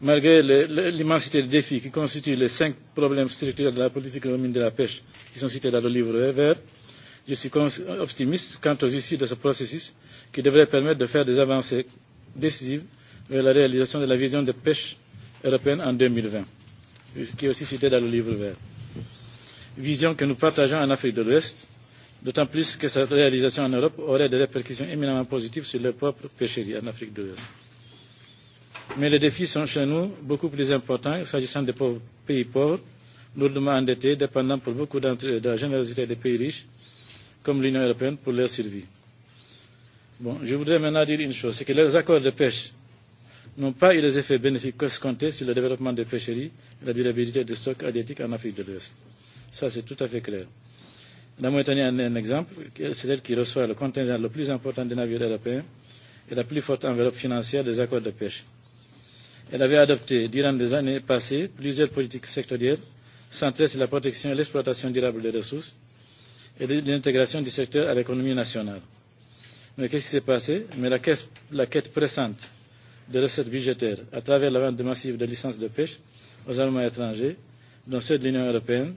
malgré l'immensité des défis qui constituent les cinq problèmes structurels de la politique commune de la pêche qui sont cités dans le livre vert, je suis optimiste quant aux issues de ce processus qui devrait permettre de faire des avancées décisives vers la réalisation de la vision de pêche européenne en deux mille vingt, qui est aussi citée dans le livre vert vision que nous partageons en Afrique de l'Ouest, d'autant plus que sa réalisation en Europe aurait des répercussions éminemment positives sur les propres pêcheries en Afrique de l'Ouest. Mais les défis sont chez nous beaucoup plus importants s'agissant des pauvres pays pauvres, lourdement endettés, dépendant pour beaucoup d'entre eux de la générosité des pays riches, comme l'Union européenne, pour leur survie. Bon, je voudrais maintenant dire une chose, c'est que les accords de pêche n'ont pas eu les effets bénéfiques escomptés sur le développement des pêcheries et la durabilité des stocks halieutiques en Afrique de l'Ouest. Ça, c'est tout à fait clair. La Mauritanie en est un exemple. C'est elle qui reçoit le contingent le plus important des navires européens et la plus forte enveloppe financière des accords de pêche. Elle avait adopté, durant des années passées, plusieurs politiques sectorielles centrées sur la protection et l'exploitation durable des ressources et l'intégration du secteur à l'économie nationale. Mais qu'est-ce qui s'est passé Mais la, caisse, la quête pressante de recettes budgétaires à travers la vente massive de licences de pêche aux armements étrangers, dont ceux de l'Union européenne,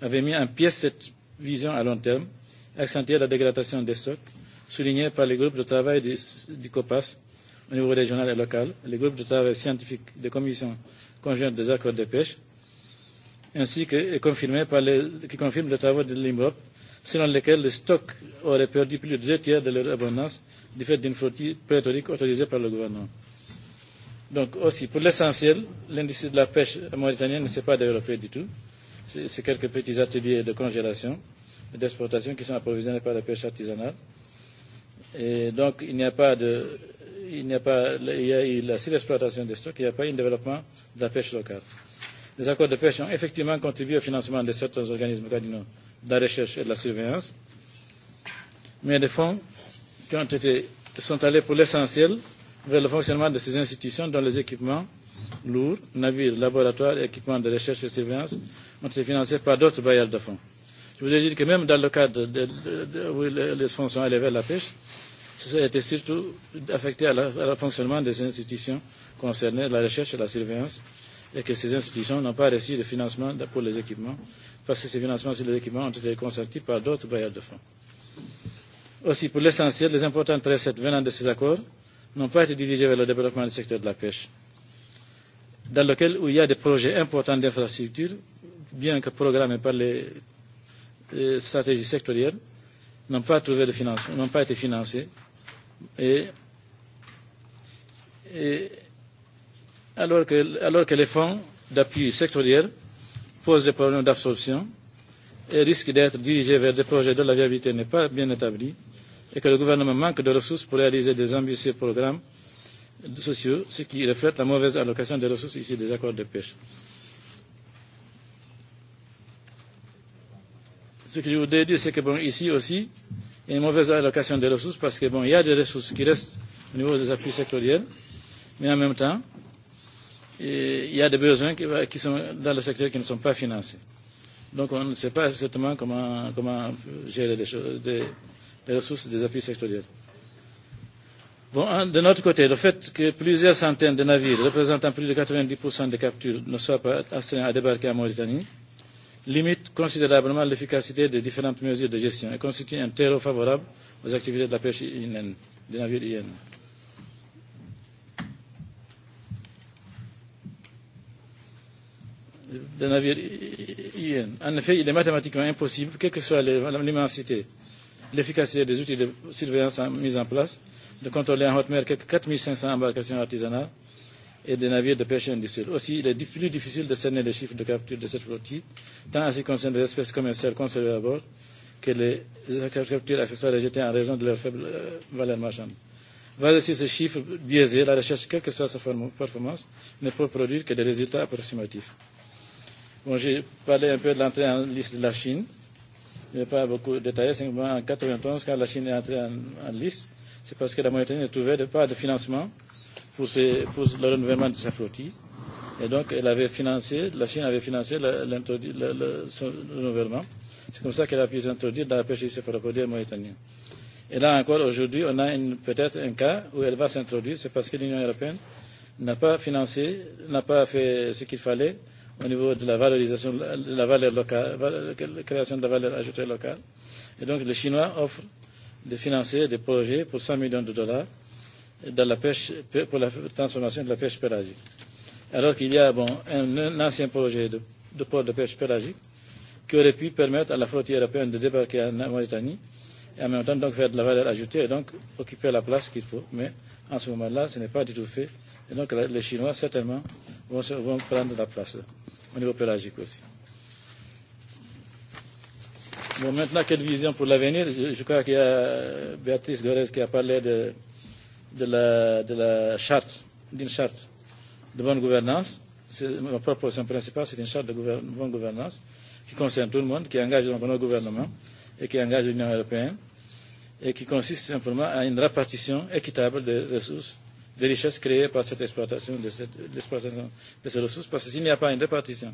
avait mis en pièce cette vision à long terme, accentuée la dégradation des stocks, soulignée par les groupes de travail du, du COPAS au niveau régional et local, les groupes de travail scientifique des commissions conjointes des accords de pêche, ainsi que confirmé par les, qui confirme les travaux de l'IMROP, selon lesquels les stocks auraient perdu plus de deux tiers de leur abondance du fait d'une flottille prétorique autorisée par le gouvernement. Donc aussi, pour l'essentiel, l'industrie de la pêche mauritanienne ne s'est pas développée du tout c'est quelques petits ateliers de congélation et d'exportation qui sont approvisionnés par la pêche artisanale. Et donc, il n'y a pas de. Il n'y a pas. Il y a eu la surexploitation des stocks, il n'y a pas eu de développement de la pêche locale. Les accords de pêche ont effectivement contribué au financement de certains organismes cardinaux de la recherche et de la surveillance, mais des fonds qui ont été, sont allés pour l'essentiel vers le fonctionnement de ces institutions dont les équipements lourds, navires, laboratoires et équipements de recherche et surveillance ont été financés par d'autres bailleurs de fonds. Je voudrais dire que même dans le cadre de, de, de, où les fonds sont élevés à la pêche, ça a été surtout affecté au fonctionnement des institutions concernées, la recherche et la surveillance, et que ces institutions n'ont pas reçu de financement pour les équipements, parce que ces financements sur les équipements ont été consentis par d'autres bailleurs de fonds. Aussi, pour l'essentiel, les importantes recettes venant de ces accords n'ont pas été dirigées vers le développement du secteur de la pêche dans lequel il y a des projets importants d'infrastructures, bien que programmés par les stratégies sectorielles, n'ont pas trouvé de financement, n'ont pas été financés. Et, et alors, que, alors que les fonds d'appui sectoriel posent des problèmes d'absorption et risquent d'être dirigés vers des projets dont la viabilité n'est pas bien établie et que le gouvernement manque de ressources pour réaliser des ambitieux programmes sociaux, ce qui reflète la mauvaise allocation des ressources issues des accords de pêche. Ce que je voudrais dire, c'est que bon, ici aussi, il y a une mauvaise allocation des ressources parce que bon, il y a des ressources qui restent au niveau des appuis sectoriels, mais en même temps, il y a des besoins qui, sont dans le secteur qui ne sont pas financés. Donc on ne sait pas exactement comment, comment gérer les, choses, les ressources des appuis sectoriels. Bon, de notre côté, le fait que plusieurs centaines de navires représentant plus de 90% des captures ne soient pas astreints à débarquer en Mauritanie limite considérablement l'efficacité des différentes mesures de gestion et constitue un terreau favorable aux activités de la pêche INN, des navires INN. Des navires IN. En effet, il est mathématiquement impossible, quelle que soit l'immensité, l'efficacité des outils de surveillance mis en place, de contrôler en haute mer quelques 4500 embarcations artisanales et des navires de pêche industrielle. Aussi, il est plus difficile de cerner les chiffres de capture de cette flottille, tant en ce qui concerne les espèces commerciales conservées à bord que les captures accessoires rejetées en raison de leur faible valeur marchande. Voilà si ce chiffre biaisé, la recherche, quelle que soit sa performance, ne peut produire que des résultats approximatifs. Bon, j'ai parlé un peu de l'entrée en liste de la Chine. Je n'ai pas beaucoup détaillé, simplement en 1991, quand la Chine est entrée en, en liste, c'est parce que la Mauritanie ne trouvait pas de financement pour, ses, pour le renouvellement de sa flottille. Et donc, elle avait financé, la Chine avait financé le, le, le, son renouvellement. C'est comme ça qu'elle a pu s'introduire dans la pêche des céphalopodienne mauritanienne. Et là encore, aujourd'hui, on a peut-être un cas où elle va s'introduire, c'est parce que l'Union européenne n'a pas financé, n'a pas fait ce qu'il fallait au niveau de la valorisation, de la valeur locale, la création de la valeur ajoutée locale. Et donc, les Chinois offrent de financer des projets pour 100 millions de dollars dans la pêche, pour la transformation de la pêche pélagique. Alors qu'il y a bon, un, un ancien projet de, de port de pêche pélagique qui aurait pu permettre à la flotte européenne de débarquer en Mauritanie et en même temps donc faire de la valeur ajoutée et donc occuper la place qu'il faut. Mais en ce moment-là, ce n'est pas du tout fait. Et donc les Chinois, certainement, vont, vont prendre la place au niveau pélagique aussi. Bon, maintenant, quelle vision pour l'avenir je, je crois qu'il y a Béatrice Gorez qui a parlé de, de, la, de la charte, d'une charte de bonne gouvernance. C'est ma proposition principale, c'est une charte de gouvern, bonne gouvernance qui concerne tout le monde, qui engage donc nos gouvernements et qui engage l'Union européenne et qui consiste simplement à une répartition équitable des ressources, des richesses créées par cette exploitation de, cette, l'exploitation de ces ressources. Parce que s'il n'y a pas une répartition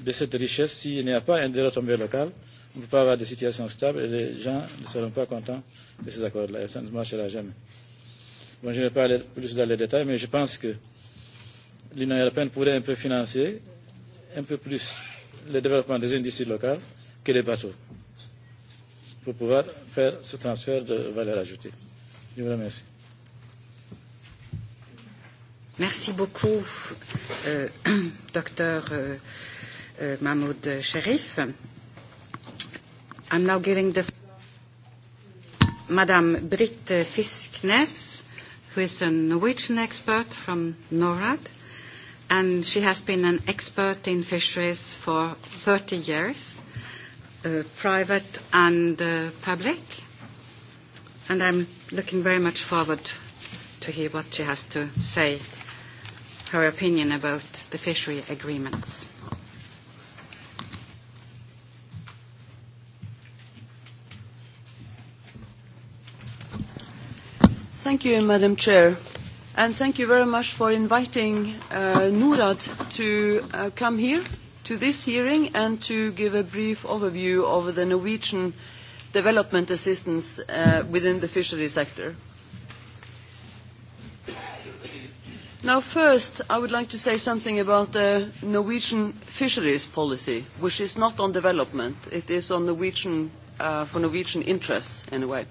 de cette richesse, s'il n'y a pas un retombées local, On ne peut pas avoir des situations stables et les gens ne seront pas contents de ces accords-là. Et ça ne marchera jamais. Bon, je ne vais pas aller plus dans les détails, mais je pense que l'Union européenne pourrait un peu financer un peu plus le développement des industries locales que les bateaux pour pouvoir faire ce transfert de valeur ajoutée. Je vous remercie. Merci beaucoup, euh, docteur euh, euh, Mahmoud Sherif. I'm now giving the Madame Britt Fisknes, who is a Norwegian expert from NORAD, and she has been an expert in fisheries for 30 years, uh, private and uh, public. And I'm looking very much forward to hear what she has to say, her opinion about the fishery agreements. Thank you, Madam Chair. And thank you very much for inviting uh, Nurad to uh, come here to this hearing and to give a brief overview of the Norwegian development assistance uh, within the fishery sector. Now, first, I would like to say something about the Norwegian fisheries policy, which is not on development. It is on Norwegian, uh, for Norwegian interests, in a way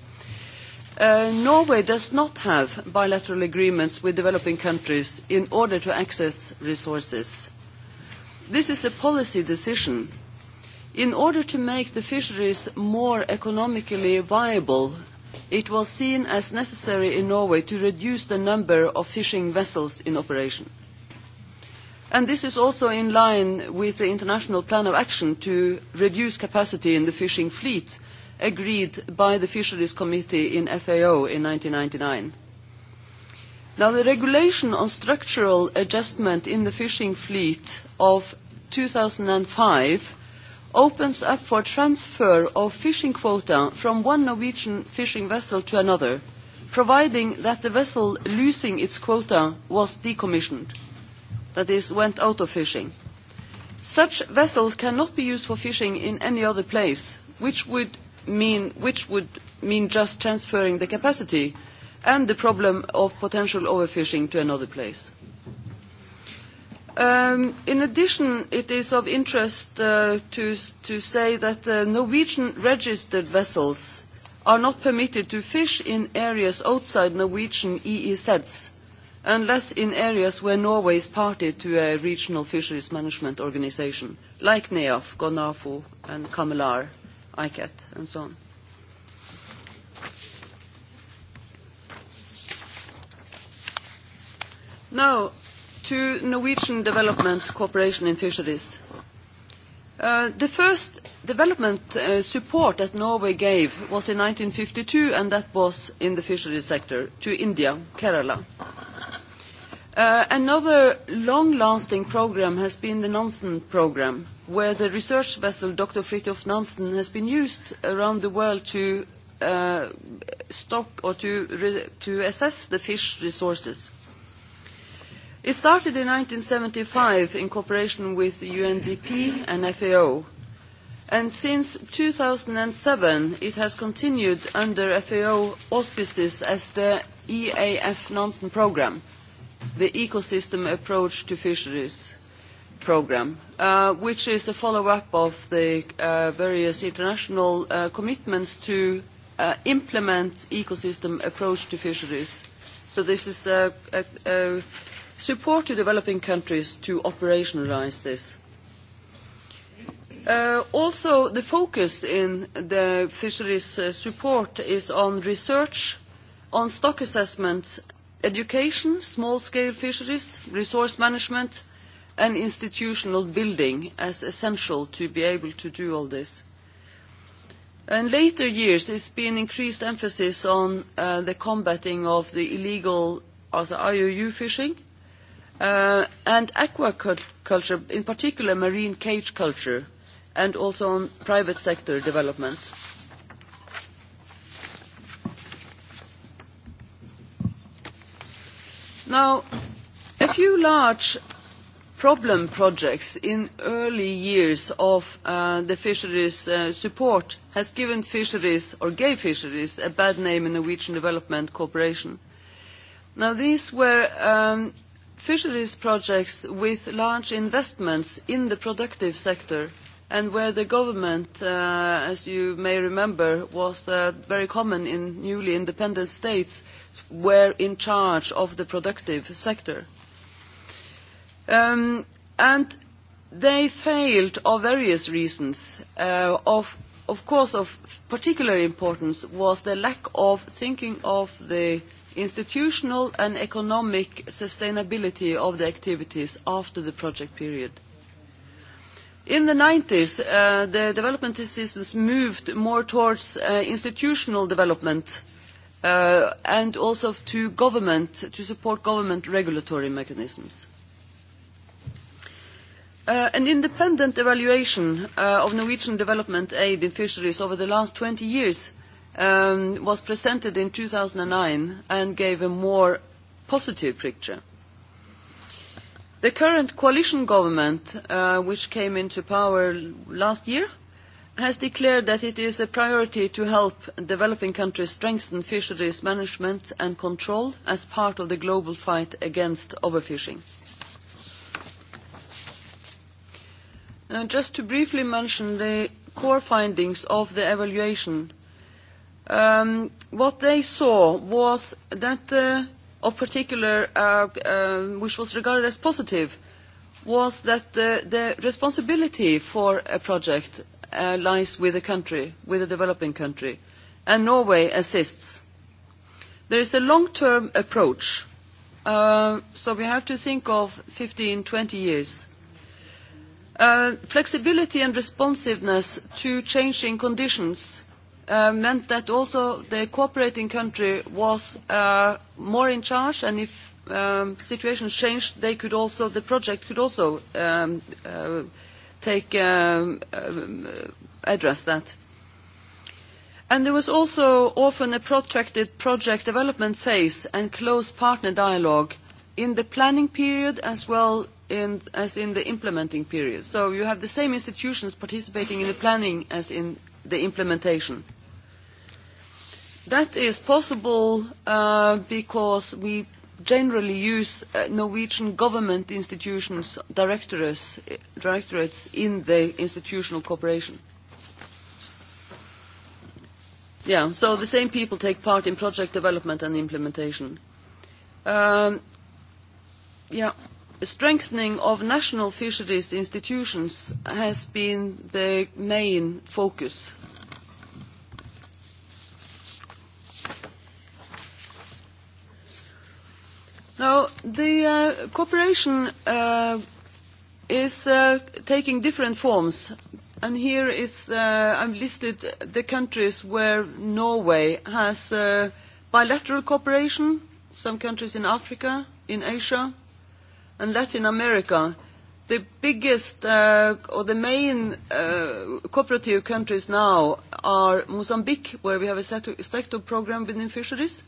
Norway does not have bilateral agreements with developing countries in order to access resources. This is a policy decision. In order to make the fisheries more economically viable, it was seen as necessary in Norway to reduce the number of fishing vessels in operation. And this is also in line with the International Plan of Action to reduce capacity in the fishing fleet, agreed by the Fisheries Committee in FAO in ninety nine. Now, the regulation on structural adjustment in the fishing fleet of two thousand five opens up for transfer of fishing quota from one Norwegian fishing vessel to another, providing that the vessel losing its quota was decommissioned, that is, went out of fishing. Such vessels cannot be used for fishing in any other place, which would mean, which would mean just transferring the capacity and the problem of potential overfishing to another place. in addition, it is of interest to, say that Norwegian registered vessels are not permitted to fish in areas outside Norwegian EEZs unless in areas where Norway is party to a regional fisheries management organisation, like NEAF, GONAFO and CAMELAR ICAT, and so on. Now, to Norwegian development cooperation in fisheries. The first development support that Norway gave was in 1952, and that was in the fisheries sector to India, Kerala. Another long-lasting program has been the Nansen program, where the research vessel Dr. Fridtjof Nansen has been used around the world to stock or to, to assess the fish resources. It started in 1975 in cooperation with UNDP and FAO. And since 2007, it has continued under FAO auspices as the EAF Nansen Programme, the Ecosystem Approach to Fisheries programme, which is a follow-up of the various international commitments to implement ecosystem approach to fisheries. So this is a, support to developing countries to operationalise this. also, the focus in the fisheries support is on research, on stock assessment, education, small-scale fisheries, resource management, and institutional building as essential to be able to do all this. In later years, there's been increased emphasis on uh, the combating of the illegal also IUU fishing uh, and aquaculture, in particular marine cage culture, and also on private sector development. Now, a few large problem projects in early years of the fisheries support has given fisheries or gave fisheries a bad name in Norwegian development cooperation. Now these were fisheries projects with large investments in the productive sector and where the government, as you may remember, was very common in newly independent states, were in charge of the productive sector and they failed for various reasons. of, of course, of particular importance was the lack of thinking of the institutional and economic sustainability of the activities after the project period. In the 90s, uh, the development assistance moved more towards institutional development and also to government, to support government regulatory mechanisms an independent evaluation of Norwegian development aid in fisheries over the last twenty years was presented in two thousand nine and gave a more positive picture. The current coalition government, which came into power last year, has declared that it is a priority to help developing countries strengthen fisheries management and control as part of the global fight against overfishing just to briefly mention the core findings of the evaluation, what they saw was that of particular, which was regarded as positive, was that the responsibility for a project lies with a country, with a developing country, and Norway assists. There is a long-term approach, so we have to think of 15, 20 years flexibility and responsiveness to changing conditions meant that also the cooperating country was more in charge and if um, situations changed, they could also, the project could also take, address that. And there was also often a protracted project development phase and close partner dialogue in the planning period as well in, as in the implementing period. So you have the same institutions participating in the planning as in the implementation. That is possible uh, because we generally use uh, Norwegian government institutions, directorates, directorates in the institutional cooperation. Yeah, so the same people take part in project development and implementation. Um, yeah strengthening of national fisheries institutions has been the main focus. Now, the cooperation is taking different forms, and here is, uh, I've listed the countries where Norway has bilateral cooperation, some countries in Africa, in Asia, and Latin America, the biggest uh, or the main uh, cooperative countries now are Mozambique, where we have a sector, program within fisheries,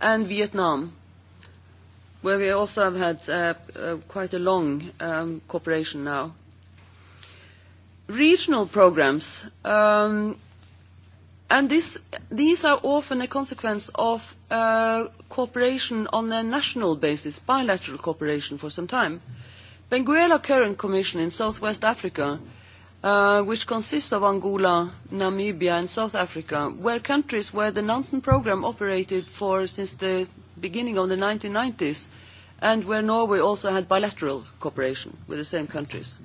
and Vietnam, where we also have had uh, uh, quite a long um, cooperation now. Regional programs. Um, And this, these are often a consequence of uh, cooperation on a national basis, bilateral cooperation for some time. Benguela Current Commission in South West Africa, uh, which consists of Angola, Namibia and South Africa, were countries where the Nansen programme operated for since the beginning of the 1990s and where Norway also had bilateral cooperation with the same countries.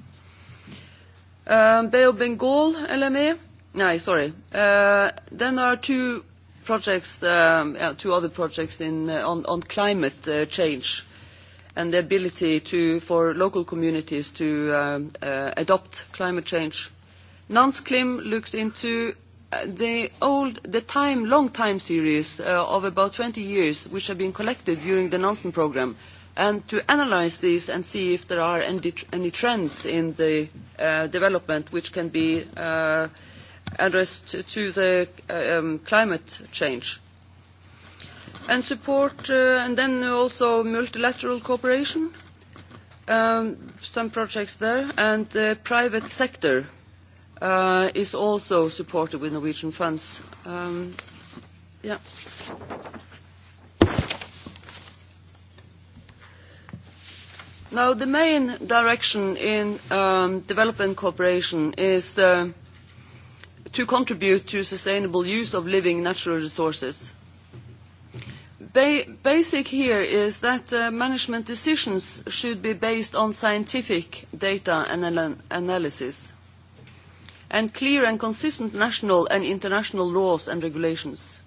Um, of Bengal, LMA, No, sorry. Then there are two projects, two other projects in on climate change and the ability to for local communities to adopt climate change. Nansklim looks into the old, the time, long time series of about twenty years, which have been collected during the Nansen programme, and to analyse these and see if there are any trends in the development which can be addressed to the um, climate change. And support, uh, and then also multilateral cooperation, um, some projects there, and the private sector uh, is also supported with Norwegian funds. Um, yeah. Now, the main direction in um, development cooperation is uh, to contribute to sustainable use of living natural resources. Basic here is that management decisions should be based on scientific data and analysis and clear and consistent national and international laws and regulations.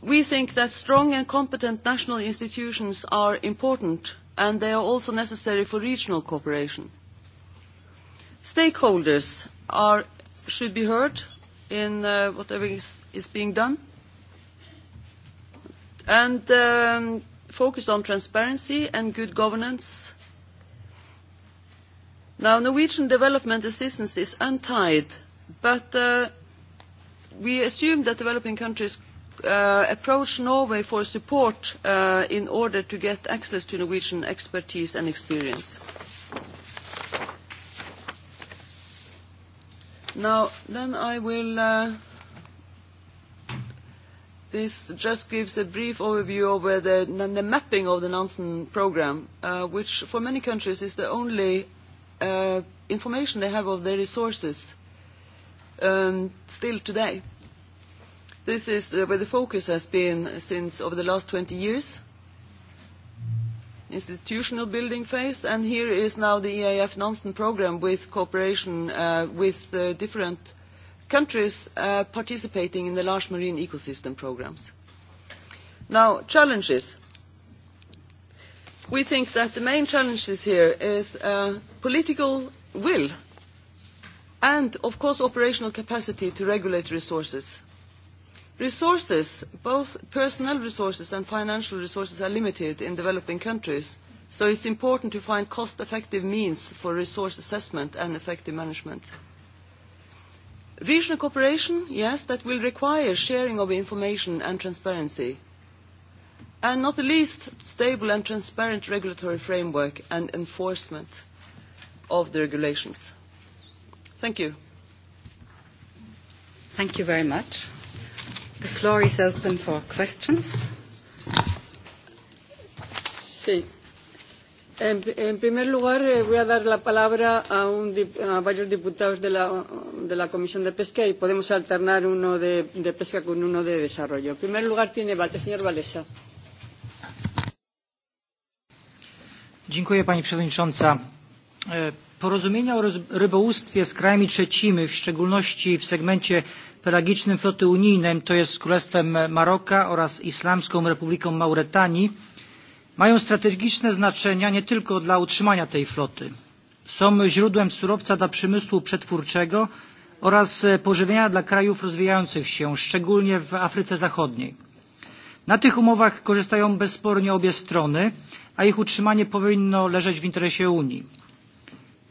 we think that strong and competent national institutions are important and they are also necessary for regional cooperation. Stakeholders are should be heard in uh, whatever is, is being done. And um, focus on transparency and good governance. Now, Norwegian development assistance is untied, but uh, we assume that developing countries uh, approach Norway for support uh, in order to get access to Norwegian expertise and experience. Now, then I will. Uh, this just gives a brief overview of the, the mapping of the Nansen program, uh, which for many countries is the only uh, information they have of their resources um, still today. This is where the focus has been since over the last 20 years institutional building phase, and here is now the EAF Nansen programme with cooperation with different countries participating in the large marine ecosystem programmes. Now, challenges. We think that the main challenges here is political will and, of course, operational capacity to regulate resources Resources, both personal resources and financial resources, are limited in developing countries, so it is important to find cost-effective means for resource assessment and effective management. Regional cooperation, yes, that will require sharing of information and transparency. And not the least, stable and transparent regulatory framework and enforcement of the regulations. Thank you. Thank you very much. The floor is open for questions. Sí. En, en primer lugar, eh, voy a dar la palabra a, un, a varios diputados de la, de la Comisión de Pesca y podemos alternar uno de, de pesca con uno de desarrollo. En primer lugar, tiene el señor Valesa. Dziękuję Pani Przewodnicząca. Porozumienia o rybołówstwie z krajami trzecimi, w szczególności w segmencie pelagicznym floty unijnej, to jest z Królestwem Maroka oraz Islamską Republiką Mauretanii, mają strategiczne znaczenie nie tylko dla utrzymania tej floty. Są źródłem surowca dla przemysłu przetwórczego oraz pożywienia dla krajów rozwijających się, szczególnie w Afryce Zachodniej. Na tych umowach korzystają bezspornie obie strony, a ich utrzymanie powinno leżeć w interesie Unii.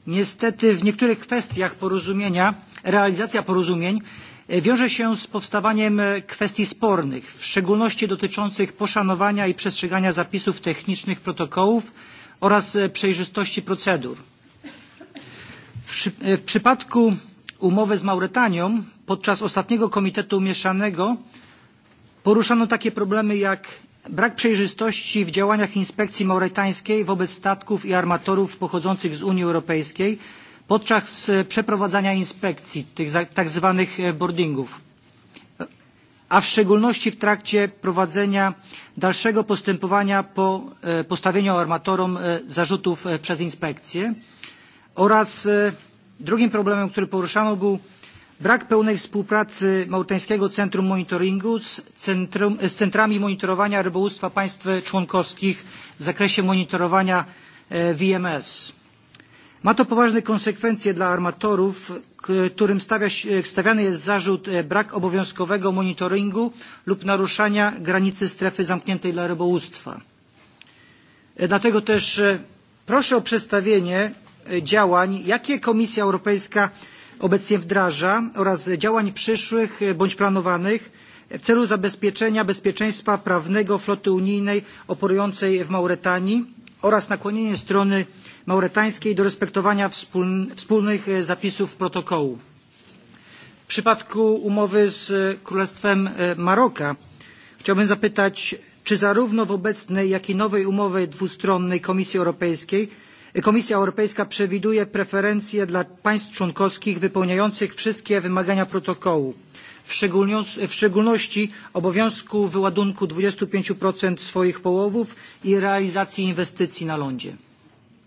Niestety w niektórych kwestiach porozumienia, realizacja porozumień wiąże się z powstawaniem kwestii spornych, w szczególności dotyczących poszanowania i przestrzegania zapisów technicznych protokołów oraz przejrzystości procedur. W przypadku umowy z Mauretanią podczas ostatniego Komitetu Mieszanego poruszano takie problemy jak Brak przejrzystości w działaniach inspekcji mauretańskiej wobec statków i armatorów pochodzących z Unii Europejskiej podczas przeprowadzania inspekcji, tych tak zwanych boardingów, a w szczególności w trakcie prowadzenia dalszego postępowania po postawieniu armatorom zarzutów przez inspekcję. Oraz drugim problemem, który poruszano, był Brak pełnej współpracy Małtańskiego Centrum Monitoringu z, centrami monitorowania rybołówstwa państw członkowskich w zakresie monitorowania VMS. Ma to poważne konsekwencje dla armatorów, którym stawiany jest zarzut brak obowiązkowego monitoringu lub naruszania granicy strefy zamkniętej dla rybołówstwa. Dlatego też proszę o przedstawienie działań, jakie Komisja Europejska obecnie wdraża oraz działań przyszłych bądź planowanych w celu zabezpieczenia bezpieczeństwa prawnego floty unijnej operującej w Mauretanii oraz nakłonienie strony mauretańskiej do respektowania wspólnych zapisów protokołu. W przypadku umowy z Królestwem Maroka chciałbym zapytać, czy zarówno w obecnej, jak i nowej umowie dwustronnej Komisji Europejskiej Komisja Europejska przewiduje preferencje dla państw członkowskich wypełniających wszystkie wymagania protokołu, w szczególności obowiązku wyładunku 25% swoich połowów i realizacji inwestycji na lądzie.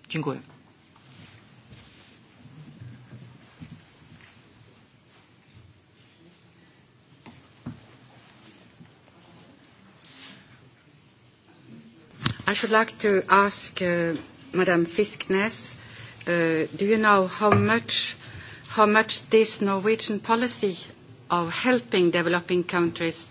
Dziękuję. I should like to ask Madam Fisknes, do you know how much how much this Norwegian policy of helping developing countries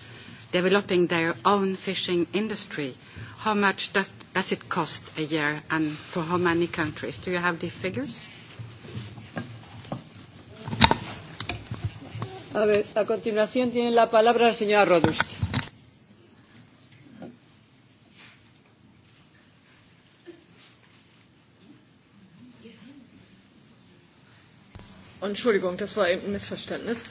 developing their own fishing industry, how much does does it cost a year and for how many countries? Do you have the figures? A ver, a continuación tiene la palabra la señora Rodust. Entschuldigung, das war eben ein Missverständnis.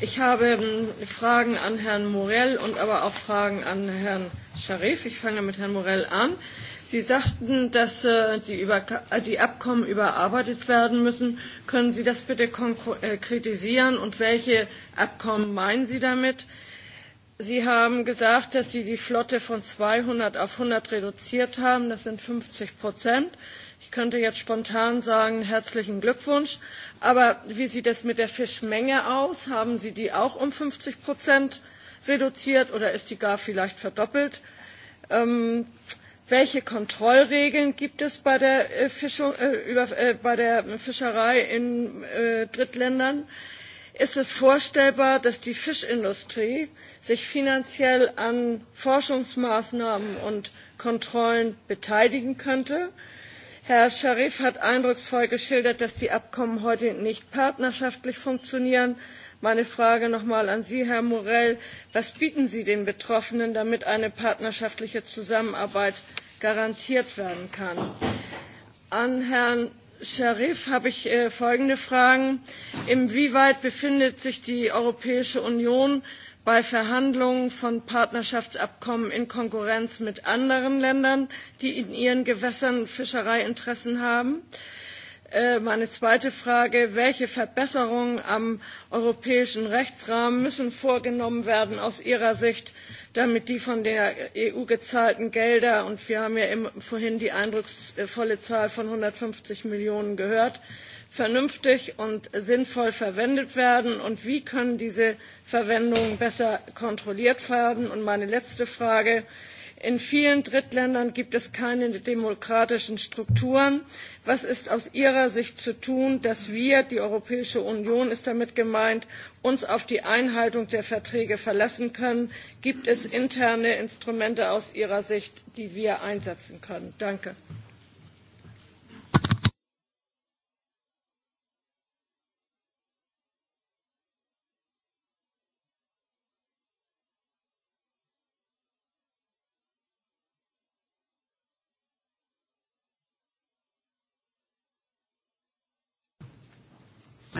Ich habe Fragen an Herrn Morell und aber auch Fragen an Herrn Scharif. Ich fange mit Herrn Morell an. Sie sagten, dass die, Abkommen überarbeitet werden müssen. Können Sie das bitte konkretisieren und welche Abkommen meinen Sie damit? Sie haben gesagt, dass Sie die Flotte von 200 auf 100 reduziert haben. Das sind 50 Prozent. Ich könnte jetzt spontan sagen, herzlichen Glückwunsch. Aber wie sieht es mit der Fischmenge aus? Haben Sie die auch um fünfzig reduziert oder ist die gar vielleicht verdoppelt? welche Kontrollregeln gibt es bei der, Fischerei in Drittländern? Ist es vorstellbar, dass die Fischindustrie sich finanziell an Forschungsmaßnahmen und Kontrollen beteiligen könnte? herr Scharif hat eindrucksvoll geschildert dass die abkommen heute nicht partnerschaftlich funktionieren. meine frage nochmal an sie herr Morel was bieten sie den betroffenen damit eine partnerschaftliche zusammenarbeit garantiert werden kann? an herrn Scharif habe ich folgende fragen inwieweit befindet sich die europäische union bei Verhandlungen von Partnerschaftsabkommen in Konkurrenz mit anderen Ländern, die in ihren Gewässern Fischereiinteressen haben? Meine zweite Frage, welche Verbesserungen am europäischen Rechtsrahmen müssen vorgenommen werden aus Ihrer Sicht, damit die von der EU gezahlten Gelder, und wir haben ja vorhin die eindrucksvolle Zahl von einhundertfünfzig Millionen gehört, vernünftig und sinnvoll verwendet werden und wie können diese Verwendungen besser kontrolliert werden? Und meine letzte Frage. In vielen Drittländern gibt es keine demokratischen Strukturen. Was ist aus Ihrer Sicht zu tun, dass wir, die Europäische Union ist damit gemeint, uns auf die Einhaltung der Verträge verlassen können? Gibt es interne Instrumente aus Ihrer Sicht, die wir einsetzen können? Danke.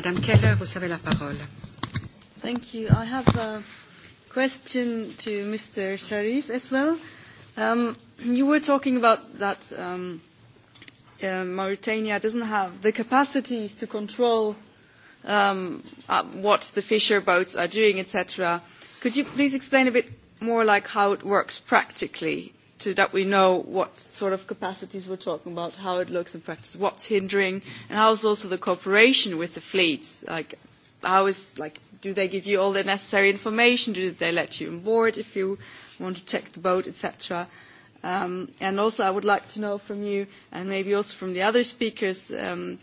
Madame Keller, vous avez la parole. Thank you. I have a question to Mr. Sharif as well. Um, you were talking about that um, uh, Mauritania doesn't have the capacities to control um, uh, what the fisher boats are doing, etc. Could you please explain a bit more like how it works practically? to that we know what sort of capacities we're talking about, how it looks in practice, what's hindering, and how is also the cooperation with the fleets. Like, how is like, do they give you all the necessary information? Do they let you on board if you want to check the boat, etc.? Um, and also, I would like to know from you, and maybe also from the other speakers. Um,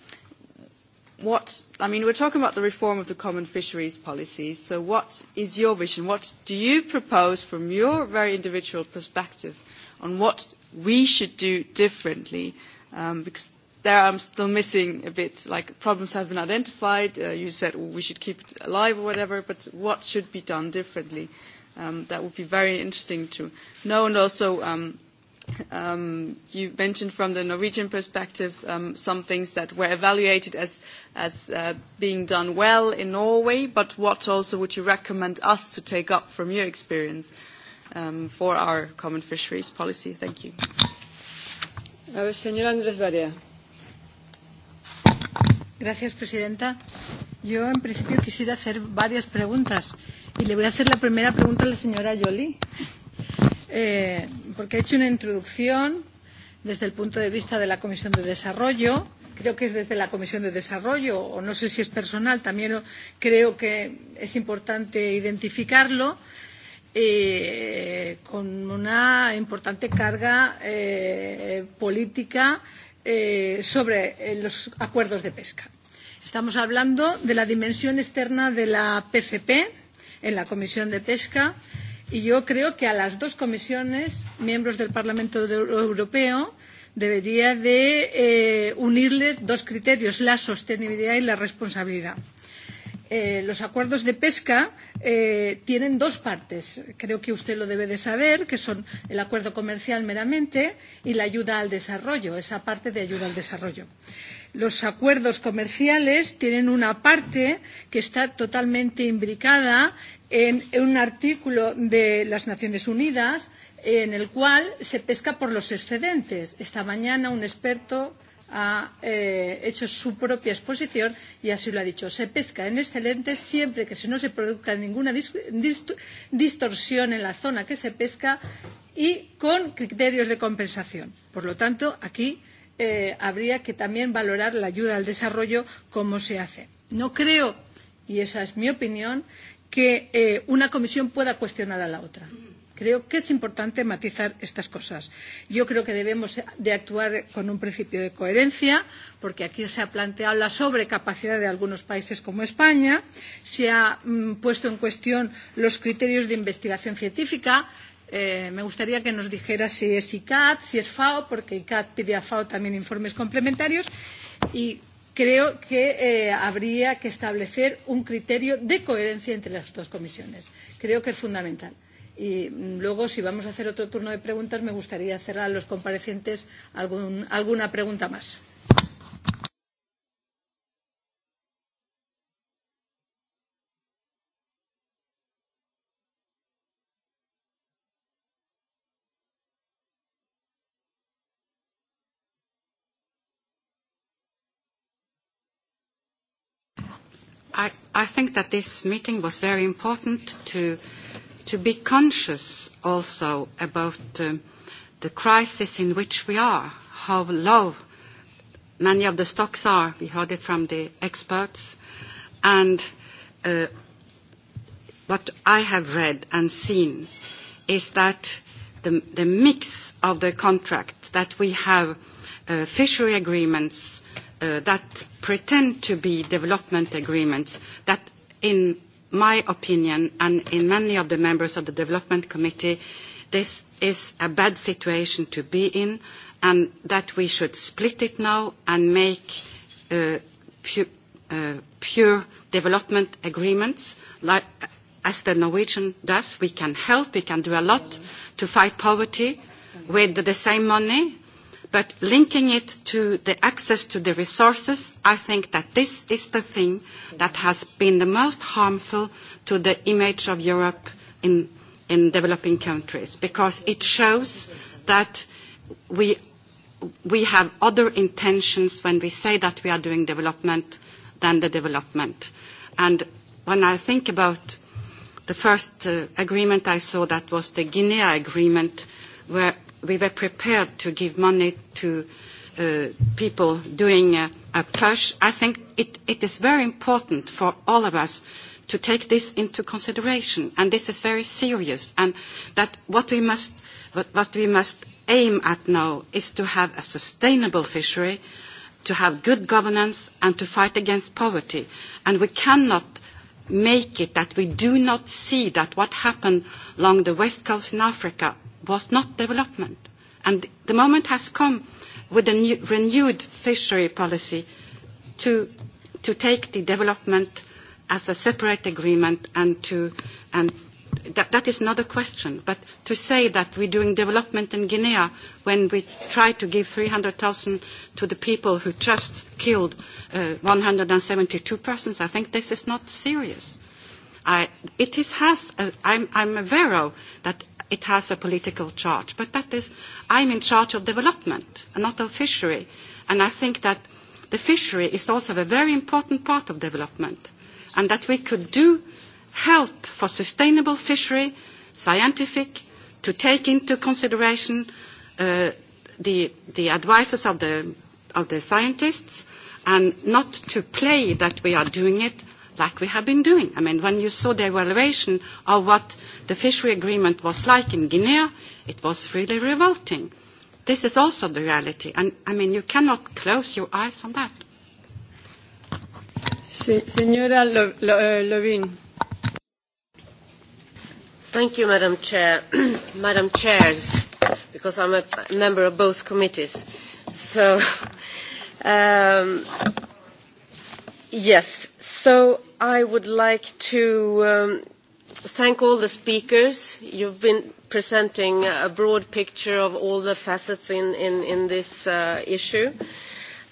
what I mean, we're talking about the reform of the common fisheries policies, So, what is your vision? What do you propose from your very individual perspective on what we should do differently, um, because there I'm still missing a bit. Like problems have been identified. Uh, you said we should keep it alive or whatever, but what should be done differently? Um, that would be very interesting to know. And also, um, um, you mentioned from the Norwegian perspective um, some things that were evaluated as, as uh, being done well in Norway, but what also would you recommend us to take up from your experience? um, for our common fisheries policy. Thank you. Gracias, presidenta. Yo, en principio, quisiera hacer varias preguntas. Y le voy a hacer la primera pregunta a la señora Joly, eh, porque ha hecho una introducción desde el punto de vista de la Comisión de Desarrollo. Creo que es desde la Comisión de Desarrollo, o no sé si es personal, también creo que es importante identificarlo. Eh, eh, con una importante carga eh, política eh, sobre eh, los acuerdos de pesca. Estamos hablando de la dimensión externa de la PCP en la Comisión de Pesca y yo creo que a las dos comisiones, miembros del Parlamento Europeo, debería de eh, unirles dos criterios, la sostenibilidad y la responsabilidad eh, los acuerdos de pesca eh, tienen dos partes. Creo que usted lo debe de saber, que son el acuerdo comercial meramente y la ayuda al desarrollo, esa parte de ayuda al desarrollo. Los acuerdos comerciales tienen una parte que está totalmente imbricada en un artículo de las Naciones Unidas en el cual se pesca por los excedentes. Esta mañana un experto ha eh, hecho su propia exposición y así lo ha dicho. Se pesca en excelente siempre que no se produzca ninguna distorsión en la zona que se pesca y con criterios de compensación. Por lo tanto, aquí eh, habría que también valorar la ayuda al desarrollo como se hace. No creo, y esa es mi opinión, que eh, una comisión pueda cuestionar a la otra. Creo que es importante matizar estas cosas. Yo creo que debemos de actuar con un principio de coherencia, porque aquí se ha planteado la sobrecapacidad de algunos países como España, se han puesto en cuestión los criterios de investigación científica, Eh, me gustaría que nos dijera si es ICAT, si es FAO, porque ICAT pide a FAO también informes complementarios. Y creo que eh, habría que establecer un criterio de coherencia entre las dos comisiones. Creo que es fundamental. Y luego, si vamos a hacer otro turno de preguntas, me gustaría hacer a los comparecientes algún, alguna pregunta más. I, I think that this meeting was very important to to be conscious also about the crisis in which we are, how low many of the stocks are. We heard it from the experts. And what I have read and seen is that the mix of the contract that we have fishery agreements that pretend to be development agreements that in my opinion, and in many of the members of the Development Committee, this is a bad situation to be in, and that we should split it now and make pure development agreements, like, as the Norwegian does. We can help, we can do a lot to fight poverty with the same money, But linking it to the access to the resources, I think that this is the thing that has been the most harmful to the image of Europe in, in developing countries, because it shows that we, we have other intentions when we say that we are doing development than the development. And when I think about the first uh, agreement I saw, that was the Guinea agreement, where we were prepared to give money to people doing a push. I think it it is very important for all of us to take this into consideration, and this is very serious, and that what we must what we must aim at now is to have a sustainable fishery, to have good governance, and to fight against poverty. And we cannot make it that we do not see that what happened along the west coast in Africa was not development. And the moment has come with a new, renewed fishery policy to, to take the development as a separate agreement and to, and that, that is not a question. But to say that we're doing development in Guinea when we try to give 300,000 to the people who just killed uh, 172 persons, I think this is not serious. I, it is has, uh, I'm, I'm aware of that it has a political charge. But that is, I'm in charge of development, and not of fishery. And I think that the fishery is also a very important part of development, and that we could do help for sustainable fishery, scientific, to take into consideration uh, the, the advices of the, of the scientists, and not to play that we are doing it like we have been doing. I mean, when you saw the evaluation of what the fishery agreement was like in Guinea, it was really revolting. This is also the reality, and I mean, you cannot close your eyes on that. Señora Levin. Thank you, Madam Chair, Madam Chairs, because I'm a member of both committees. yes, I would like to thank all the speakers. You've been presenting a broad picture of all the facets in this issue.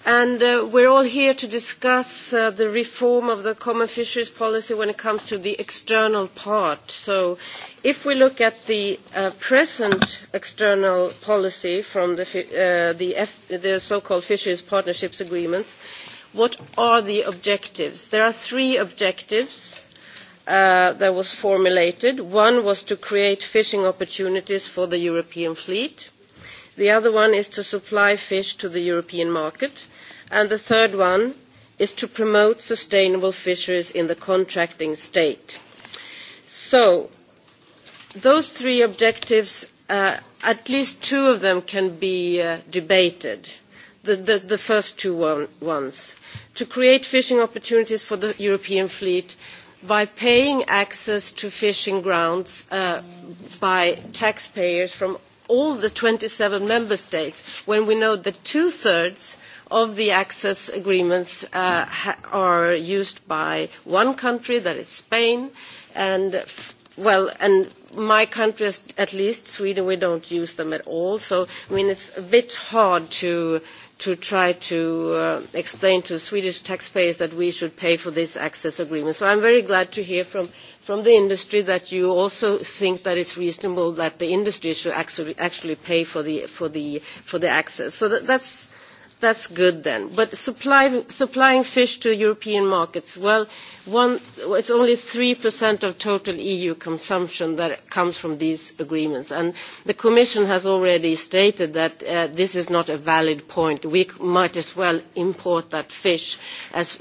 And we're all here to discuss the reform of the common fisheries policy when it comes to the external part. So if we look at the present external policy from the so-called fisheries partnerships agreements, What are the objectives? There are three objectives that was formulated. One was to create fishing opportunities for the European fleet. The other one is to supply fish to the European market. And the third one is to promote sustainable fisheries in the contracting state. So those three objectives, at least two of them can be debated, the, the, the first two ones to create fishing opportunities for the European fleet by paying access to fishing grounds by taxpayers from all the twenty seven member states when we know that two-thirds of the access agreements are used by one country, that is Spain, and well, and my country, at least Sweden, we don't use them at all. So, I mean, it's a bit hard to uh, to try to explain to Swedish taxpayers that we should pay for this access agreement. So I am very glad to hear from, the industry that you also think that it is reasonable that the industry should actually, pay for the, access. So that, is good then. But supplying fish to European markets, well, one, is only percent of total EU consumption that comes from these agreements. And the Commission has already stated that this is not a valid point. We might as well import that fish as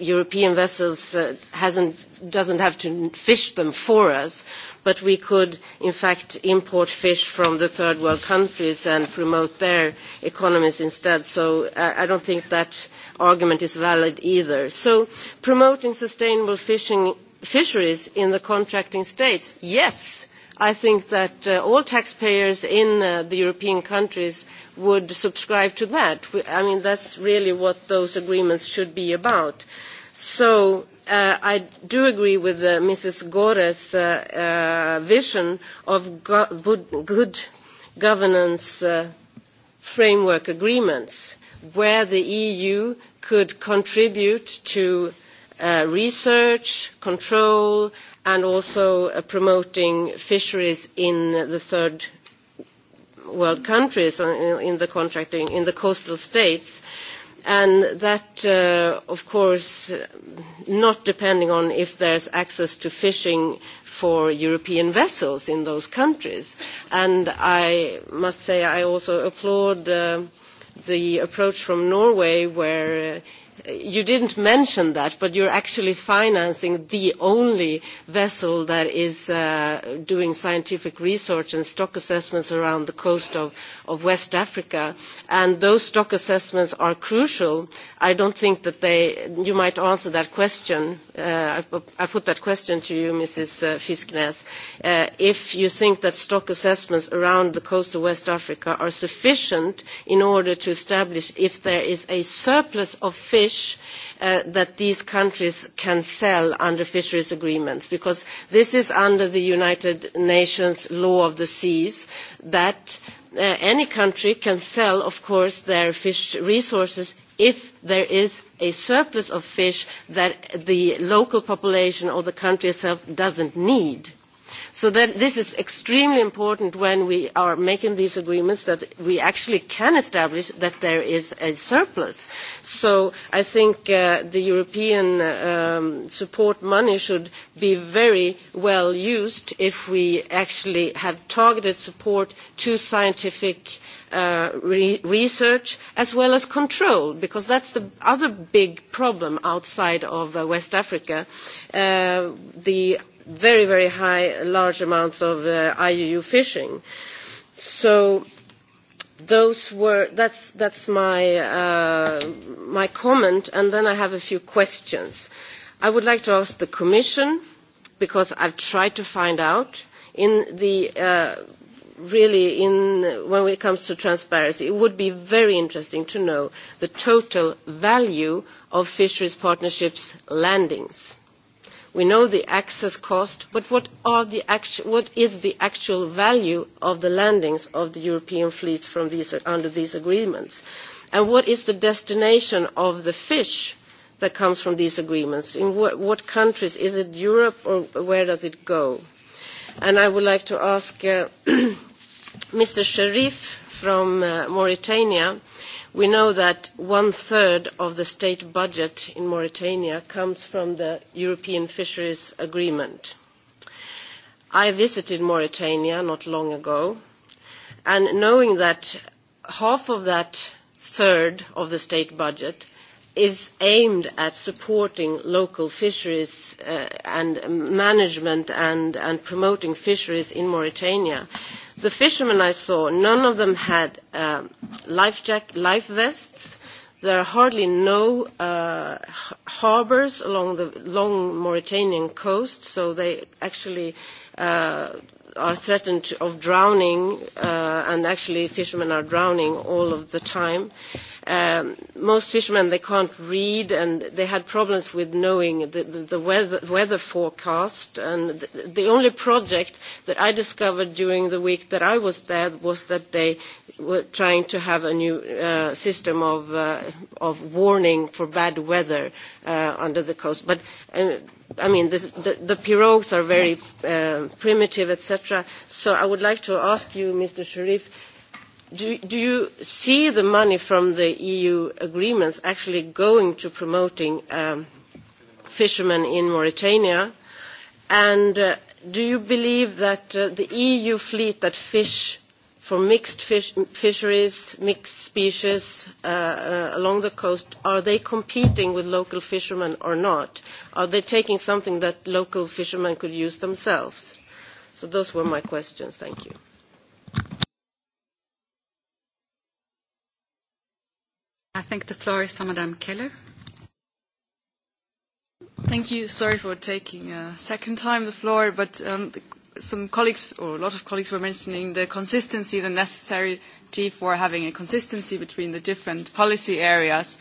European vessels do not doesn't have to fish them for us, but we could in fact import fish from the third world countries and promote their economies instead. So I, I don't think that argument is valid either. So promoting sustainable fisheries in the contracting states yes i think that all taxpayers in the european countries would subscribe to that. i mean that's really what those agreements should be about. so I do agree with uh, Mrs. Gore's vision of good governance framework agreements where the EU could contribute to research, control, and also promoting fisheries in the third world countries in the contracting in the coastal states and that of course not depending on if there is access to fishing for European vessels in those countries and I must say I also applaud the approach from Norway where you didn't mention that, but you're actually financing the only vessel that is doing scientific research and stock assessments around the coast of West Africa. And those stock assessments are crucial. I don't think that they... You might answer that question. I put that question to you, Mrs. Fisknes. If you think that stock assessments around the coast of West Africa are sufficient in order to establish if there is a surplus of fish fish that these countries can sell under fisheries agreements because this is under the United Nations law of the seas that any country can sell, of course, their fish resources if there is a surplus of fish that the local population or the country itself doesn't need so this is extremely important when we are making these agreements that we actually can establish that there is a surplus. So I think the European support money should be very well used if we actually have targeted support to scientific research as well as control because that is the other big problem outside of West Africa. the very, very high, large amounts of uh, IUU fishing. So those were that's that's my uh, my comment, and then I have a few questions. I would like to ask the Commission because I've tried to find out in the uh, really in when it comes to transparency, it would be very interesting to know the total value of fisheries partnerships landings We know the access cost, but what, is the actual value of the landings of the European fleets under these agreements? And what is the destination of the fish that comes from these agreements? In what, countries? Is it Europe or where does it go? And I would like to ask Mr. Sharif from Mauritania, uh, We know that one-third of the state budget in Mauritania comes from the European Fisheries Agreement. I visited Mauritania not long ago, and knowing that half of that third of the state budget is aimed at supporting local fisheries and management and, promoting fisheries in Mauritania. The fishermen I saw, none of them had um, life, jack, life vests. There are hardly no uh, harbors along the long Mauritanian coast, so they actually uh, are threatened of drowning, uh, and actually fishermen are drowning all of the time. Uh, um, most fishermen they can't read and they had problems with knowing the, the, the weather, weather forecast and the, the only project that I discovered during the week that I was there was that they were trying to have a new uh, system of, uh, of warning for bad weather uh, under the coast but uh, I mean, this, the, the pirogues are very uh, primitive, etc. So I would like to ask you, Mr. Sharif, do you see the money from the EU agreements actually going to promoting fishermen in Mauritania? And do you believe that the EU fleet that fish for mixed fisheries, mixed species along the coast, are they competing with local fishermen or not? Are they taking something that local fishermen could use themselves? So those were my questions. Thank you. I think the floor is for Madame Keller. Thank you. Sorry for taking a second time the floor, but um, the, some colleagues, or a lot of colleagues, were mentioning the consistency, the necessity for having a consistency between the different policy areas.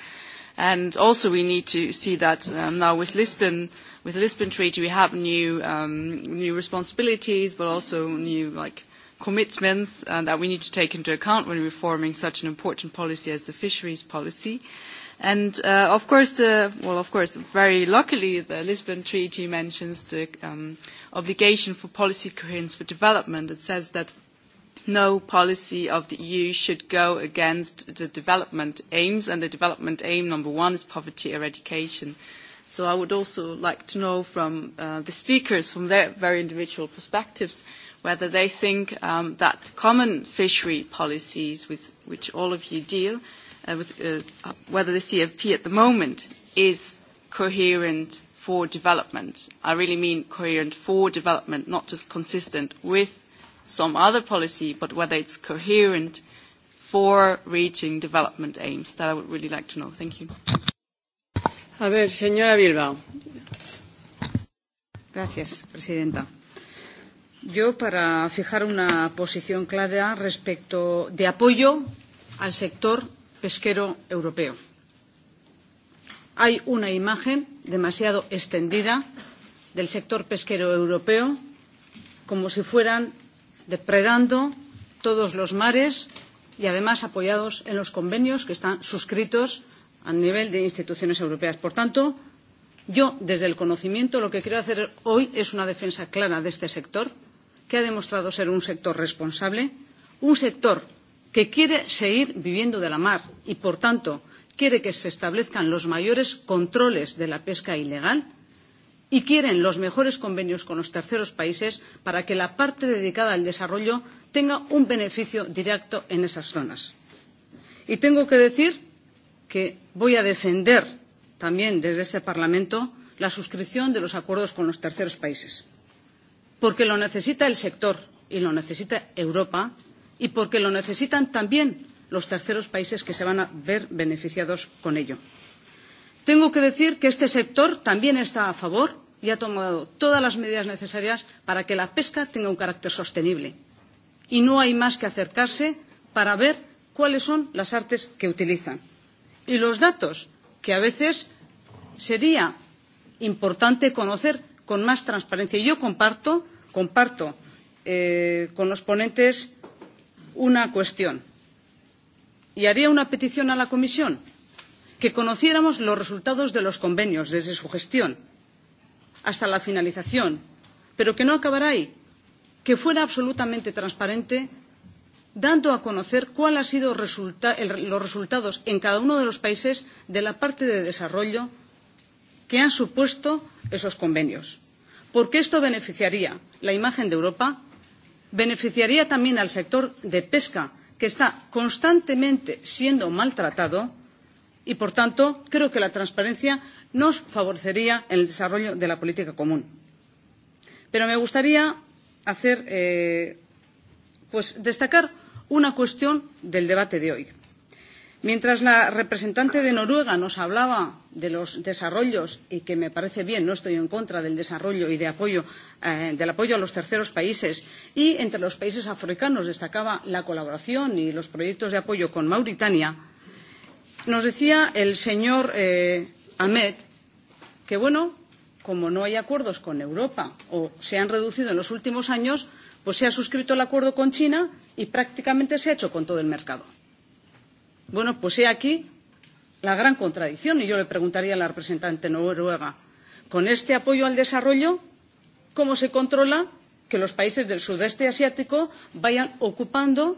And also, we need to see that um, now with Lisbon, with the Lisbon Treaty, we have new um, new responsibilities, but also new like commitments that we need to take into account when reforming such an important policy as the fisheries policy. And of course, the, well, of course, very luckily, the Lisbon Treaty mentions the obligation for policy coherence for development. It says that no policy of the EU should go against the development aims, and the development aim number one is poverty eradication. Uh, So I would also like to know from uh, the speakers, from their very individual perspectives, whether they think um, that common fishery policies with which all of you deal, uh, with, uh, whether the CFP at the moment is coherent for development. I really mean coherent for development, not just consistent with some other policy, but whether it's coherent for reaching development aims. That I would really like to know. Thank you. A ver, señora Bilbao. Gracias, presidenta. Yo, para fijar una posición clara respecto de apoyo al sector pesquero europeo. Hay una imagen demasiado extendida del sector pesquero europeo como si fueran depredando todos los mares y además apoyados en los convenios que están suscritos a nivel de instituciones europeas. Por tanto, yo, desde el conocimiento, lo que quiero hacer hoy es una defensa clara de este sector, que ha demostrado ser un sector responsable, un sector que quiere seguir viviendo de la mar y, por tanto, quiere que se establezcan los mayores controles de la pesca ilegal y quieren los mejores convenios con los terceros países para que la parte dedicada al desarrollo tenga un beneficio directo en esas zonas. Y tengo que decir que voy a defender también desde este Parlamento la suscripción de los acuerdos con los terceros países, porque lo necesita el sector y lo necesita Europa y porque lo necesitan también los terceros países que se van a ver beneficiados con ello. Tengo que decir que este sector también está a favor y ha tomado todas las medidas necesarias para que la pesca tenga un carácter sostenible. Y no hay más que acercarse para ver cuáles son las artes que utilizan y los datos, que a veces sería importante conocer con más transparencia. Y yo comparto, comparto con los ponentes una cuestión y haría una petición a la Comisión que conociéramos los resultados de los convenios desde su gestión hasta la finalización, pero que no acabara ahí, que fuera absolutamente transparente dando a conocer cuáles han sido los resultados en cada uno de los países de la parte de desarrollo que han supuesto esos convenios. Porque esto beneficiaría la imagen de Europa, beneficiaría también al sector de pesca, que está constantemente siendo maltratado, y, por tanto, creo que la transparencia nos favorecería en el desarrollo de la política común. Pero me gustaría destacar una cuestión del debate de hoy. Mientras la representante de Noruega nos hablaba de los desarrollos, y que me parece bien, no estoy en contra del desarrollo y de apoyo, del apoyo a los terceros países, y entre los países africanos destacaba la colaboración y los proyectos de apoyo con Mauritania, nos decía el señor Ahmed que, bueno, como no hay acuerdos con Europa o se han reducido en los últimos años, pues se ha suscrito el acuerdo con China y prácticamente se ha hecho con todo el mercado. Bueno, pues he aquí la gran contradicción y yo le preguntaría a la representante noruega, con este apoyo al desarrollo, ¿cómo se controla que los países del sudeste asiático vayan ocupando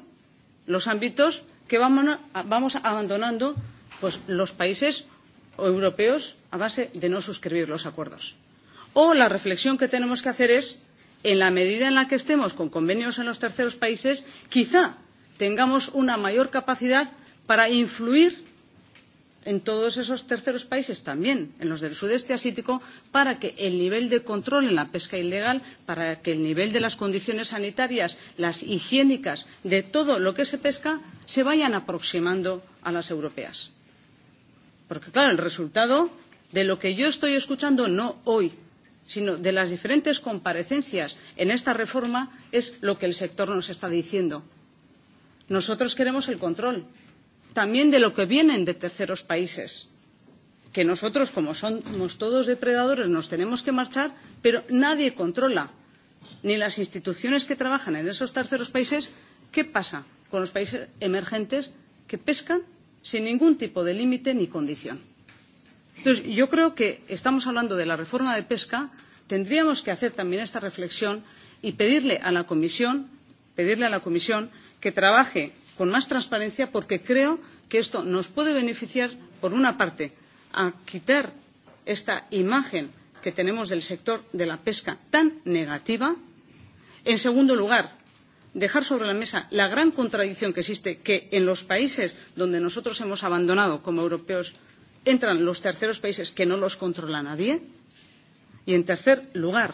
los ámbitos que vamos abandonando pues, los países europeos a base de no suscribir los acuerdos? O la reflexión que tenemos que hacer es en la medida en la que estemos con convenios en los terceros países, quizá tengamos una mayor capacidad para influir en todos esos terceros países, también en los del sudeste asiático, para que el nivel de control en la pesca ilegal, para que el nivel de las condiciones sanitarias, las higiénicas, de todo lo que se pesca, se vayan aproximando a las europeas. Porque, claro, el resultado de lo que yo estoy escuchando, no hoy, sino de las diferentes comparecencias en esta reforma es lo que el sector nos está diciendo. Nosotros queremos el control también de lo que vienen de terceros países que nosotros, como somos todos depredadores, nos tenemos que marchar, pero nadie controla, ni las instituciones que trabajan en esos terceros países, qué pasa con los países emergentes que pescan sin ningún tipo de límite ni condición. Entonces, yo creo que estamos hablando de la reforma de pesca, tendríamos que hacer también esta reflexión y pedirle a la Comisión, pedirle a la Comisión que trabaje con más transparencia porque creo que esto nos puede beneficiar, por una parte, a quitar esta imagen que tenemos del sector de la pesca tan negativa. En segundo lugar, dejar sobre la mesa la gran contradicción que existe que en los países donde nosotros hemos abandonado como europeos entran los terceros países que no los controla nadie. Y, en tercer lugar,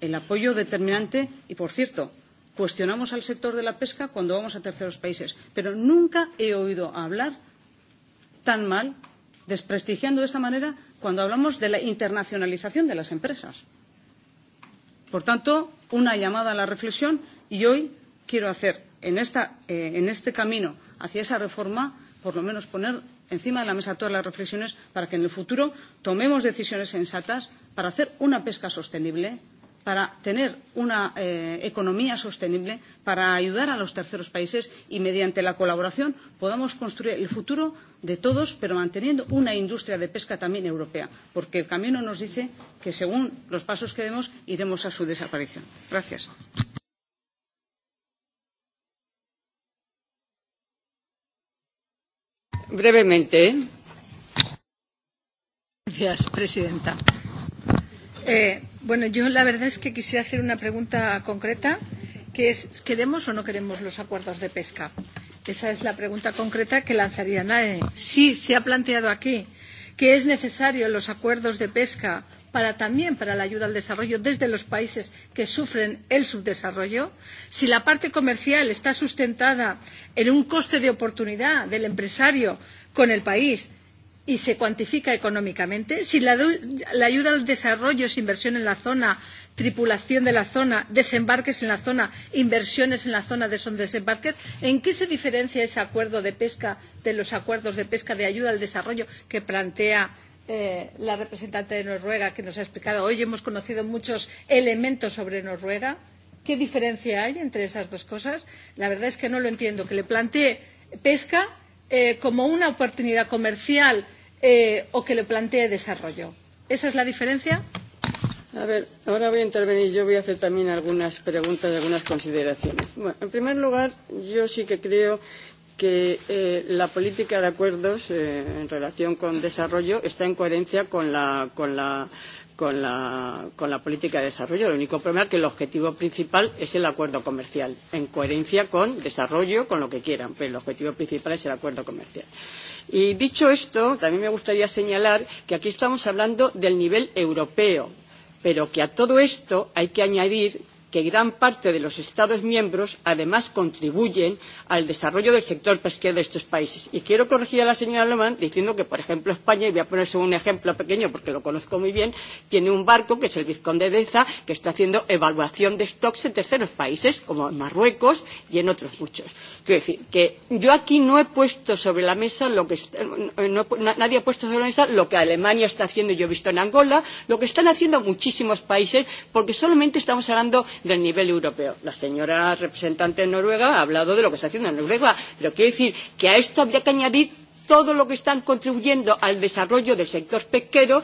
el apoyo determinante y, por cierto, cuestionamos al sector de la pesca cuando vamos a terceros países, pero nunca he oído hablar tan mal, desprestigiando de esta manera, cuando hablamos de la internacionalización de las empresas. Por tanto, una llamada a la reflexión y hoy quiero hacer en, este camino hacia esa reforma, por lo menos poner encima de la mesa todas las reflexiones para que en el futuro tomemos decisiones sensatas para hacer una pesca sostenible, para tener una economía sostenible, para ayudar a los terceros países y mediante la colaboración podamos construir el futuro de todos, pero manteniendo una industria de pesca también europea, porque el camino nos dice que según los pasos que demos iremos a su desaparición. Gracias. brevemente. Gracias, presidenta. Eh, bueno, yo la verdad es que quisiera hacer una pregunta concreta, que es, ¿queremos o no queremos los acuerdos de pesca? Esa es la pregunta concreta que lanzaría NAE. Sí, se ha planteado aquí que es necesario los acuerdos de pesca para también para la ayuda al desarrollo desde los países que sufren el subdesarrollo, si la parte comercial está sustentada en un coste de oportunidad del empresario con el país y se cuantifica económicamente, si la, la ayuda al desarrollo es inversión en la zona, tripulación de la zona, desembarques en la zona, inversiones en la zona de esos desembarques, ¿en qué se diferencia ese acuerdo de pesca de los acuerdos de pesca de ayuda al desarrollo que plantea eh, la representante de Noruega que nos ha explicado. Hoy hemos conocido muchos elementos sobre Noruega. ¿Qué diferencia hay entre esas dos cosas? La verdad es que no lo entiendo. Que le plantee pesca eh, como una oportunidad comercial eh, o que le plantee desarrollo. ¿Esa es la diferencia? A ver, ahora voy a intervenir. Yo voy a hacer también algunas preguntas y algunas consideraciones. Bueno, en primer lugar, yo sí que creo que que eh, la política de acuerdos eh, en relación con desarrollo está en coherencia con la, con la con la, con la política de desarrollo. Lo único problema es que el objetivo principal es el acuerdo comercial, en coherencia con desarrollo, con lo que quieran, pero el objetivo principal es el acuerdo comercial. Y dicho esto, también me gustaría señalar que aquí estamos hablando del nivel europeo, pero que a todo esto hay que añadir que gran parte de los Estados miembros además contribuyen al desarrollo del sector pesquero de estos países. Y quiero corregir a la señora Alemán diciendo que, por ejemplo, España, y voy a ponerse un ejemplo pequeño porque lo conozco muy bien, tiene un barco que es el Vizconde de Eza que está haciendo evaluación de stocks en terceros países como en Marruecos y en otros muchos. Quiero decir que yo aquí no he puesto sobre la mesa lo que no, nadie ha puesto sobre la mesa lo que Alemania está haciendo, yo he visto en Angola, lo que están haciendo muchísimos países porque solamente estamos hablando del nivel europeo. La señora representante de Noruega ha hablado de lo que está haciendo Noruega, pero quiero decir que a esto habría que añadir todo lo que están contribuyendo al desarrollo del sector pesquero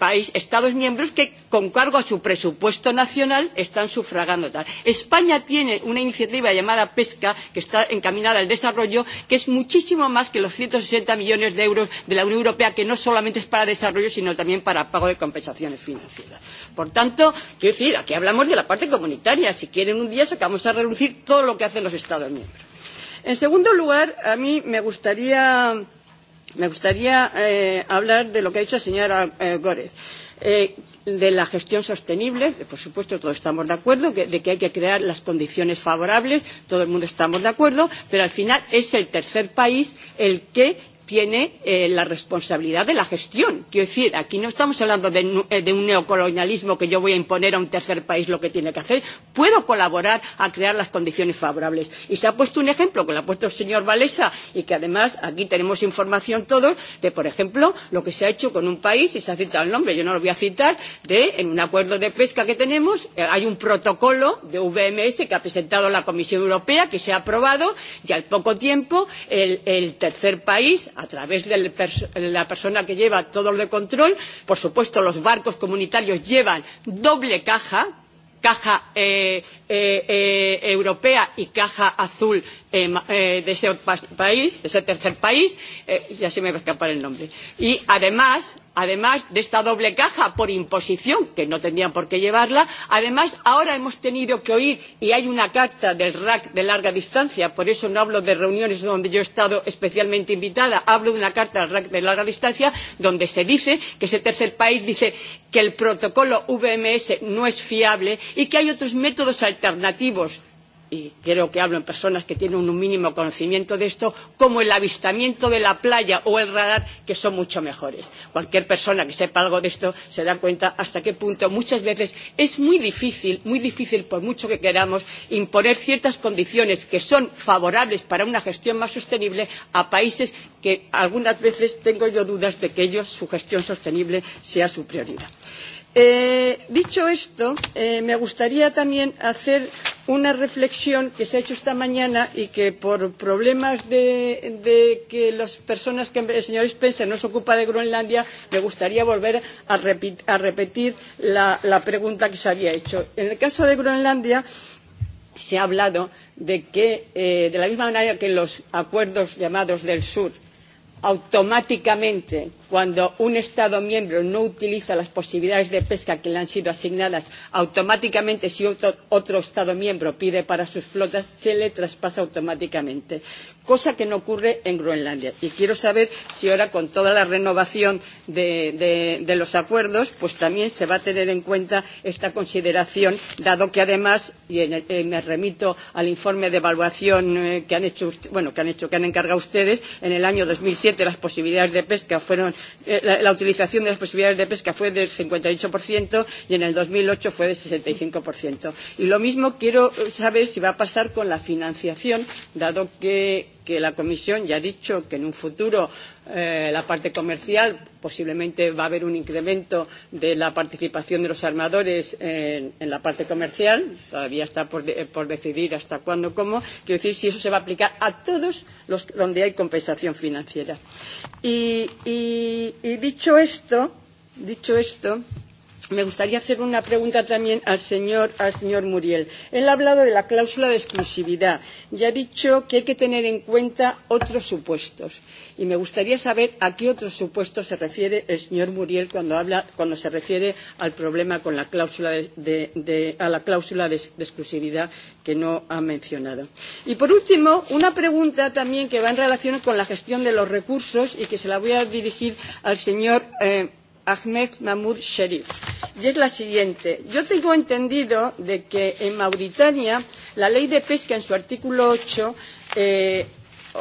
país, Estados miembros que con cargo a su presupuesto nacional están sufragando tal. España tiene una iniciativa llamada Pesca que está encaminada al desarrollo que es muchísimo más que los ciento sesenta millones de euros de la Unión Europea que no solamente es para desarrollo sino también para pago de compensaciones financieras. Por tanto, quiero decir, aquí hablamos de la parte comunitaria. Si quieren un día sacamos a relucir todo lo que hacen los Estados miembros. En segundo lugar, a mí me gustaría, me gustaría eh, hablar de lo que ha dicho la señora eh, Górez. Eh, de la gestión sostenible, por supuesto todos estamos de acuerdo, que, de que hay que crear las condiciones favorables, todo el mundo estamos de acuerdo, pero al final es el tercer país el que tiene eh, la responsabilidad de la gestión. Quiero decir, aquí no estamos hablando de, de un neocolonialismo que yo voy a imponer a un tercer país lo que tiene que hacer. Puedo colaborar a crear las condiciones favorables. Y se ha puesto un ejemplo que lo ha puesto el señor Valesa y que además aquí tenemos información todos de, por ejemplo, lo que se ha hecho con un país, y se ha citado el nombre, yo no lo voy a citar, de en un acuerdo de pesca que tenemos eh, hay un protocolo de VMS que ha presentado la Comisión Europea que se ha aprobado y al poco tiempo el, el tercer país a través de la persona que lleva todo lo de control. Por supuesto, los barcos comunitarios llevan doble caja, caja eh, Europea y Caja Azul de ese país, de ese tercer país, ya se me va a escapar el nombre. Y además, además de esta doble caja por imposición, que no tendrían por qué llevarla, además ahora hemos tenido que oír, y hay una carta del RAC de larga distancia, por eso no hablo de reuniones donde yo he estado especialmente invitada, hablo de una carta del RAC de larga distancia, donde se dice que ese tercer país dice que el protocolo VMS no es fiable y que hay otros métodos alternativos alternativos y creo que hablo en personas que tienen un mínimo conocimiento de esto, como el avistamiento de la playa o el radar, que son mucho mejores. Cualquier persona que sepa algo de esto se da cuenta hasta qué punto muchas veces es muy difícil, muy difícil por mucho que queramos, imponer ciertas condiciones que son favorables para una gestión más sostenible a países que algunas veces tengo yo dudas de que ellos, su gestión sostenible sea su prioridad. Eh, dicho esto, eh, me gustaría también hacer una reflexión que se ha hecho esta mañana y que por problemas de, de que las personas que el señor Spencer no se ocupa de Groenlandia, me gustaría volver a, a repetir la, la pregunta que se había hecho. En el caso de Groenlandia se ha hablado de que, eh, de la misma manera que los acuerdos llamados del sur automáticamente cuando un Estado miembro no utiliza las posibilidades de pesca que le han sido asignadas, automáticamente si otro, otro Estado miembro pide para sus flotas, se le traspasa automáticamente, cosa que no ocurre en Groenlandia. Y quiero saber si ahora con toda la renovación de, de, de los acuerdos, pues también se va a tener en cuenta esta consideración, dado que además, y en el, eh, me remito al informe de evaluación eh, que han hecho, bueno, que han hecho, que han encargado ustedes, en el año 2007 las posibilidades de pesca fueron la, la utilización de las posibilidades de pesca fue del 58% y en el 2008 fue del 65%. Y lo mismo quiero saber si va a pasar con la financiación, dado que que la Comisión ya ha dicho que en un futuro la parte comercial posiblemente va a haber un incremento de la participación de los armadores en, la parte comercial. Todavía está por, decidir hasta cuándo, cómo. Quiero decir si eso se va a aplicar a todos los donde hay compensación financiera. Y, dicho esto, dicho esto, me gustaría hacer una pregunta también al señor, Muriel. Él ha hablado de la cláusula de exclusividad y ha dicho que hay que tener en cuenta otros supuestos. Y me gustaría saber a qué otros supuestos se refiere el señor Muriel cuando, habla, cuando se refiere al problema con la cláusula de, de, de, a la cláusula de, de exclusividad que no ha mencionado. Y por último, una pregunta también que va en relación con la gestión de los recursos y que se la voy a dirigir al señor. Eh, Ahmed Mahmoud Sherif. Y es la siguiente. Yo tengo entendido de que en Mauritania la ley de pesca en su artículo 8 eh,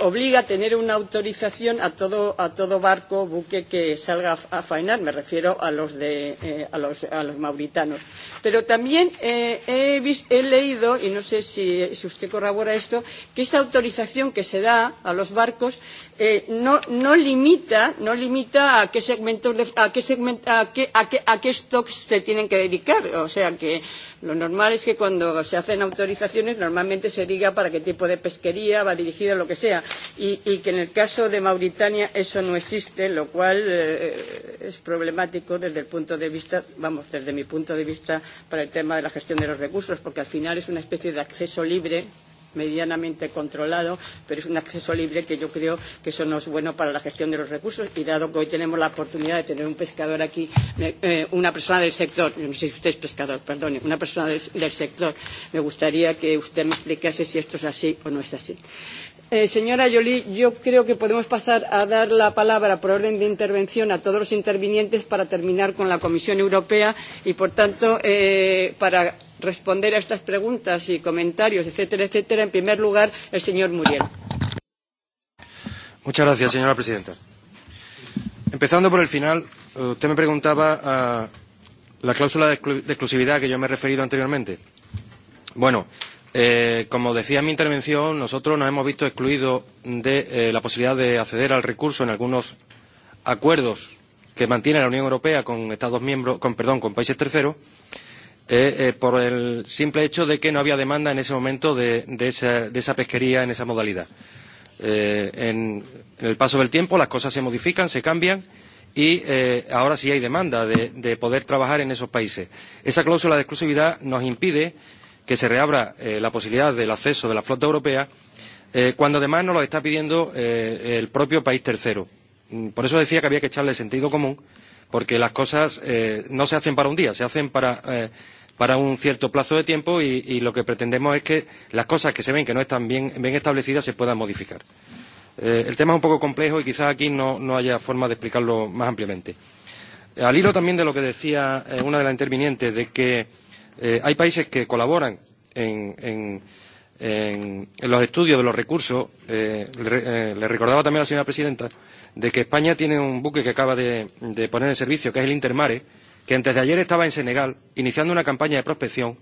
obliga a tener una autorización a todo, a todo barco, buque que salga a faenar, me refiero a los, de, eh, a los, a los mauritanos. Pero también eh, he, he leído, y no sé si, si usted corrobora esto, que esta autorización que se da a los barcos eh, no, no limita, no limita a qué segmentos, de, a qué segment, a qué, a qué, a qué stocks se tienen que dedicar. O sea que lo normal es que cuando se hacen autorizaciones normalmente se diga para qué tipo de pesquería va dirigida, lo que sea, y, y que en el caso de Mauritania eso no existe, lo cual eh, es problemático desde el punto de vista, vamos, desde mi punto de vista para el tema de la gestión de los recursos, porque al final es una especie de acceso libre medianamente controlado, pero es un acceso libre que yo creo que eso no es bueno para la gestión de los recursos y dado que hoy tenemos la oportunidad de tener un pescador aquí, eh, una persona del sector, no sé si usted es pescador, perdone, una persona del, del sector, me gustaría que usted me explicase si esto es así o no es así señora Joly, yo creo que podemos pasar a dar la palabra por orden de intervención a todos los intervinientes para terminar con la Comisión Europea y, por tanto, para responder a estas preguntas y comentarios, etcétera, etcétera, en primer lugar, el señor Muriel. Muchas gracias, señora presidenta. Empezando por el final, usted me preguntaba la cláusula de exclusividad a que yo me he referido anteriormente. Bueno, como decía en mi intervención, nosotros nos hemos visto excluidos de la posibilidad de acceder al recurso en algunos acuerdos que mantiene la Unión Europea con Estados miembros, con, perdón, con países terceros, por el simple hecho de que no había demanda en ese momento de, esa, pesquería en esa modalidad. en, el paso del tiempo las cosas se modifican, se cambian y ahora sí hay demanda de, poder trabajar en esos países. Esa cláusula de exclusividad nos impide que se reabra la posibilidad del acceso de la flota europea, cuando además nos lo está pidiendo el propio país tercero. Por eso decía que había que echarle sentido común, porque las cosas no se hacen para un día, se hacen para para un cierto plazo de tiempo y, lo que pretendemos es que las cosas que se ven que no están bien, establecidas se puedan modificar. el tema es un poco complejo y quizás aquí no, haya forma de explicarlo más ampliamente. Al hilo también de lo que decía una de las intervinientes de que Eh, hay países que colaboran en, en, en, en los estudios de los recursos. Eh, le, eh, le recordaba también a la señora presidenta de que España tiene un buque que acaba de, de poner en servicio, que es el Intermare, que antes de ayer estaba en Senegal iniciando una campaña de prospección.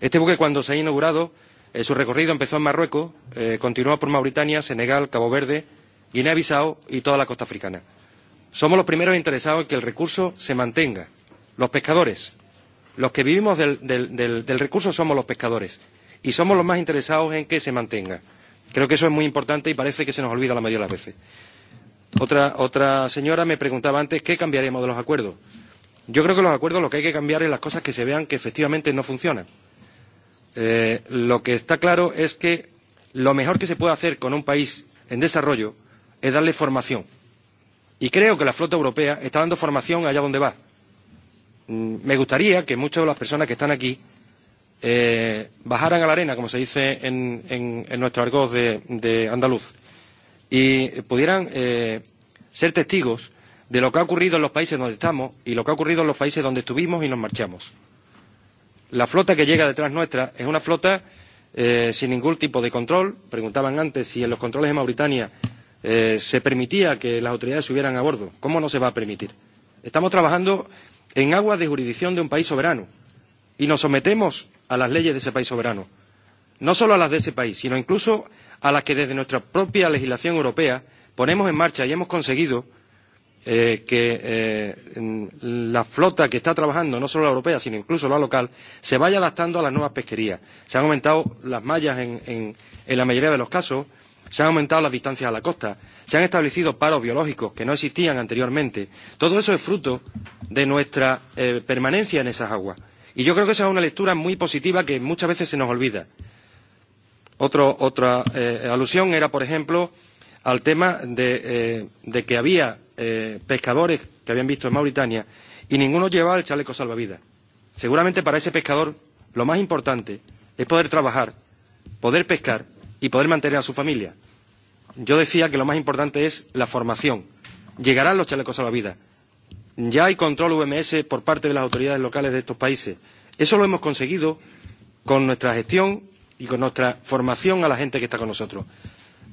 Este buque, cuando se ha inaugurado, eh, su recorrido empezó en Marruecos, eh, continuó por Mauritania, Senegal, Cabo Verde, Guinea-Bissau y toda la costa africana. Somos los primeros interesados en que el recurso se mantenga. Los pescadores, los que vivimos del, del, del, del recurso somos los pescadores y somos los más interesados en que se mantenga. Creo que eso es muy importante y parece que se nos olvida la mayoría de las veces. Otra, otra señora me preguntaba antes qué cambiaremos de los acuerdos. Yo creo que los acuerdos lo que hay que cambiar es las cosas que se vean que efectivamente no funcionan. Eh, lo que está claro es que lo mejor que se puede hacer con un país en desarrollo es darle formación. Y creo que la flota europea está dando formación allá donde va me gustaría que muchas de las personas que están aquí eh, bajaran a la arena, como se dice en, en, en nuestro argot de, de andaluz, y pudieran eh, ser testigos de lo que ha ocurrido en los países donde estamos y lo que ha ocurrido en los países donde estuvimos y nos marchamos. La flota que llega detrás nuestra es una flota eh, sin ningún tipo de control. Preguntaban antes si en los controles de Mauritania eh, se permitía que las autoridades subieran a bordo. ¿Cómo no se va a permitir? Estamos trabajando en aguas de jurisdicción de un país soberano y nos sometemos a las leyes de ese país soberano, no solo a las de ese país, sino incluso a las que desde nuestra propia legislación europea ponemos en marcha y hemos conseguido que la flota que está trabajando, no solo la europea, sino incluso la local, se vaya adaptando a las nuevas pesquerías. Se han aumentado las mallas en, la mayoría de los casos, Se han aumentado las distancias a la costa, se han establecido paros biológicos que no existían anteriormente. Todo eso es fruto de nuestra permanencia en esas aguas. Y yo creo que esa es una lectura muy positiva que muchas veces se nos olvida. otra alusión era, por ejemplo, al tema de, que había pescadores que habían visto en Mauritania y ninguno llevaba el chaleco salvavidas. Seguramente para ese pescador lo más importante es poder trabajar, poder pescar y poder mantener a su familia. Yo decía que lo más importante es la formación. Llegarán los chalecos a la vida. Ya hay control VMS por parte de las autoridades locales de estos países. Eso lo hemos conseguido con nuestra gestión y con nuestra formación a la gente que está con nosotros.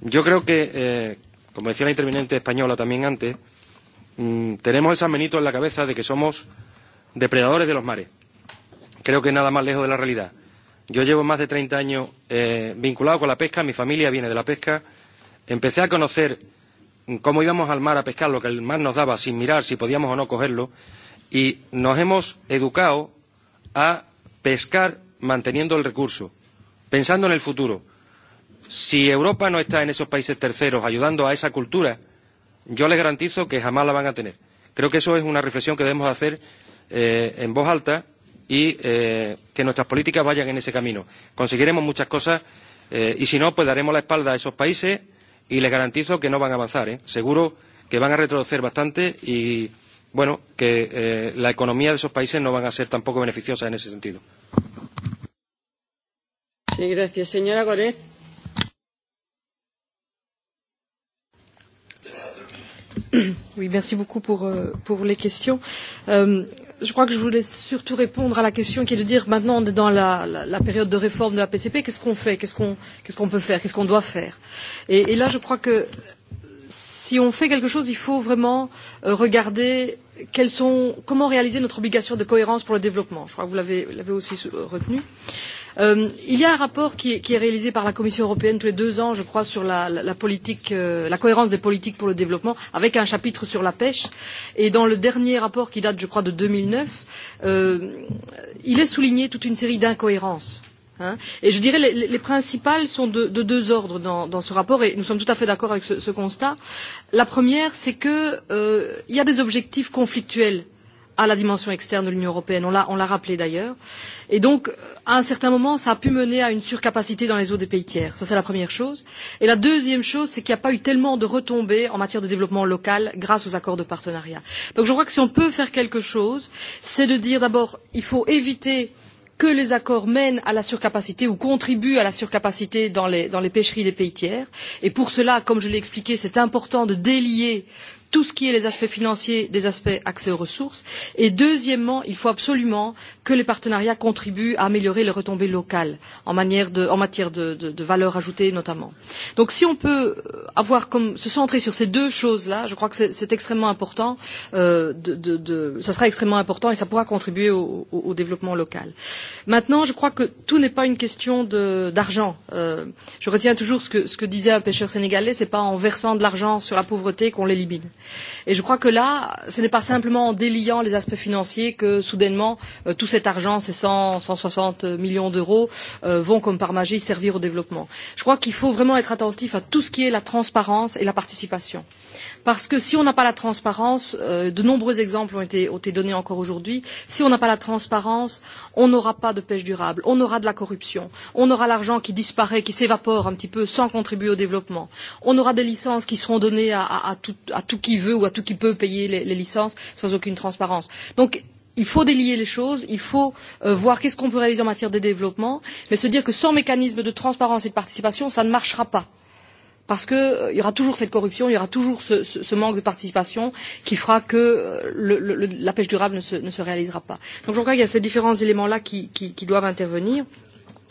Yo creo que, eh, como decía la interviniente española también antes, mmm, tenemos el San Benito en la cabeza de que somos depredadores de los mares. Creo que nada más lejos de la realidad. Yo llevo más de 30 años eh, vinculado con la pesca, mi familia viene de la pesca. Empecé a conocer cómo íbamos al mar a pescar, lo que el mar nos daba, sin mirar si podíamos o no cogerlo, y nos hemos educado a pescar manteniendo el recurso, pensando en el futuro. Si Europa no está en esos países terceros ayudando a esa cultura, yo les garantizo que jamás la van a tener. Creo que eso es una reflexión que debemos hacer eh, en voz alta y eh, que nuestras políticas vayan en ese camino. Conseguiremos muchas cosas eh, y si no, pues daremos la espalda a esos países y les garantizo que no van a avanzar. ¿eh? Seguro que van a retroceder bastante y bueno, que eh, la economía de esos países no van a ser tampoco beneficiosa en ese sentido. Sí, gracias. Señora Goret. Oui, merci beaucoup pour, pour les questions. Euh, je crois que je voulais surtout répondre à la question qui est de dire maintenant, dans la, la, la période de réforme de la PCP, qu'est-ce qu'on fait, qu'est-ce qu'on, qu qu peut faire, qu'est-ce qu'on doit faire. Et, et là, je crois que si on fait quelque chose, il faut vraiment regarder quelles sont, comment réaliser notre obligation de cohérence pour le développement. Je crois que vous l'avez, l'avez aussi retenu. Euh, il y a un rapport qui, est réalisé par la Commission européenne tous les deux ans, je crois, sur la, cohérence des politiques pour le développement, avec un chapitre sur la pêche. Et dans le dernier rapport, qui date, je crois, de deux mille neuf, il est souligné toute une série d'incohérences. Et je dirais les, les principales sont de, deux ordres dans, ce rapport et nous sommes tout à fait d'accord avec ce, constat. La première, c'est qu'il y a des objectifs conflictuels à la dimension externe de l'Union européenne. On l'a rappelé d'ailleurs. Et donc, à un certain moment, cela a pu mener à une surcapacité dans les eaux des pays tiers. Ça, c'est la première chose. Et la deuxième chose, c'est qu'il n'y a pas eu tellement de retombées en matière de développement local grâce aux accords de partenariat. Donc, je crois que si on peut faire quelque chose, c'est de dire d'abord, il faut éviter que les accords mènent à la surcapacité ou contribuent à la surcapacité dans les, pêcheries des pays tiers. Et pour cela, comme je l'ai expliqué, c'est important de délier tout ce qui est les aspects financiers des aspects accès aux ressources et deuxièmement il faut absolument que les partenariats contribuent à améliorer les retombées locales en, matière de, valeur ajoutée notamment. Donc si on peut avoir comme, se centrer sur ces deux choses là, je crois que c'est extrêmement important, euh, de, de, de, ça sera extrêmement important et ça pourra contribuer au, au, au développement local. Maintenant, je crois que tout n'est pas une question d'argent. Euh, je retiens toujours ce que, ce que disait un pêcheur sénégalais, ce n'est pas en versant de l'argent sur la pauvreté qu'on l'élimine. Et je crois que là, ce n'est pas simplement en déliant les aspects financiers que soudainement tout cet argent, ces cent soixante millions d'euros, vont comme par magie servir au développement. Je crois qu'il faut vraiment être attentif à tout ce qui est la transparence et la participation Parce que si on n'a pas la transparence, de nombreux exemples ont été, donnés encore aujourd'hui, si on n'a pas la transparence, on n'aura pas de pêche durable, on aura de la corruption, on aura l'argent qui disparaît, qui s'évapore un petit peu sans contribuer au développement, on aura des licences qui seront données à, tout, qui veut ou à tout qui peut payer les licences sans aucune transparence. Donc il faut délier les choses, il faut voir qu'est-ce qu'on peut réaliser en matière de développement, mais se dire que sans mécanisme de transparence et de participation, ça ne marchera pas parce qu'il y aura toujours cette corruption, il y aura toujours ce, manque de participation qui fera que la pêche durable ne se, réalisera pas. Donc je crois qu'il y a ces différents éléments-là qui, doivent intervenir.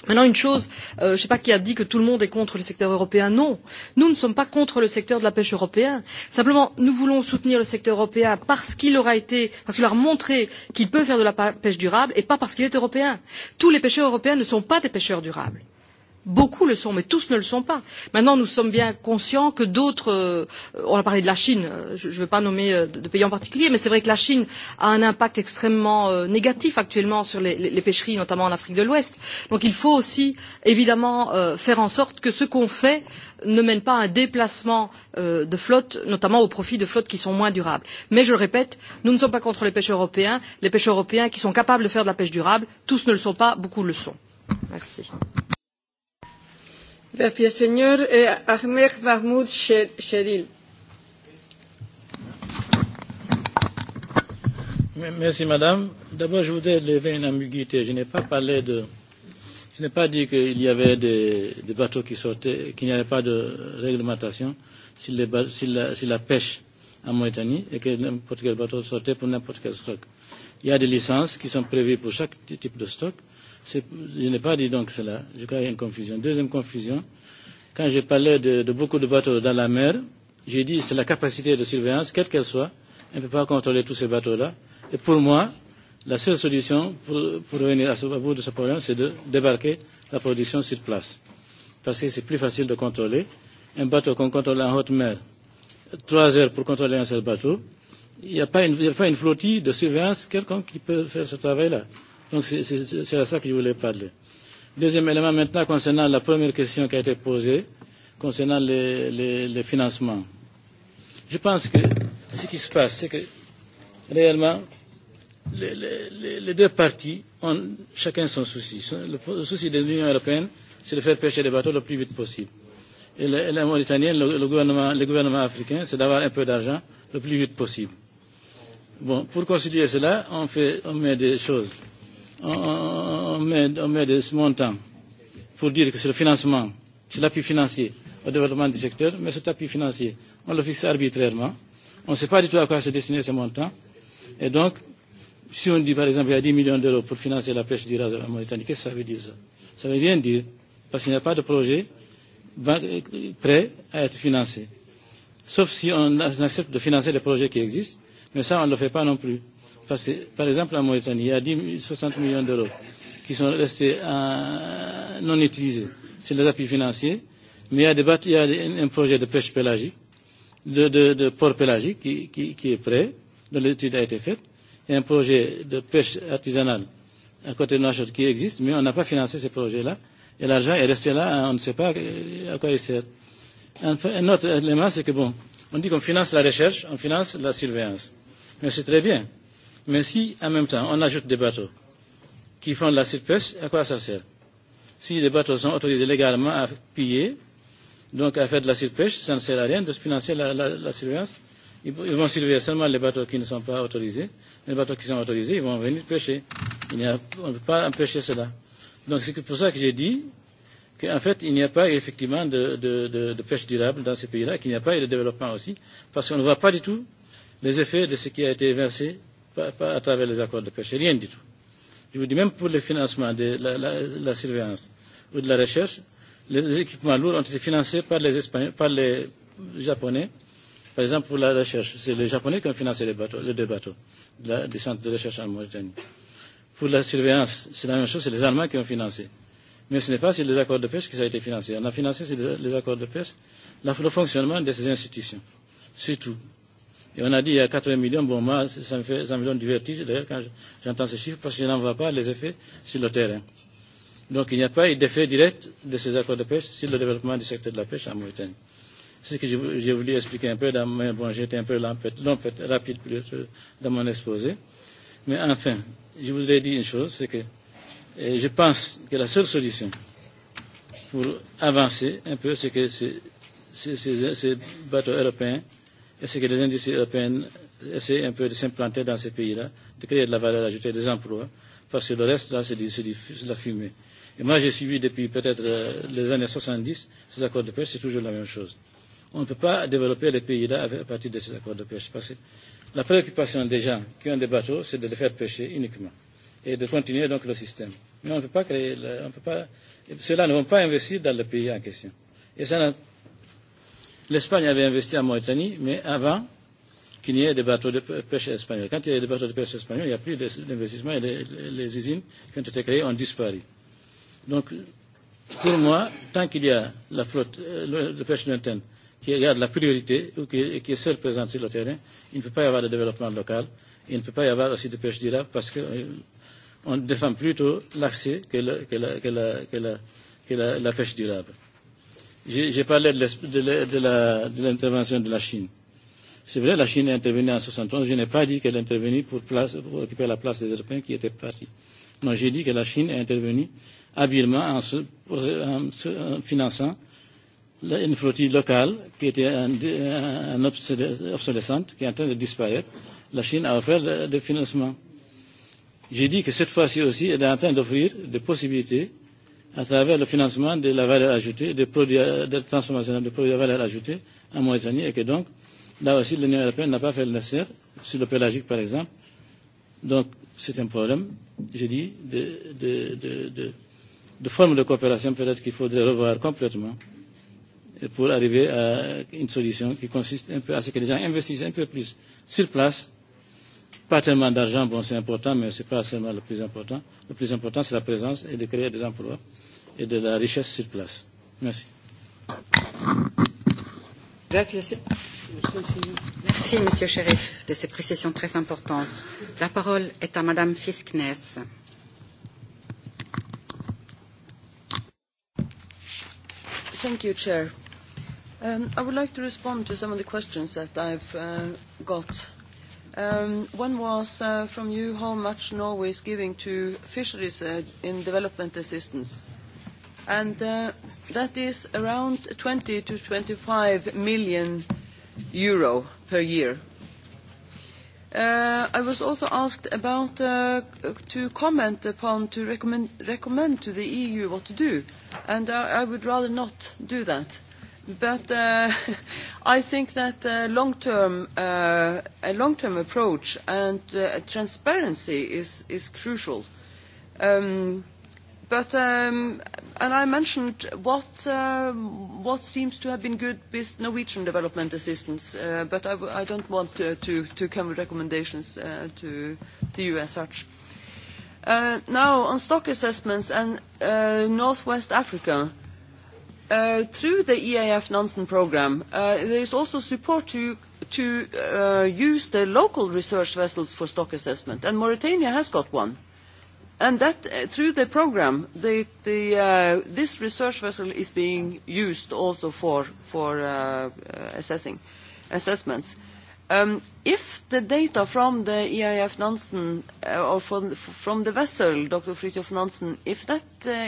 Maintenant, une chose, je ne sais pas qui a dit que tout le monde est contre le secteur européen. Non, nous ne sommes pas contre le secteur de la pêche européen. Simplement, nous voulons soutenir le secteur européen parce qu'il aura été, parce qu'il aura montré qu'il peut faire de la pêche durable et pas parce qu'il est européen. Tous les pêcheurs européens ne sont pas des pêcheurs durables Beaucoup le sont, mais tous ne le sont pas. Maintenant, nous sommes bien conscients que d'autres, on a parlé de la Chine, je ne veux pas nommer de pays en particulier, mais c'est vrai que la Chine a un impact extrêmement négatif actuellement sur les, pêcheries, notamment en Afrique de l'Ouest. Donc il faut aussi, évidemment, faire en sorte que ce qu'on fait ne mène pas à un déplacement de flotte, notamment au profit de flottes qui sont moins durables. Mais je le répète, nous ne sommes pas contre les pêcheurs européens. Les pêcheurs européens qui sont capables de faire de la pêche durable, tous ne le sont pas, beaucoup le sont. Merci. Gracias, señor eh, Ahmed Mahmoud Sheril. Merci, madame. D'abord, je voudrais lever une ambiguïté. Je n'ai pas parlé de. Je n'ai pas dit qu'il y avait des, des bateaux qui sortaient, qu'il n'y avait pas de réglementation sur, les, sur, la, sur la pêche en Mauritanie et que n'importe quel bateau sortait pour n'importe quel stock. Il y a des licences qui sont prévues pour chaque type de stock. Euh, Je n'ai pas dit donc cela. Je crois qu'il y a une confusion. Deuxième confusion, quand je parlais de, de beaucoup de bateaux dans la mer, j'ai dit que c'est la capacité de surveillance, quelle qu'elle soit, on ne peut pas contrôler tous ces bateaux-là. Et pour moi, la seule solution pour, pour venir à, ce, à bout de ce problème, c'est de débarquer la production sur place. Parce que c'est plus facile de contrôler. Un bateau qu'on contrôle en haute mer, trois heures pour contrôler un seul bateau, il n'y a, pas une flottille de surveillance quelconque qui peut faire ce travail-là. Donc c'est à ça que je voulais parler. Deuxième élément maintenant concernant la première question qui a été posée, concernant les, les, les financements. Je pense que ce qui se passe, c'est que réellement, les, les, les deux parties ont chacun son souci. Le souci de l'Union européenne, c'est de faire pêcher les bateaux le plus vite possible. Et la, la Mauritanienne, le, le, gouvernement, le gouvernement africain, c'est d'avoir un peu d'argent le plus vite possible. Bon, pour concilier cela, on, fait, on met des choses on met, on met ce montant pour dire que c'est le financement, c'est l'appui financier au développement du secteur, mais cet appui financier, on le fixe arbitrairement. On ne sait pas du tout à quoi se destiner ce montant. Et donc, si on dit par exemple qu'il y a 10 millions d'euros pour financer la pêche du raz en Mauritanie, qu'est-ce que ça veut dire ça Ça veut rien dire, parce qu'il n'y a pas de projet prêt à être financé. Sauf si on accepte de financer les projets qui existent, mais ça on ne le fait pas non plus passé. par exemple en Mauritanie, il y a 10, 60 millions d'euros qui sont restés euh, non utilisés. C'est des appuis financiers, mais il y a, des il y a un projet de pêche pélagique, de, de, de port pélagique qui, qui, qui est prêt, dont l'étude a été faite. Il y a un projet de pêche artisanale à côté de Nouachot qui existe, mais on n'a pas financé ces projets-là. Et l'argent est resté là, on ne sait pas à quoi il sert. Un autre élément, c'est que bon, on dit qu'on finance la recherche, on finance la surveillance. Mais c'est très bien. Mais si, en même temps, on ajoute des bateaux qui font de la surpêche, à quoi ça sert Si les bateaux sont autorisés légalement à piller, donc à faire de la surpêche, ça ne sert à rien de financer la, la, la surveillance. Ils, vont surveiller seulement les bateaux qui ne sont pas autorisés. Les bateaux qui sont autorisés, ils vont venir pêcher. Il a, on ne peut pas empêcher cela. Donc c'est pour ça que j'ai dit qu'en fait, il n'y a pas effectivement de, de, de, de pêche durable dans ces pays-là, qu'il n'y a pas eu de développement aussi, parce qu'on ne voit pas du tout les effets de ce qui a été versé pas, pas à travers les accords de pêche, rien du tout. Je vous dis même pour le financement de la, la, la surveillance ou de la recherche, les équipements lourds ont été financés par les, Espagnols, par les Japonais. Par exemple, pour la recherche, c'est les Japonais qui ont financé les, bateaux, les deux bateaux la, des centres de recherche en Mauritanie. Pour la surveillance, c'est la même chose, c'est les Allemands qui ont financé. Mais ce n'est pas sur les accords de pêche qui ça a été financé. On a financé sur les accords de pêche le fonctionnement de ces institutions, surtout Et on a dit il y a 80 millions, bon, moi, ça me, fait, ça me donne du vertige, d'ailleurs, quand j'entends ces chiffres, parce que je n'en vois pas les effets sur le terrain. Donc, il n'y a pas eu d'effet direct de ces accords de pêche sur le développement du secteur de la pêche en Mauritanie. C'est ce que j'ai voulu expliquer un peu, dans, mais bon, j'ai été un peu long, rapide dans mon exposé. Mais enfin, je voudrais dire une chose, c'est que je pense que la seule solution pour avancer un peu, c'est que ces bateaux européens et ce que les industries européennes essaient un peu de s'implanter dans ces pays-là, de créer de la valeur ajoutée, des emplois, parce que le reste, là, c'est de la fumée. Et moi, j'ai suivi depuis peut-être les années 70 ces accords de pêche, c'est toujours la même chose. On ne peut pas développer les pays-là à partir de ces accords de pêche, parce que la préoccupation des gens qui ont des bateaux, c'est de les faire pêcher uniquement et de continuer donc le système. Mais on ne peut pas créer, le, on ne peut pas, ceux-là ne vont pas investir dans le pays en question. Et ça n'a L'Espagne avait investi en Mauritanie, mais avant qu'il n'y ait des bateaux de pêche espagnols. Quand il y a des bateaux de pêche espagnols, il n'y a plus d'investissement et les, les usines qui ont été créées ont disparu. Donc, pour moi, tant qu'il y a la flotte de pêche lointaine qui garde la priorité ou qui, qui est seule présente sur le terrain, il ne peut pas y avoir de développement local, il ne peut pas y avoir aussi de pêche durable parce qu'on défend plutôt l'accès que, la, que, la, que, la, que, la, que la, la pêche durable. J'ai parlé de l'intervention de la Chine. C'est vrai, la Chine est intervenue en 71. Je n'ai pas dit qu'elle est intervenue pour, place, pour occuper la place des Européens qui étaient partis. Non, j'ai dit que la Chine est intervenue habilement en, se, en, se, en finançant une flottille locale qui était en, en obsolescente, qui est en train de disparaître. La Chine a offert des financements. J'ai dit que cette fois-ci aussi, elle est en train d'offrir des possibilités à travers le financement de la valeur ajoutée, des produits, de transformation de produits à valeur ajoutée en Mauritanie et que donc, là aussi, l'Union européenne n'a pas fait le nécessaire, sur le pélagique par exemple. Donc, c'est un problème, j'ai dit, de, de, de, de, de forme de coopération peut-être qu'il faudrait revoir complètement pour arriver à une solution qui consiste un peu à ce que les gens investissent un peu plus sur place Pas tellement d'argent, bon, c'est important, mais ce n'est pas seulement le plus important. Le plus important, c'est la présence et de créer des emplois et de la richesse sur place. Merci. Merci, Monsieur Sheriff, de ces précisions très importantes. La parole est à Madame Fiskness. Thank you, Chair. Um, I would like to respond to some of the questions that I've uh, got One was from you how much Norway is giving to fisheries in development assistance. and That is around 20 to 25 million euro per year. I was also asked about to comment upon, to recommend to the EU what to do, and I would rather not do that But I think that a long-term approach and transparency is is crucial. But and I mentioned what seems to have been good with Norwegian development assistance, but I w I don't want to to come with recommendations to to you as such. Now, on stock assessments and Northwest Africa, through the EAF Nansen programme, there is also support to, use the local research vessels for stock assessment, and Mauritania has got one. And that, through the programme, this research vessel is being used also for, assessing assessments if the data from the EIF Nansen or from, the vessel, Dr. Fridtjof Nansen, if that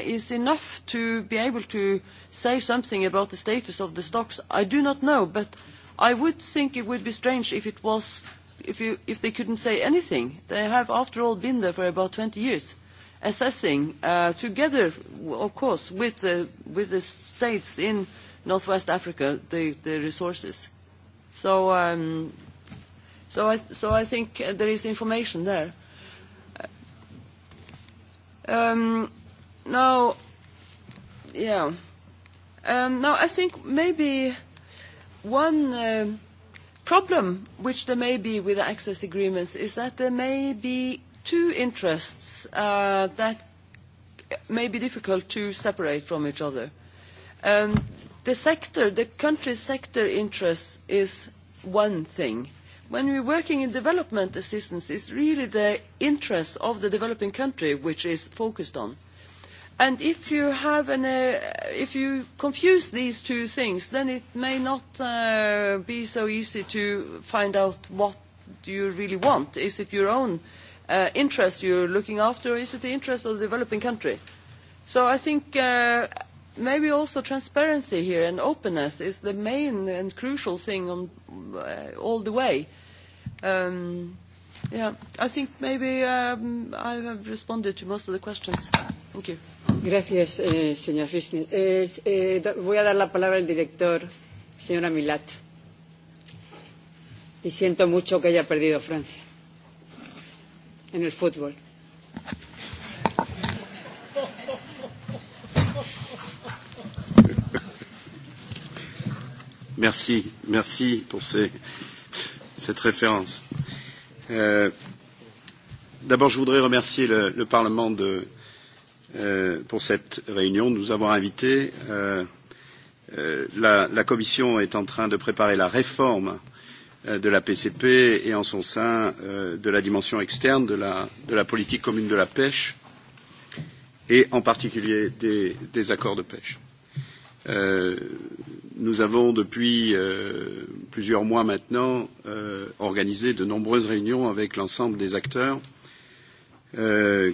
is enough to be able to say something about the status of the stocks, I do not know, but I would think it would be strange if it was if, you, if they couldn't say anything. They have, after all, been there for about twenty years, assessing together, of course, with the, with the states in North West Africa, the, the resources. So So I, so I think there is information there. Um, now, yeah. Um, now I think maybe one problem which there may be with access agreements is that there may be two interests uh, that may be difficult to separate from each other. Um, the sector, the country's sector interest is one thing – when we are working in development assistance, it is really the interests of the developing country which is focused on. And if you have an, if you confuse these two things, then it may not be so easy to find out what you really want. Is it your own interest you are looking after, or is it the interest of the developing country? So I think maybe also transparency here and openness is the main and crucial thing all the way Um, yeah, I think maybe um, I have responded to most of the questions. Thank you. Gracias, eh, señor Fischner. Eh, eh, voy a dar la palabra al director, señora Milat. Y siento mucho que haya perdido Francia en el fútbol. Merci, merci pour ces cette référence. Euh, D'abord, je voudrais remercier le, le Parlement de, euh, pour cette réunion, de nous avoir invités. Euh, euh, la, la Commission est en train de préparer la réforme euh, de la PCP et en son sein euh, de la dimension externe de la, de la politique commune de la pêche et en particulier des, des accords de pêche. Euh, nous avons depuis plusieurs mois maintenant organisé de nombreuses réunions avec l'ensemble des acteurs,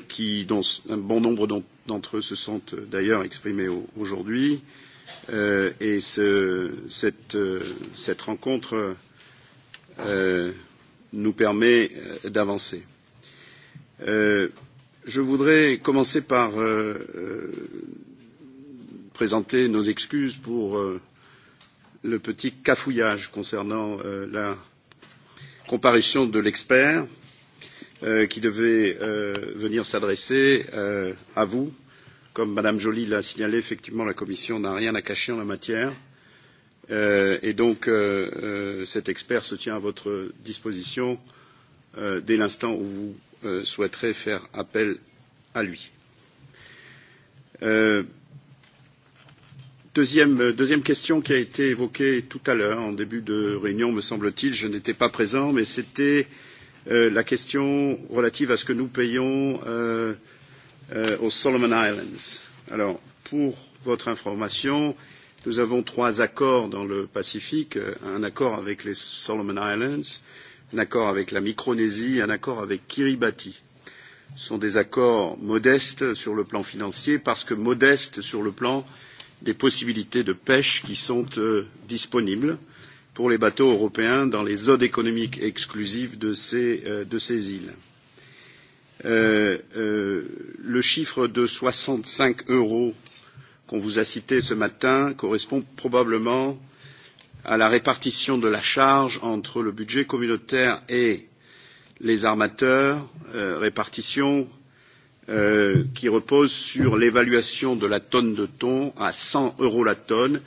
qui, dont un bon nombre d'entre eux se sont d'ailleurs exprimés aujourd'hui. et cette, rencontre nous permet d'avancer. je voudrais commencer par présenter nos excuses pour euh, le petit cafouillage concernant la comparution de l'expert qui devait venir s'adresser à vous. Comme Madame Joly l'a signalé, effectivement, la Commission n'a rien à cacher en la matière. et donc, cet expert se tient à votre disposition dès l'instant où vous souhaiterez faire appel à lui. Deuxième, deuxième question qui a été évoquée tout à l'heure, en début de réunion, me semble-t-il, je n'étais pas présent, mais c'était la question relative à ce que nous payons aux Solomon Islands. Alors, pour votre information, nous avons trois accords dans le Pacifique, un accord avec les Solomon Islands, un accord avec la Micronésie, un accord avec Kiribati. Ce sont des accords modestes sur le plan financier parce que modestes sur le plan euh, des possibilités de pêche qui sont disponibles pour les bateaux européens dans les zones économiques exclusives de ces, îles. le chiffre de soixante cinq euros qu'on vous a cité ce matin correspond probablement à la répartition de la charge entre le budget communautaire et les armateurs, répartition qui repose sur l'évaluation de la tonne de thon à cent euros la tonne,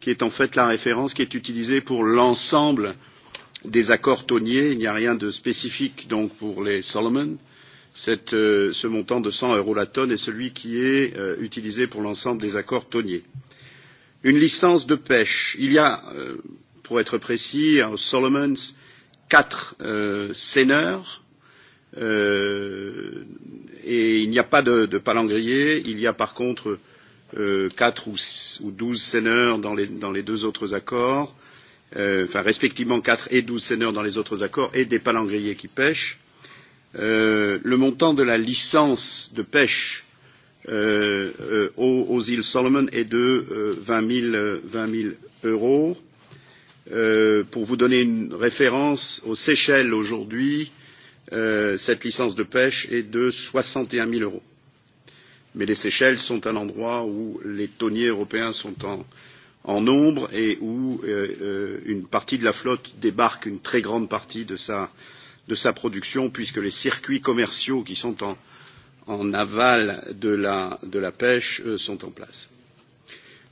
qui est en fait la référence qui est utilisée pour l'ensemble des accords tonniers. Il n'y a rien de spécifique donc pour les Solomon. ce montant de cent euros la tonne est celui qui est utilisé pour l'ensemble des accords tonniers. Une licence de pêche. Il y a, pour être précis, aux Solomons, quatre euh, et il n'y a pas de, de palangrier. Il y a par contre quatre ou, ou 12 seineurs dans les, dans les deux autres accords, euh, enfin respectivement quatre et douze seineurs dans les autres accords et des palangriers qui pêchent. Euh, le montant de la licence de pêche euh, aux, aux îles Solomon est de euh, 20, 000, 20 000 euros. Euh, pour vous donner une référence, aux Seychelles aujourd'hui, cette licence de pêche est de soixante et un 000 euros. Mais les Seychelles sont un endroit où les tonniers européens sont en, nombre et où une partie de la flotte débarque une très grande partie de sa, production, puisque les circuits commerciaux qui sont en, aval de la, pêche sont en place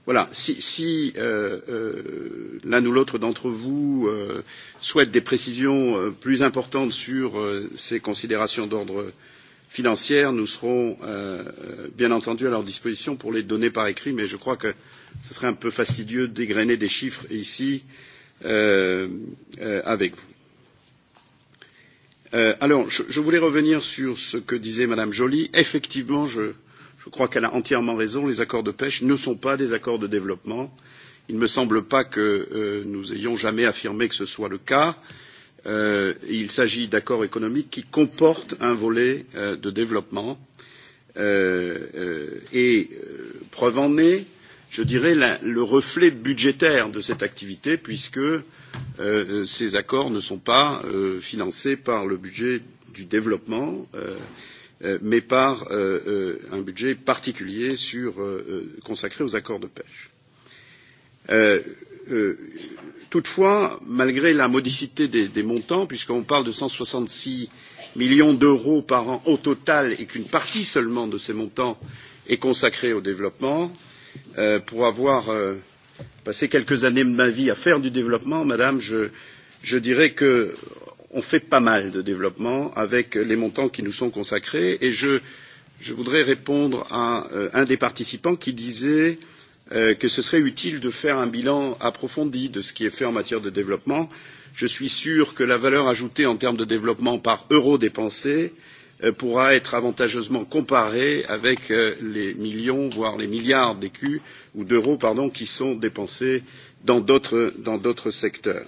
voilà, si, si euh, euh, l'un ou l'autre d'entre vous euh, souhaite des précisions euh, plus importantes sur euh, ces considérations d'ordre financier, nous serons euh, bien entendu à leur disposition pour les donner par écrit, mais je crois que ce serait un peu fastidieux d'égrener des chiffres ici euh, euh, avec vous. Euh, alors, je, je voulais revenir sur ce que disait Madame Joly. Effectivement, je, euh, Je crois qu'elle a entièrement raison. Les accords de pêche ne sont pas des accords de développement. Il ne me semble pas que nous ayons jamais affirmé que ce soit le cas. il s'agit d'accords économiques qui comportent un volet de développement. et preuve en est, je dirais, le reflet budgétaire de cette activité, puisque ces accords ne sont pas financés par le budget du développement. Euh, mais par un budget particulier consacré aux accords de pêche. toutefois, malgré la modicité des, montants, puisqu'on parle de cent soixante six millions d'euros par an au total et qu'une partie seulement de ces montants est consacrée au développement, pour avoir passé quelques années de ma vie à faire du développement, madame, je, dirais que on fait pas mal de développement avec les montants qui nous sont consacrés. Et je, je voudrais répondre à un des participants qui disait que ce serait utile de faire un bilan approfondi de ce qui est fait en matière de développement. Je suis sûr que la valeur ajoutée en termes de développement par euro dépensé pourra être avantageusement comparée avec les millions, voire les milliards d'écus ou d'euros qui sont dépensés dans d'autres secteurs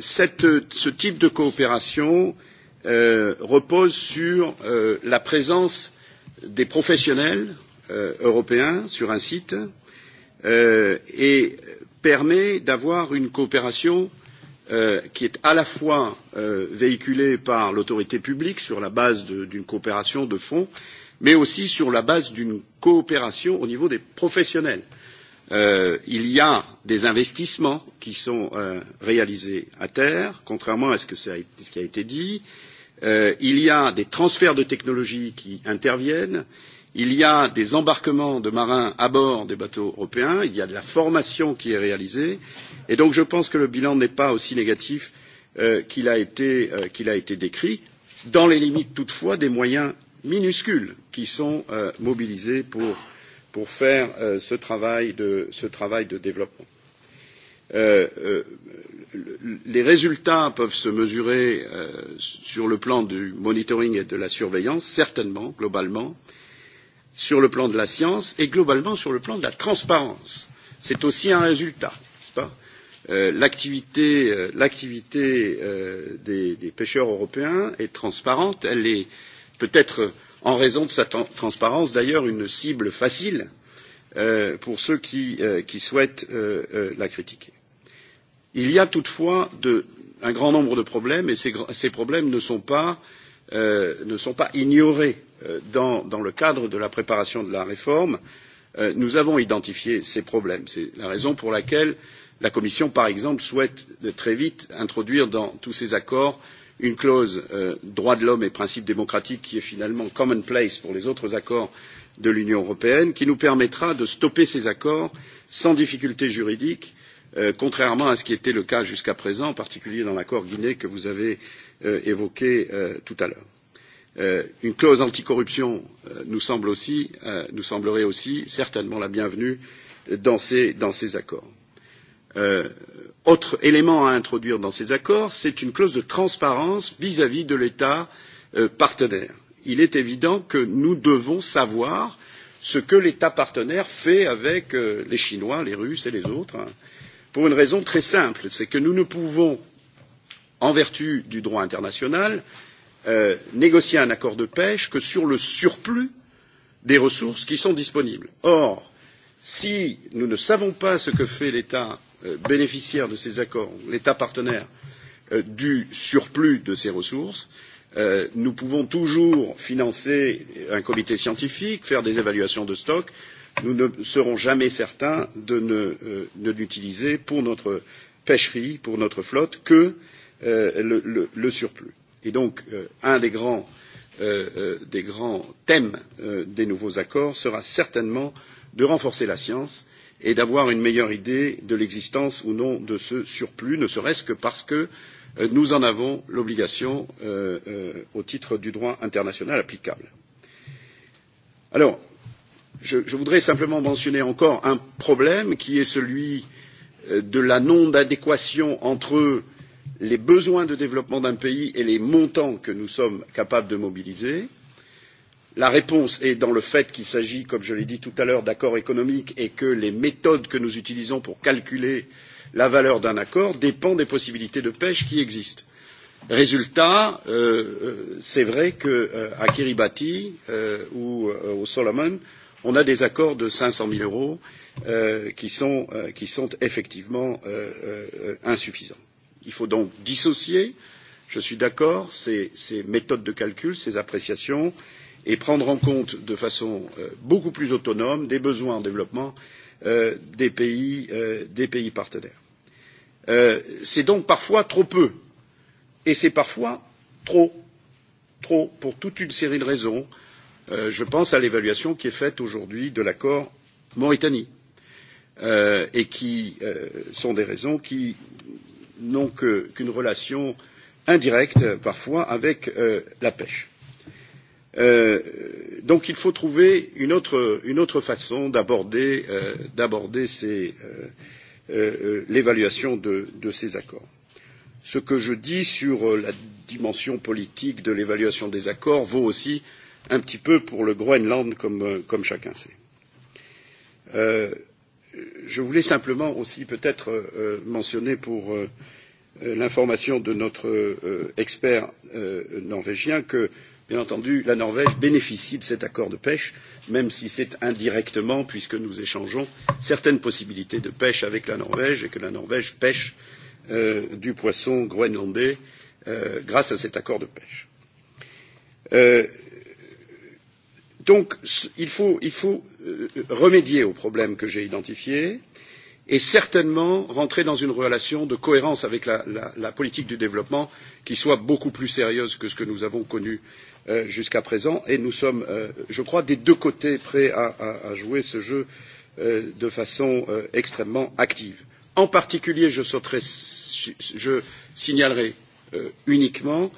ce type de coopération repose sur la présence des professionnels européens sur un site et permet d'avoir une coopération qui est à la fois véhiculée par l'autorité publique sur la base d'une coopération de fond, mais aussi sur la base d'une coopération au niveau des professionnels il y a des investissements qui sont réalisés à terre, contrairement à ce, qui a été dit. il y a des transferts de technologies qui interviennent. Il y a des embarquements de marins à bord des bateaux européens. Il y a de la formation qui est réalisée. Et donc, je pense que le bilan n'est pas aussi négatif qu'il a été décrit, dans les limites toutefois des moyens minuscules qui sont mobilisés pour pour faire ce, travail de, développement. les résultats peuvent se mesurer sur le plan du monitoring et de la surveillance, certainement, globalement, sur le plan de la science et globalement sur le plan de la transparence. C'est aussi un résultat, n'est-ce pas L'activité des, pêcheurs européens est transparente, elle est peut-être en raison de sa transparence, d'ailleurs une cible facile pour ceux qui, souhaitent la critiquer. Il y a toutefois un grand nombre de problèmes et ces, problèmes ne sont pas, ignorés dans, le cadre de la préparation de la réforme. nous avons identifié ces problèmes. C'est la raison pour laquelle la Commission, par exemple, souhaite très vite introduire dans tous ces accords une clause euh, droits de l'homme et principes démocratiques qui est finalement commonplace pour les autres accords de l'Union européenne, qui nous permettra de stopper ces accords sans difficulté juridique, contrairement à ce qui était le cas jusqu'à présent, en particulier dans l'accord Guinée que vous avez évoqué tout à l'heure. une clause anticorruption nous, semble aussi, nous semblerait aussi certainement la bienvenue dans ces, accords. Autre élément à introduire dans ces accords, c'est une clause de transparence vis-à-vis de l'État partenaire. Il est évident que nous devons savoir ce que l'État partenaire fait avec les Chinois, les Russes et les autres, pour une raison très simple, c'est que nous ne pouvons, en vertu du droit international, négocier un accord de pêche que sur le surplus des ressources qui sont disponibles. Or, si nous ne savons pas ce que fait l'État bénéficiaires de ces accords, l'État partenaire, du surplus de ces ressources, nous pouvons toujours financer un comité scientifique, faire des évaluations de stock, nous ne serons jamais certains de ne, l'utiliser pour notre pêcherie, pour notre flotte, que le, surplus. Et donc, un des grands, thèmes des nouveaux accords sera certainement de renforcer la science et d'avoir une meilleure idée de l'existence ou non de ce surplus, ne serait-ce que parce que nous en avons l'obligation au titre du droit international applicable. Alors, je, voudrais simplement mentionner encore un problème qui est celui de la non-adéquation entre les besoins de développement d'un pays et les montants que nous sommes capables de mobiliser. Euh, La réponse est dans le fait qu'il s'agit, comme je l'ai dit tout à l'heure, d'accords économiques et que les méthodes que nous utilisons pour calculer la valeur d'un accord dépendent des possibilités de pêche qui existent. Résultat, c'est vrai qu'à Kiribati ou aux Solomon, on a des accords de cinq cents 000 euros qui sont, effectivement insuffisants. Il faut donc dissocier, je suis d'accord, ces, méthodes de calcul, ces appréciations, euh, et prendre en compte de façon beaucoup plus autonome des besoins en développement des pays, partenaires. c'est donc parfois trop peu et c'est parfois trop trop pour toute une série de raisons. je pense à l'évaluation qui est faite aujourd'hui de l'accord Mauritanie et qui sont des raisons qui n'ont qu'une relation indirecte parfois avec la pêche donc il faut trouver une autre, façon d'aborder l'évaluation de, ces accords. Ce que je dis sur la dimension politique de l'évaluation des accords vaut aussi un petit peu pour le Groenland, comme, chacun sait. je voulais simplement aussi peut-être mentionner pour l'information de notre expert norvégien que Bien entendu, la Norvège bénéficie de cet accord de pêche, même si c'est indirectement, puisque nous échangeons certaines possibilités de pêche avec la Norvège et que la Norvège pêche du poisson groenlandais grâce à cet accord de pêche. donc, il faut, remédier au problème que j'ai identifié et certainement rentrer dans une relation de cohérence avec la, politique du développement qui soit beaucoup plus sérieuse que ce que nous avons connu jusqu'à présent et nous sommes, je crois, des deux côtés prêts à, jouer ce jeu de façon extrêmement active. En particulier, je, signalerai uniquement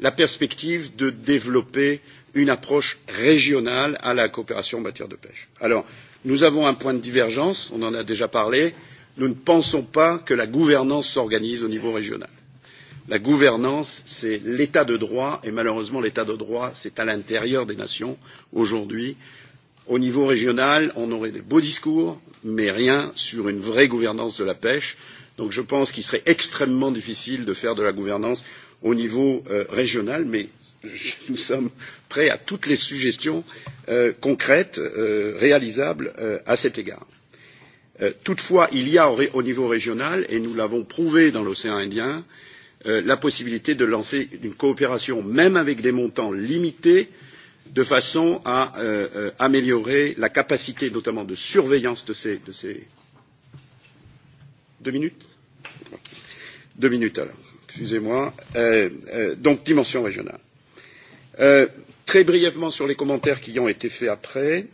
la perspective de développer une approche régionale à la coopération en matière de pêche. Alors, nous avons un point de divergence, on en a déjà parlé, nous ne pensons pas que la gouvernance s'organise au niveau régional. La gouvernance, c'est l'état de droit, et malheureusement l'état de droit, c'est à l'intérieur des nations aujourd'hui. Au niveau régional, on aurait de beaux discours, mais rien sur une vraie gouvernance de la pêche. Donc je pense qu'il serait extrêmement difficile de faire de la gouvernance au niveau régional, mais nous sommes prêts à toutes les suggestions concrètes, réalisables à cet égard. toutefois, il y a au, niveau régional, et nous l'avons prouvé dans l'océan Indien, euh, la possibilité de lancer une coopération, même avec des montants limités, de façon à améliorer la capacité notamment de surveillance de ces, de ces deux minutes deux minutes alors excusez moi donc dimension régionale. très brièvement sur les commentaires qui ont été faits après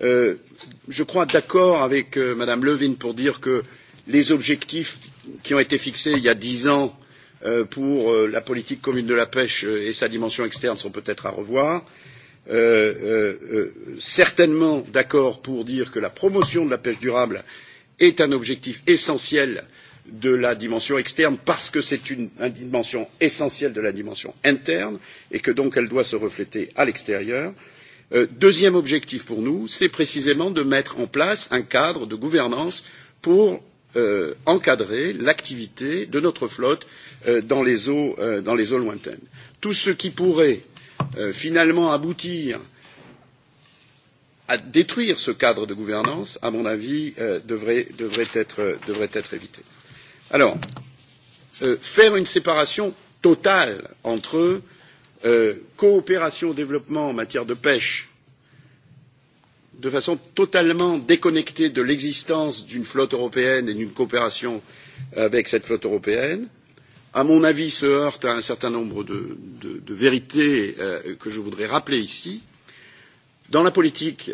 je crois d'accord avec mme Levin pour dire que les objectifs qui ont été fixés il y a dix ans pour la politique commune de la pêche et sa dimension externe sont peut-être à revoir. certainement d'accord pour dire que la promotion de la pêche durable est un objectif essentiel de la dimension externe parce que c'est une, dimension essentielle de la dimension interne et que donc elle doit se refléter à l'extérieur. deuxième objectif pour nous, c'est précisément de mettre en place un cadre de gouvernance pour encadrer l'activité de notre flotte dans, les eaux, lointaines. Tout ce qui pourrait finalement aboutir à détruire ce cadre de gouvernance, à mon avis, devrait, être, évité. Alors, faire une séparation totale entre coopération au développement en matière de pêche de façon totalement déconnectée de l'existence d'une flotte européenne et d'une coopération avec cette flotte européenne, à mon avis, se heurte à un certain nombre de, vérités que je voudrais rappeler ici. Dans la politique,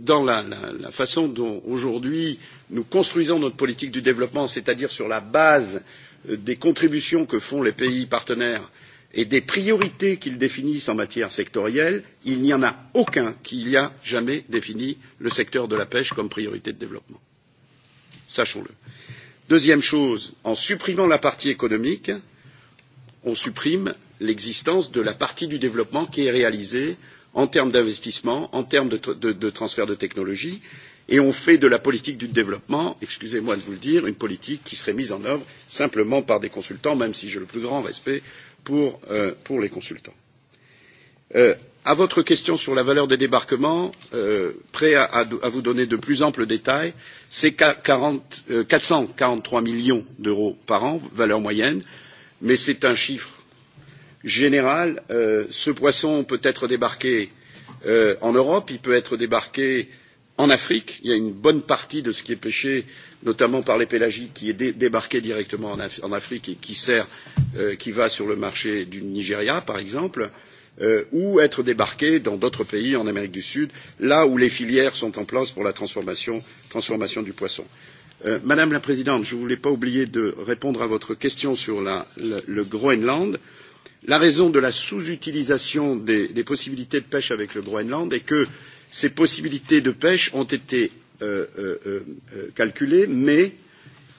dans la, façon dont aujourd'hui nous construisons notre politique du développement, c'est-à-dire sur la base des contributions que font les pays partenaires et des priorités qu'ils définissent en matière sectorielle, il n'y en a aucun qui n'y a jamais défini le secteur de la pêche comme priorité de développement. Sachons-le. Deuxième chose, en supprimant la partie économique, on supprime l'existence de la partie du développement qui est réalisée en termes d'investissement, en termes de, transfert de technologie, et on fait de la politique du développement, excusez-moi de vous le dire, une politique qui serait mise en œuvre simplement par des consultants, même si j'ai le plus grand respect pour, euh, pour les consultants. Euh, à votre question sur la valeur des débarquements, euh, prêt à, à, à vous donner de plus amples détails, c'est cent quarante 443 millions d'euros par an, valeur moyenne, mais c'est un chiffre général. Euh, ce poisson peut être débarqué euh, en Europe, il peut être débarqué en Afrique. Il y a une bonne partie de ce qui est pêché notamment par les pélagiques qui est débarqué directement en, Afrique et qui sert, qui va sur le marché du Nigeria, par exemple, ou être débarqué dans d'autres pays en Amérique du Sud, là où les filières sont en place pour la transformation, du poisson. Madame la Présidente, je ne voulais pas oublier de répondre à votre question sur le, Groenland. La raison de la sous-utilisation des, possibilités de pêche avec le Groenland est que ces possibilités de pêche ont été calculé, mais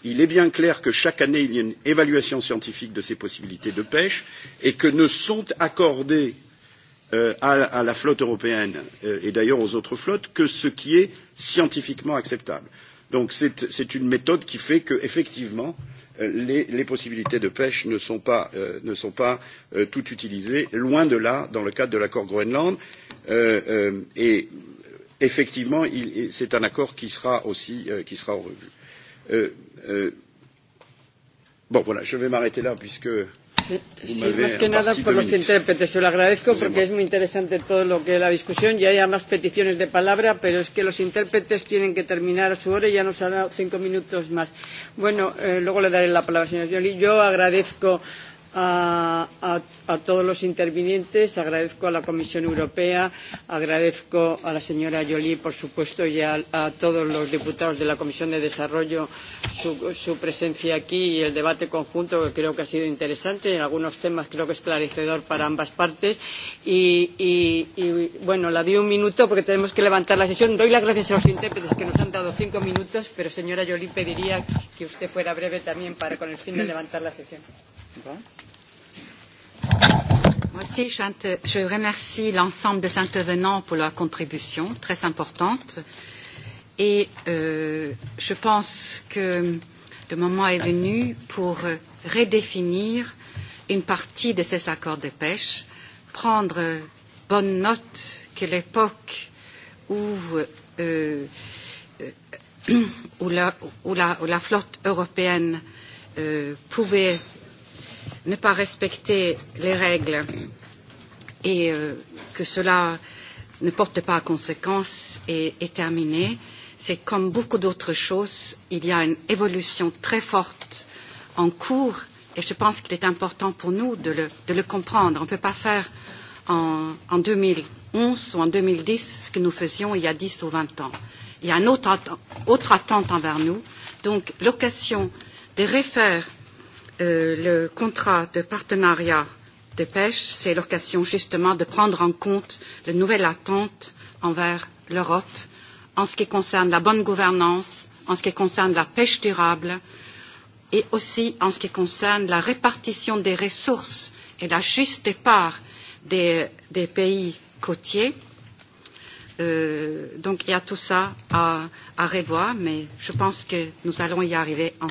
il est bien clair que chaque année, il y a une évaluation scientifique de ces possibilités de pêche et que ne sont accordées à, la flotte européenne et d'ailleurs aux autres flottes que ce qui est scientifiquement acceptable. Donc c'est une méthode qui fait que, effectivement, les, possibilités de pêche ne sont pas, toutes utilisées, loin de là, dans le cadre de l'accord Groenland. et effectivement, c'est un accord qui sera aussi qui sera revu. bon, voilà, je vais m'arrêter là puisque. Sí, más que nada por los intérpretes. Se lo agradezco porque es muy interesante todo lo que es la discusión. Ya hay más peticiones de palabra, pero es que los intérpretes tienen que terminar a su hora y ya nos han dado cinco minutos más. Bueno, eh, luego le daré la palabra, señor Joly. Yo agradezco a, a, a todos los intervinientes, agradezco a la Comisión Europea, agradezco a la señora Jolie, por supuesto, y a, a todos los diputados de la Comisión de Desarrollo su, su presencia aquí y el debate conjunto, que creo que ha sido interesante. En algunos temas creo que es esclarecedor para ambas partes. Y, y, y bueno, la di un minuto porque tenemos que levantar la sesión. Doy las gracias a los intérpretes que nos han dado cinco minutos, pero señora Jolie pediría que usted fuera breve también para con el fin de levantar la sesión. Moi aussi, je remercie l'ensemble des intervenants pour leur contribution très importante. Et je pense que le moment est venu pour redéfinir une partie de ces accords de pêche, prendre bonne note que l'époque où, la, flotte européenne pouvait ne pas respecter les règles et euh, que cela ne porte pas à conséquence est, est terminé. C'est comme beaucoup d'autres choses, il y a une évolution très forte en cours et je pense qu'il est important pour nous de le, de le comprendre. On ne peut pas faire en, en 2011 ou en 2010 ce que nous faisions il y a 10 ou 20 ans. Il y a une autre, autre attente envers nous. Donc l'occasion de refaire le contrat de partenariat de pêche, c'est l'occasion justement de prendre en compte de nouvelles attentes envers l'Europe en ce qui concerne la bonne gouvernance, en ce qui concerne la pêche durable et aussi en ce qui concerne la répartition des ressources et la juste part des, pays côtiers. donc il y a tout ça à, à revoir, mais je pense que nous allons y arriver ensemble.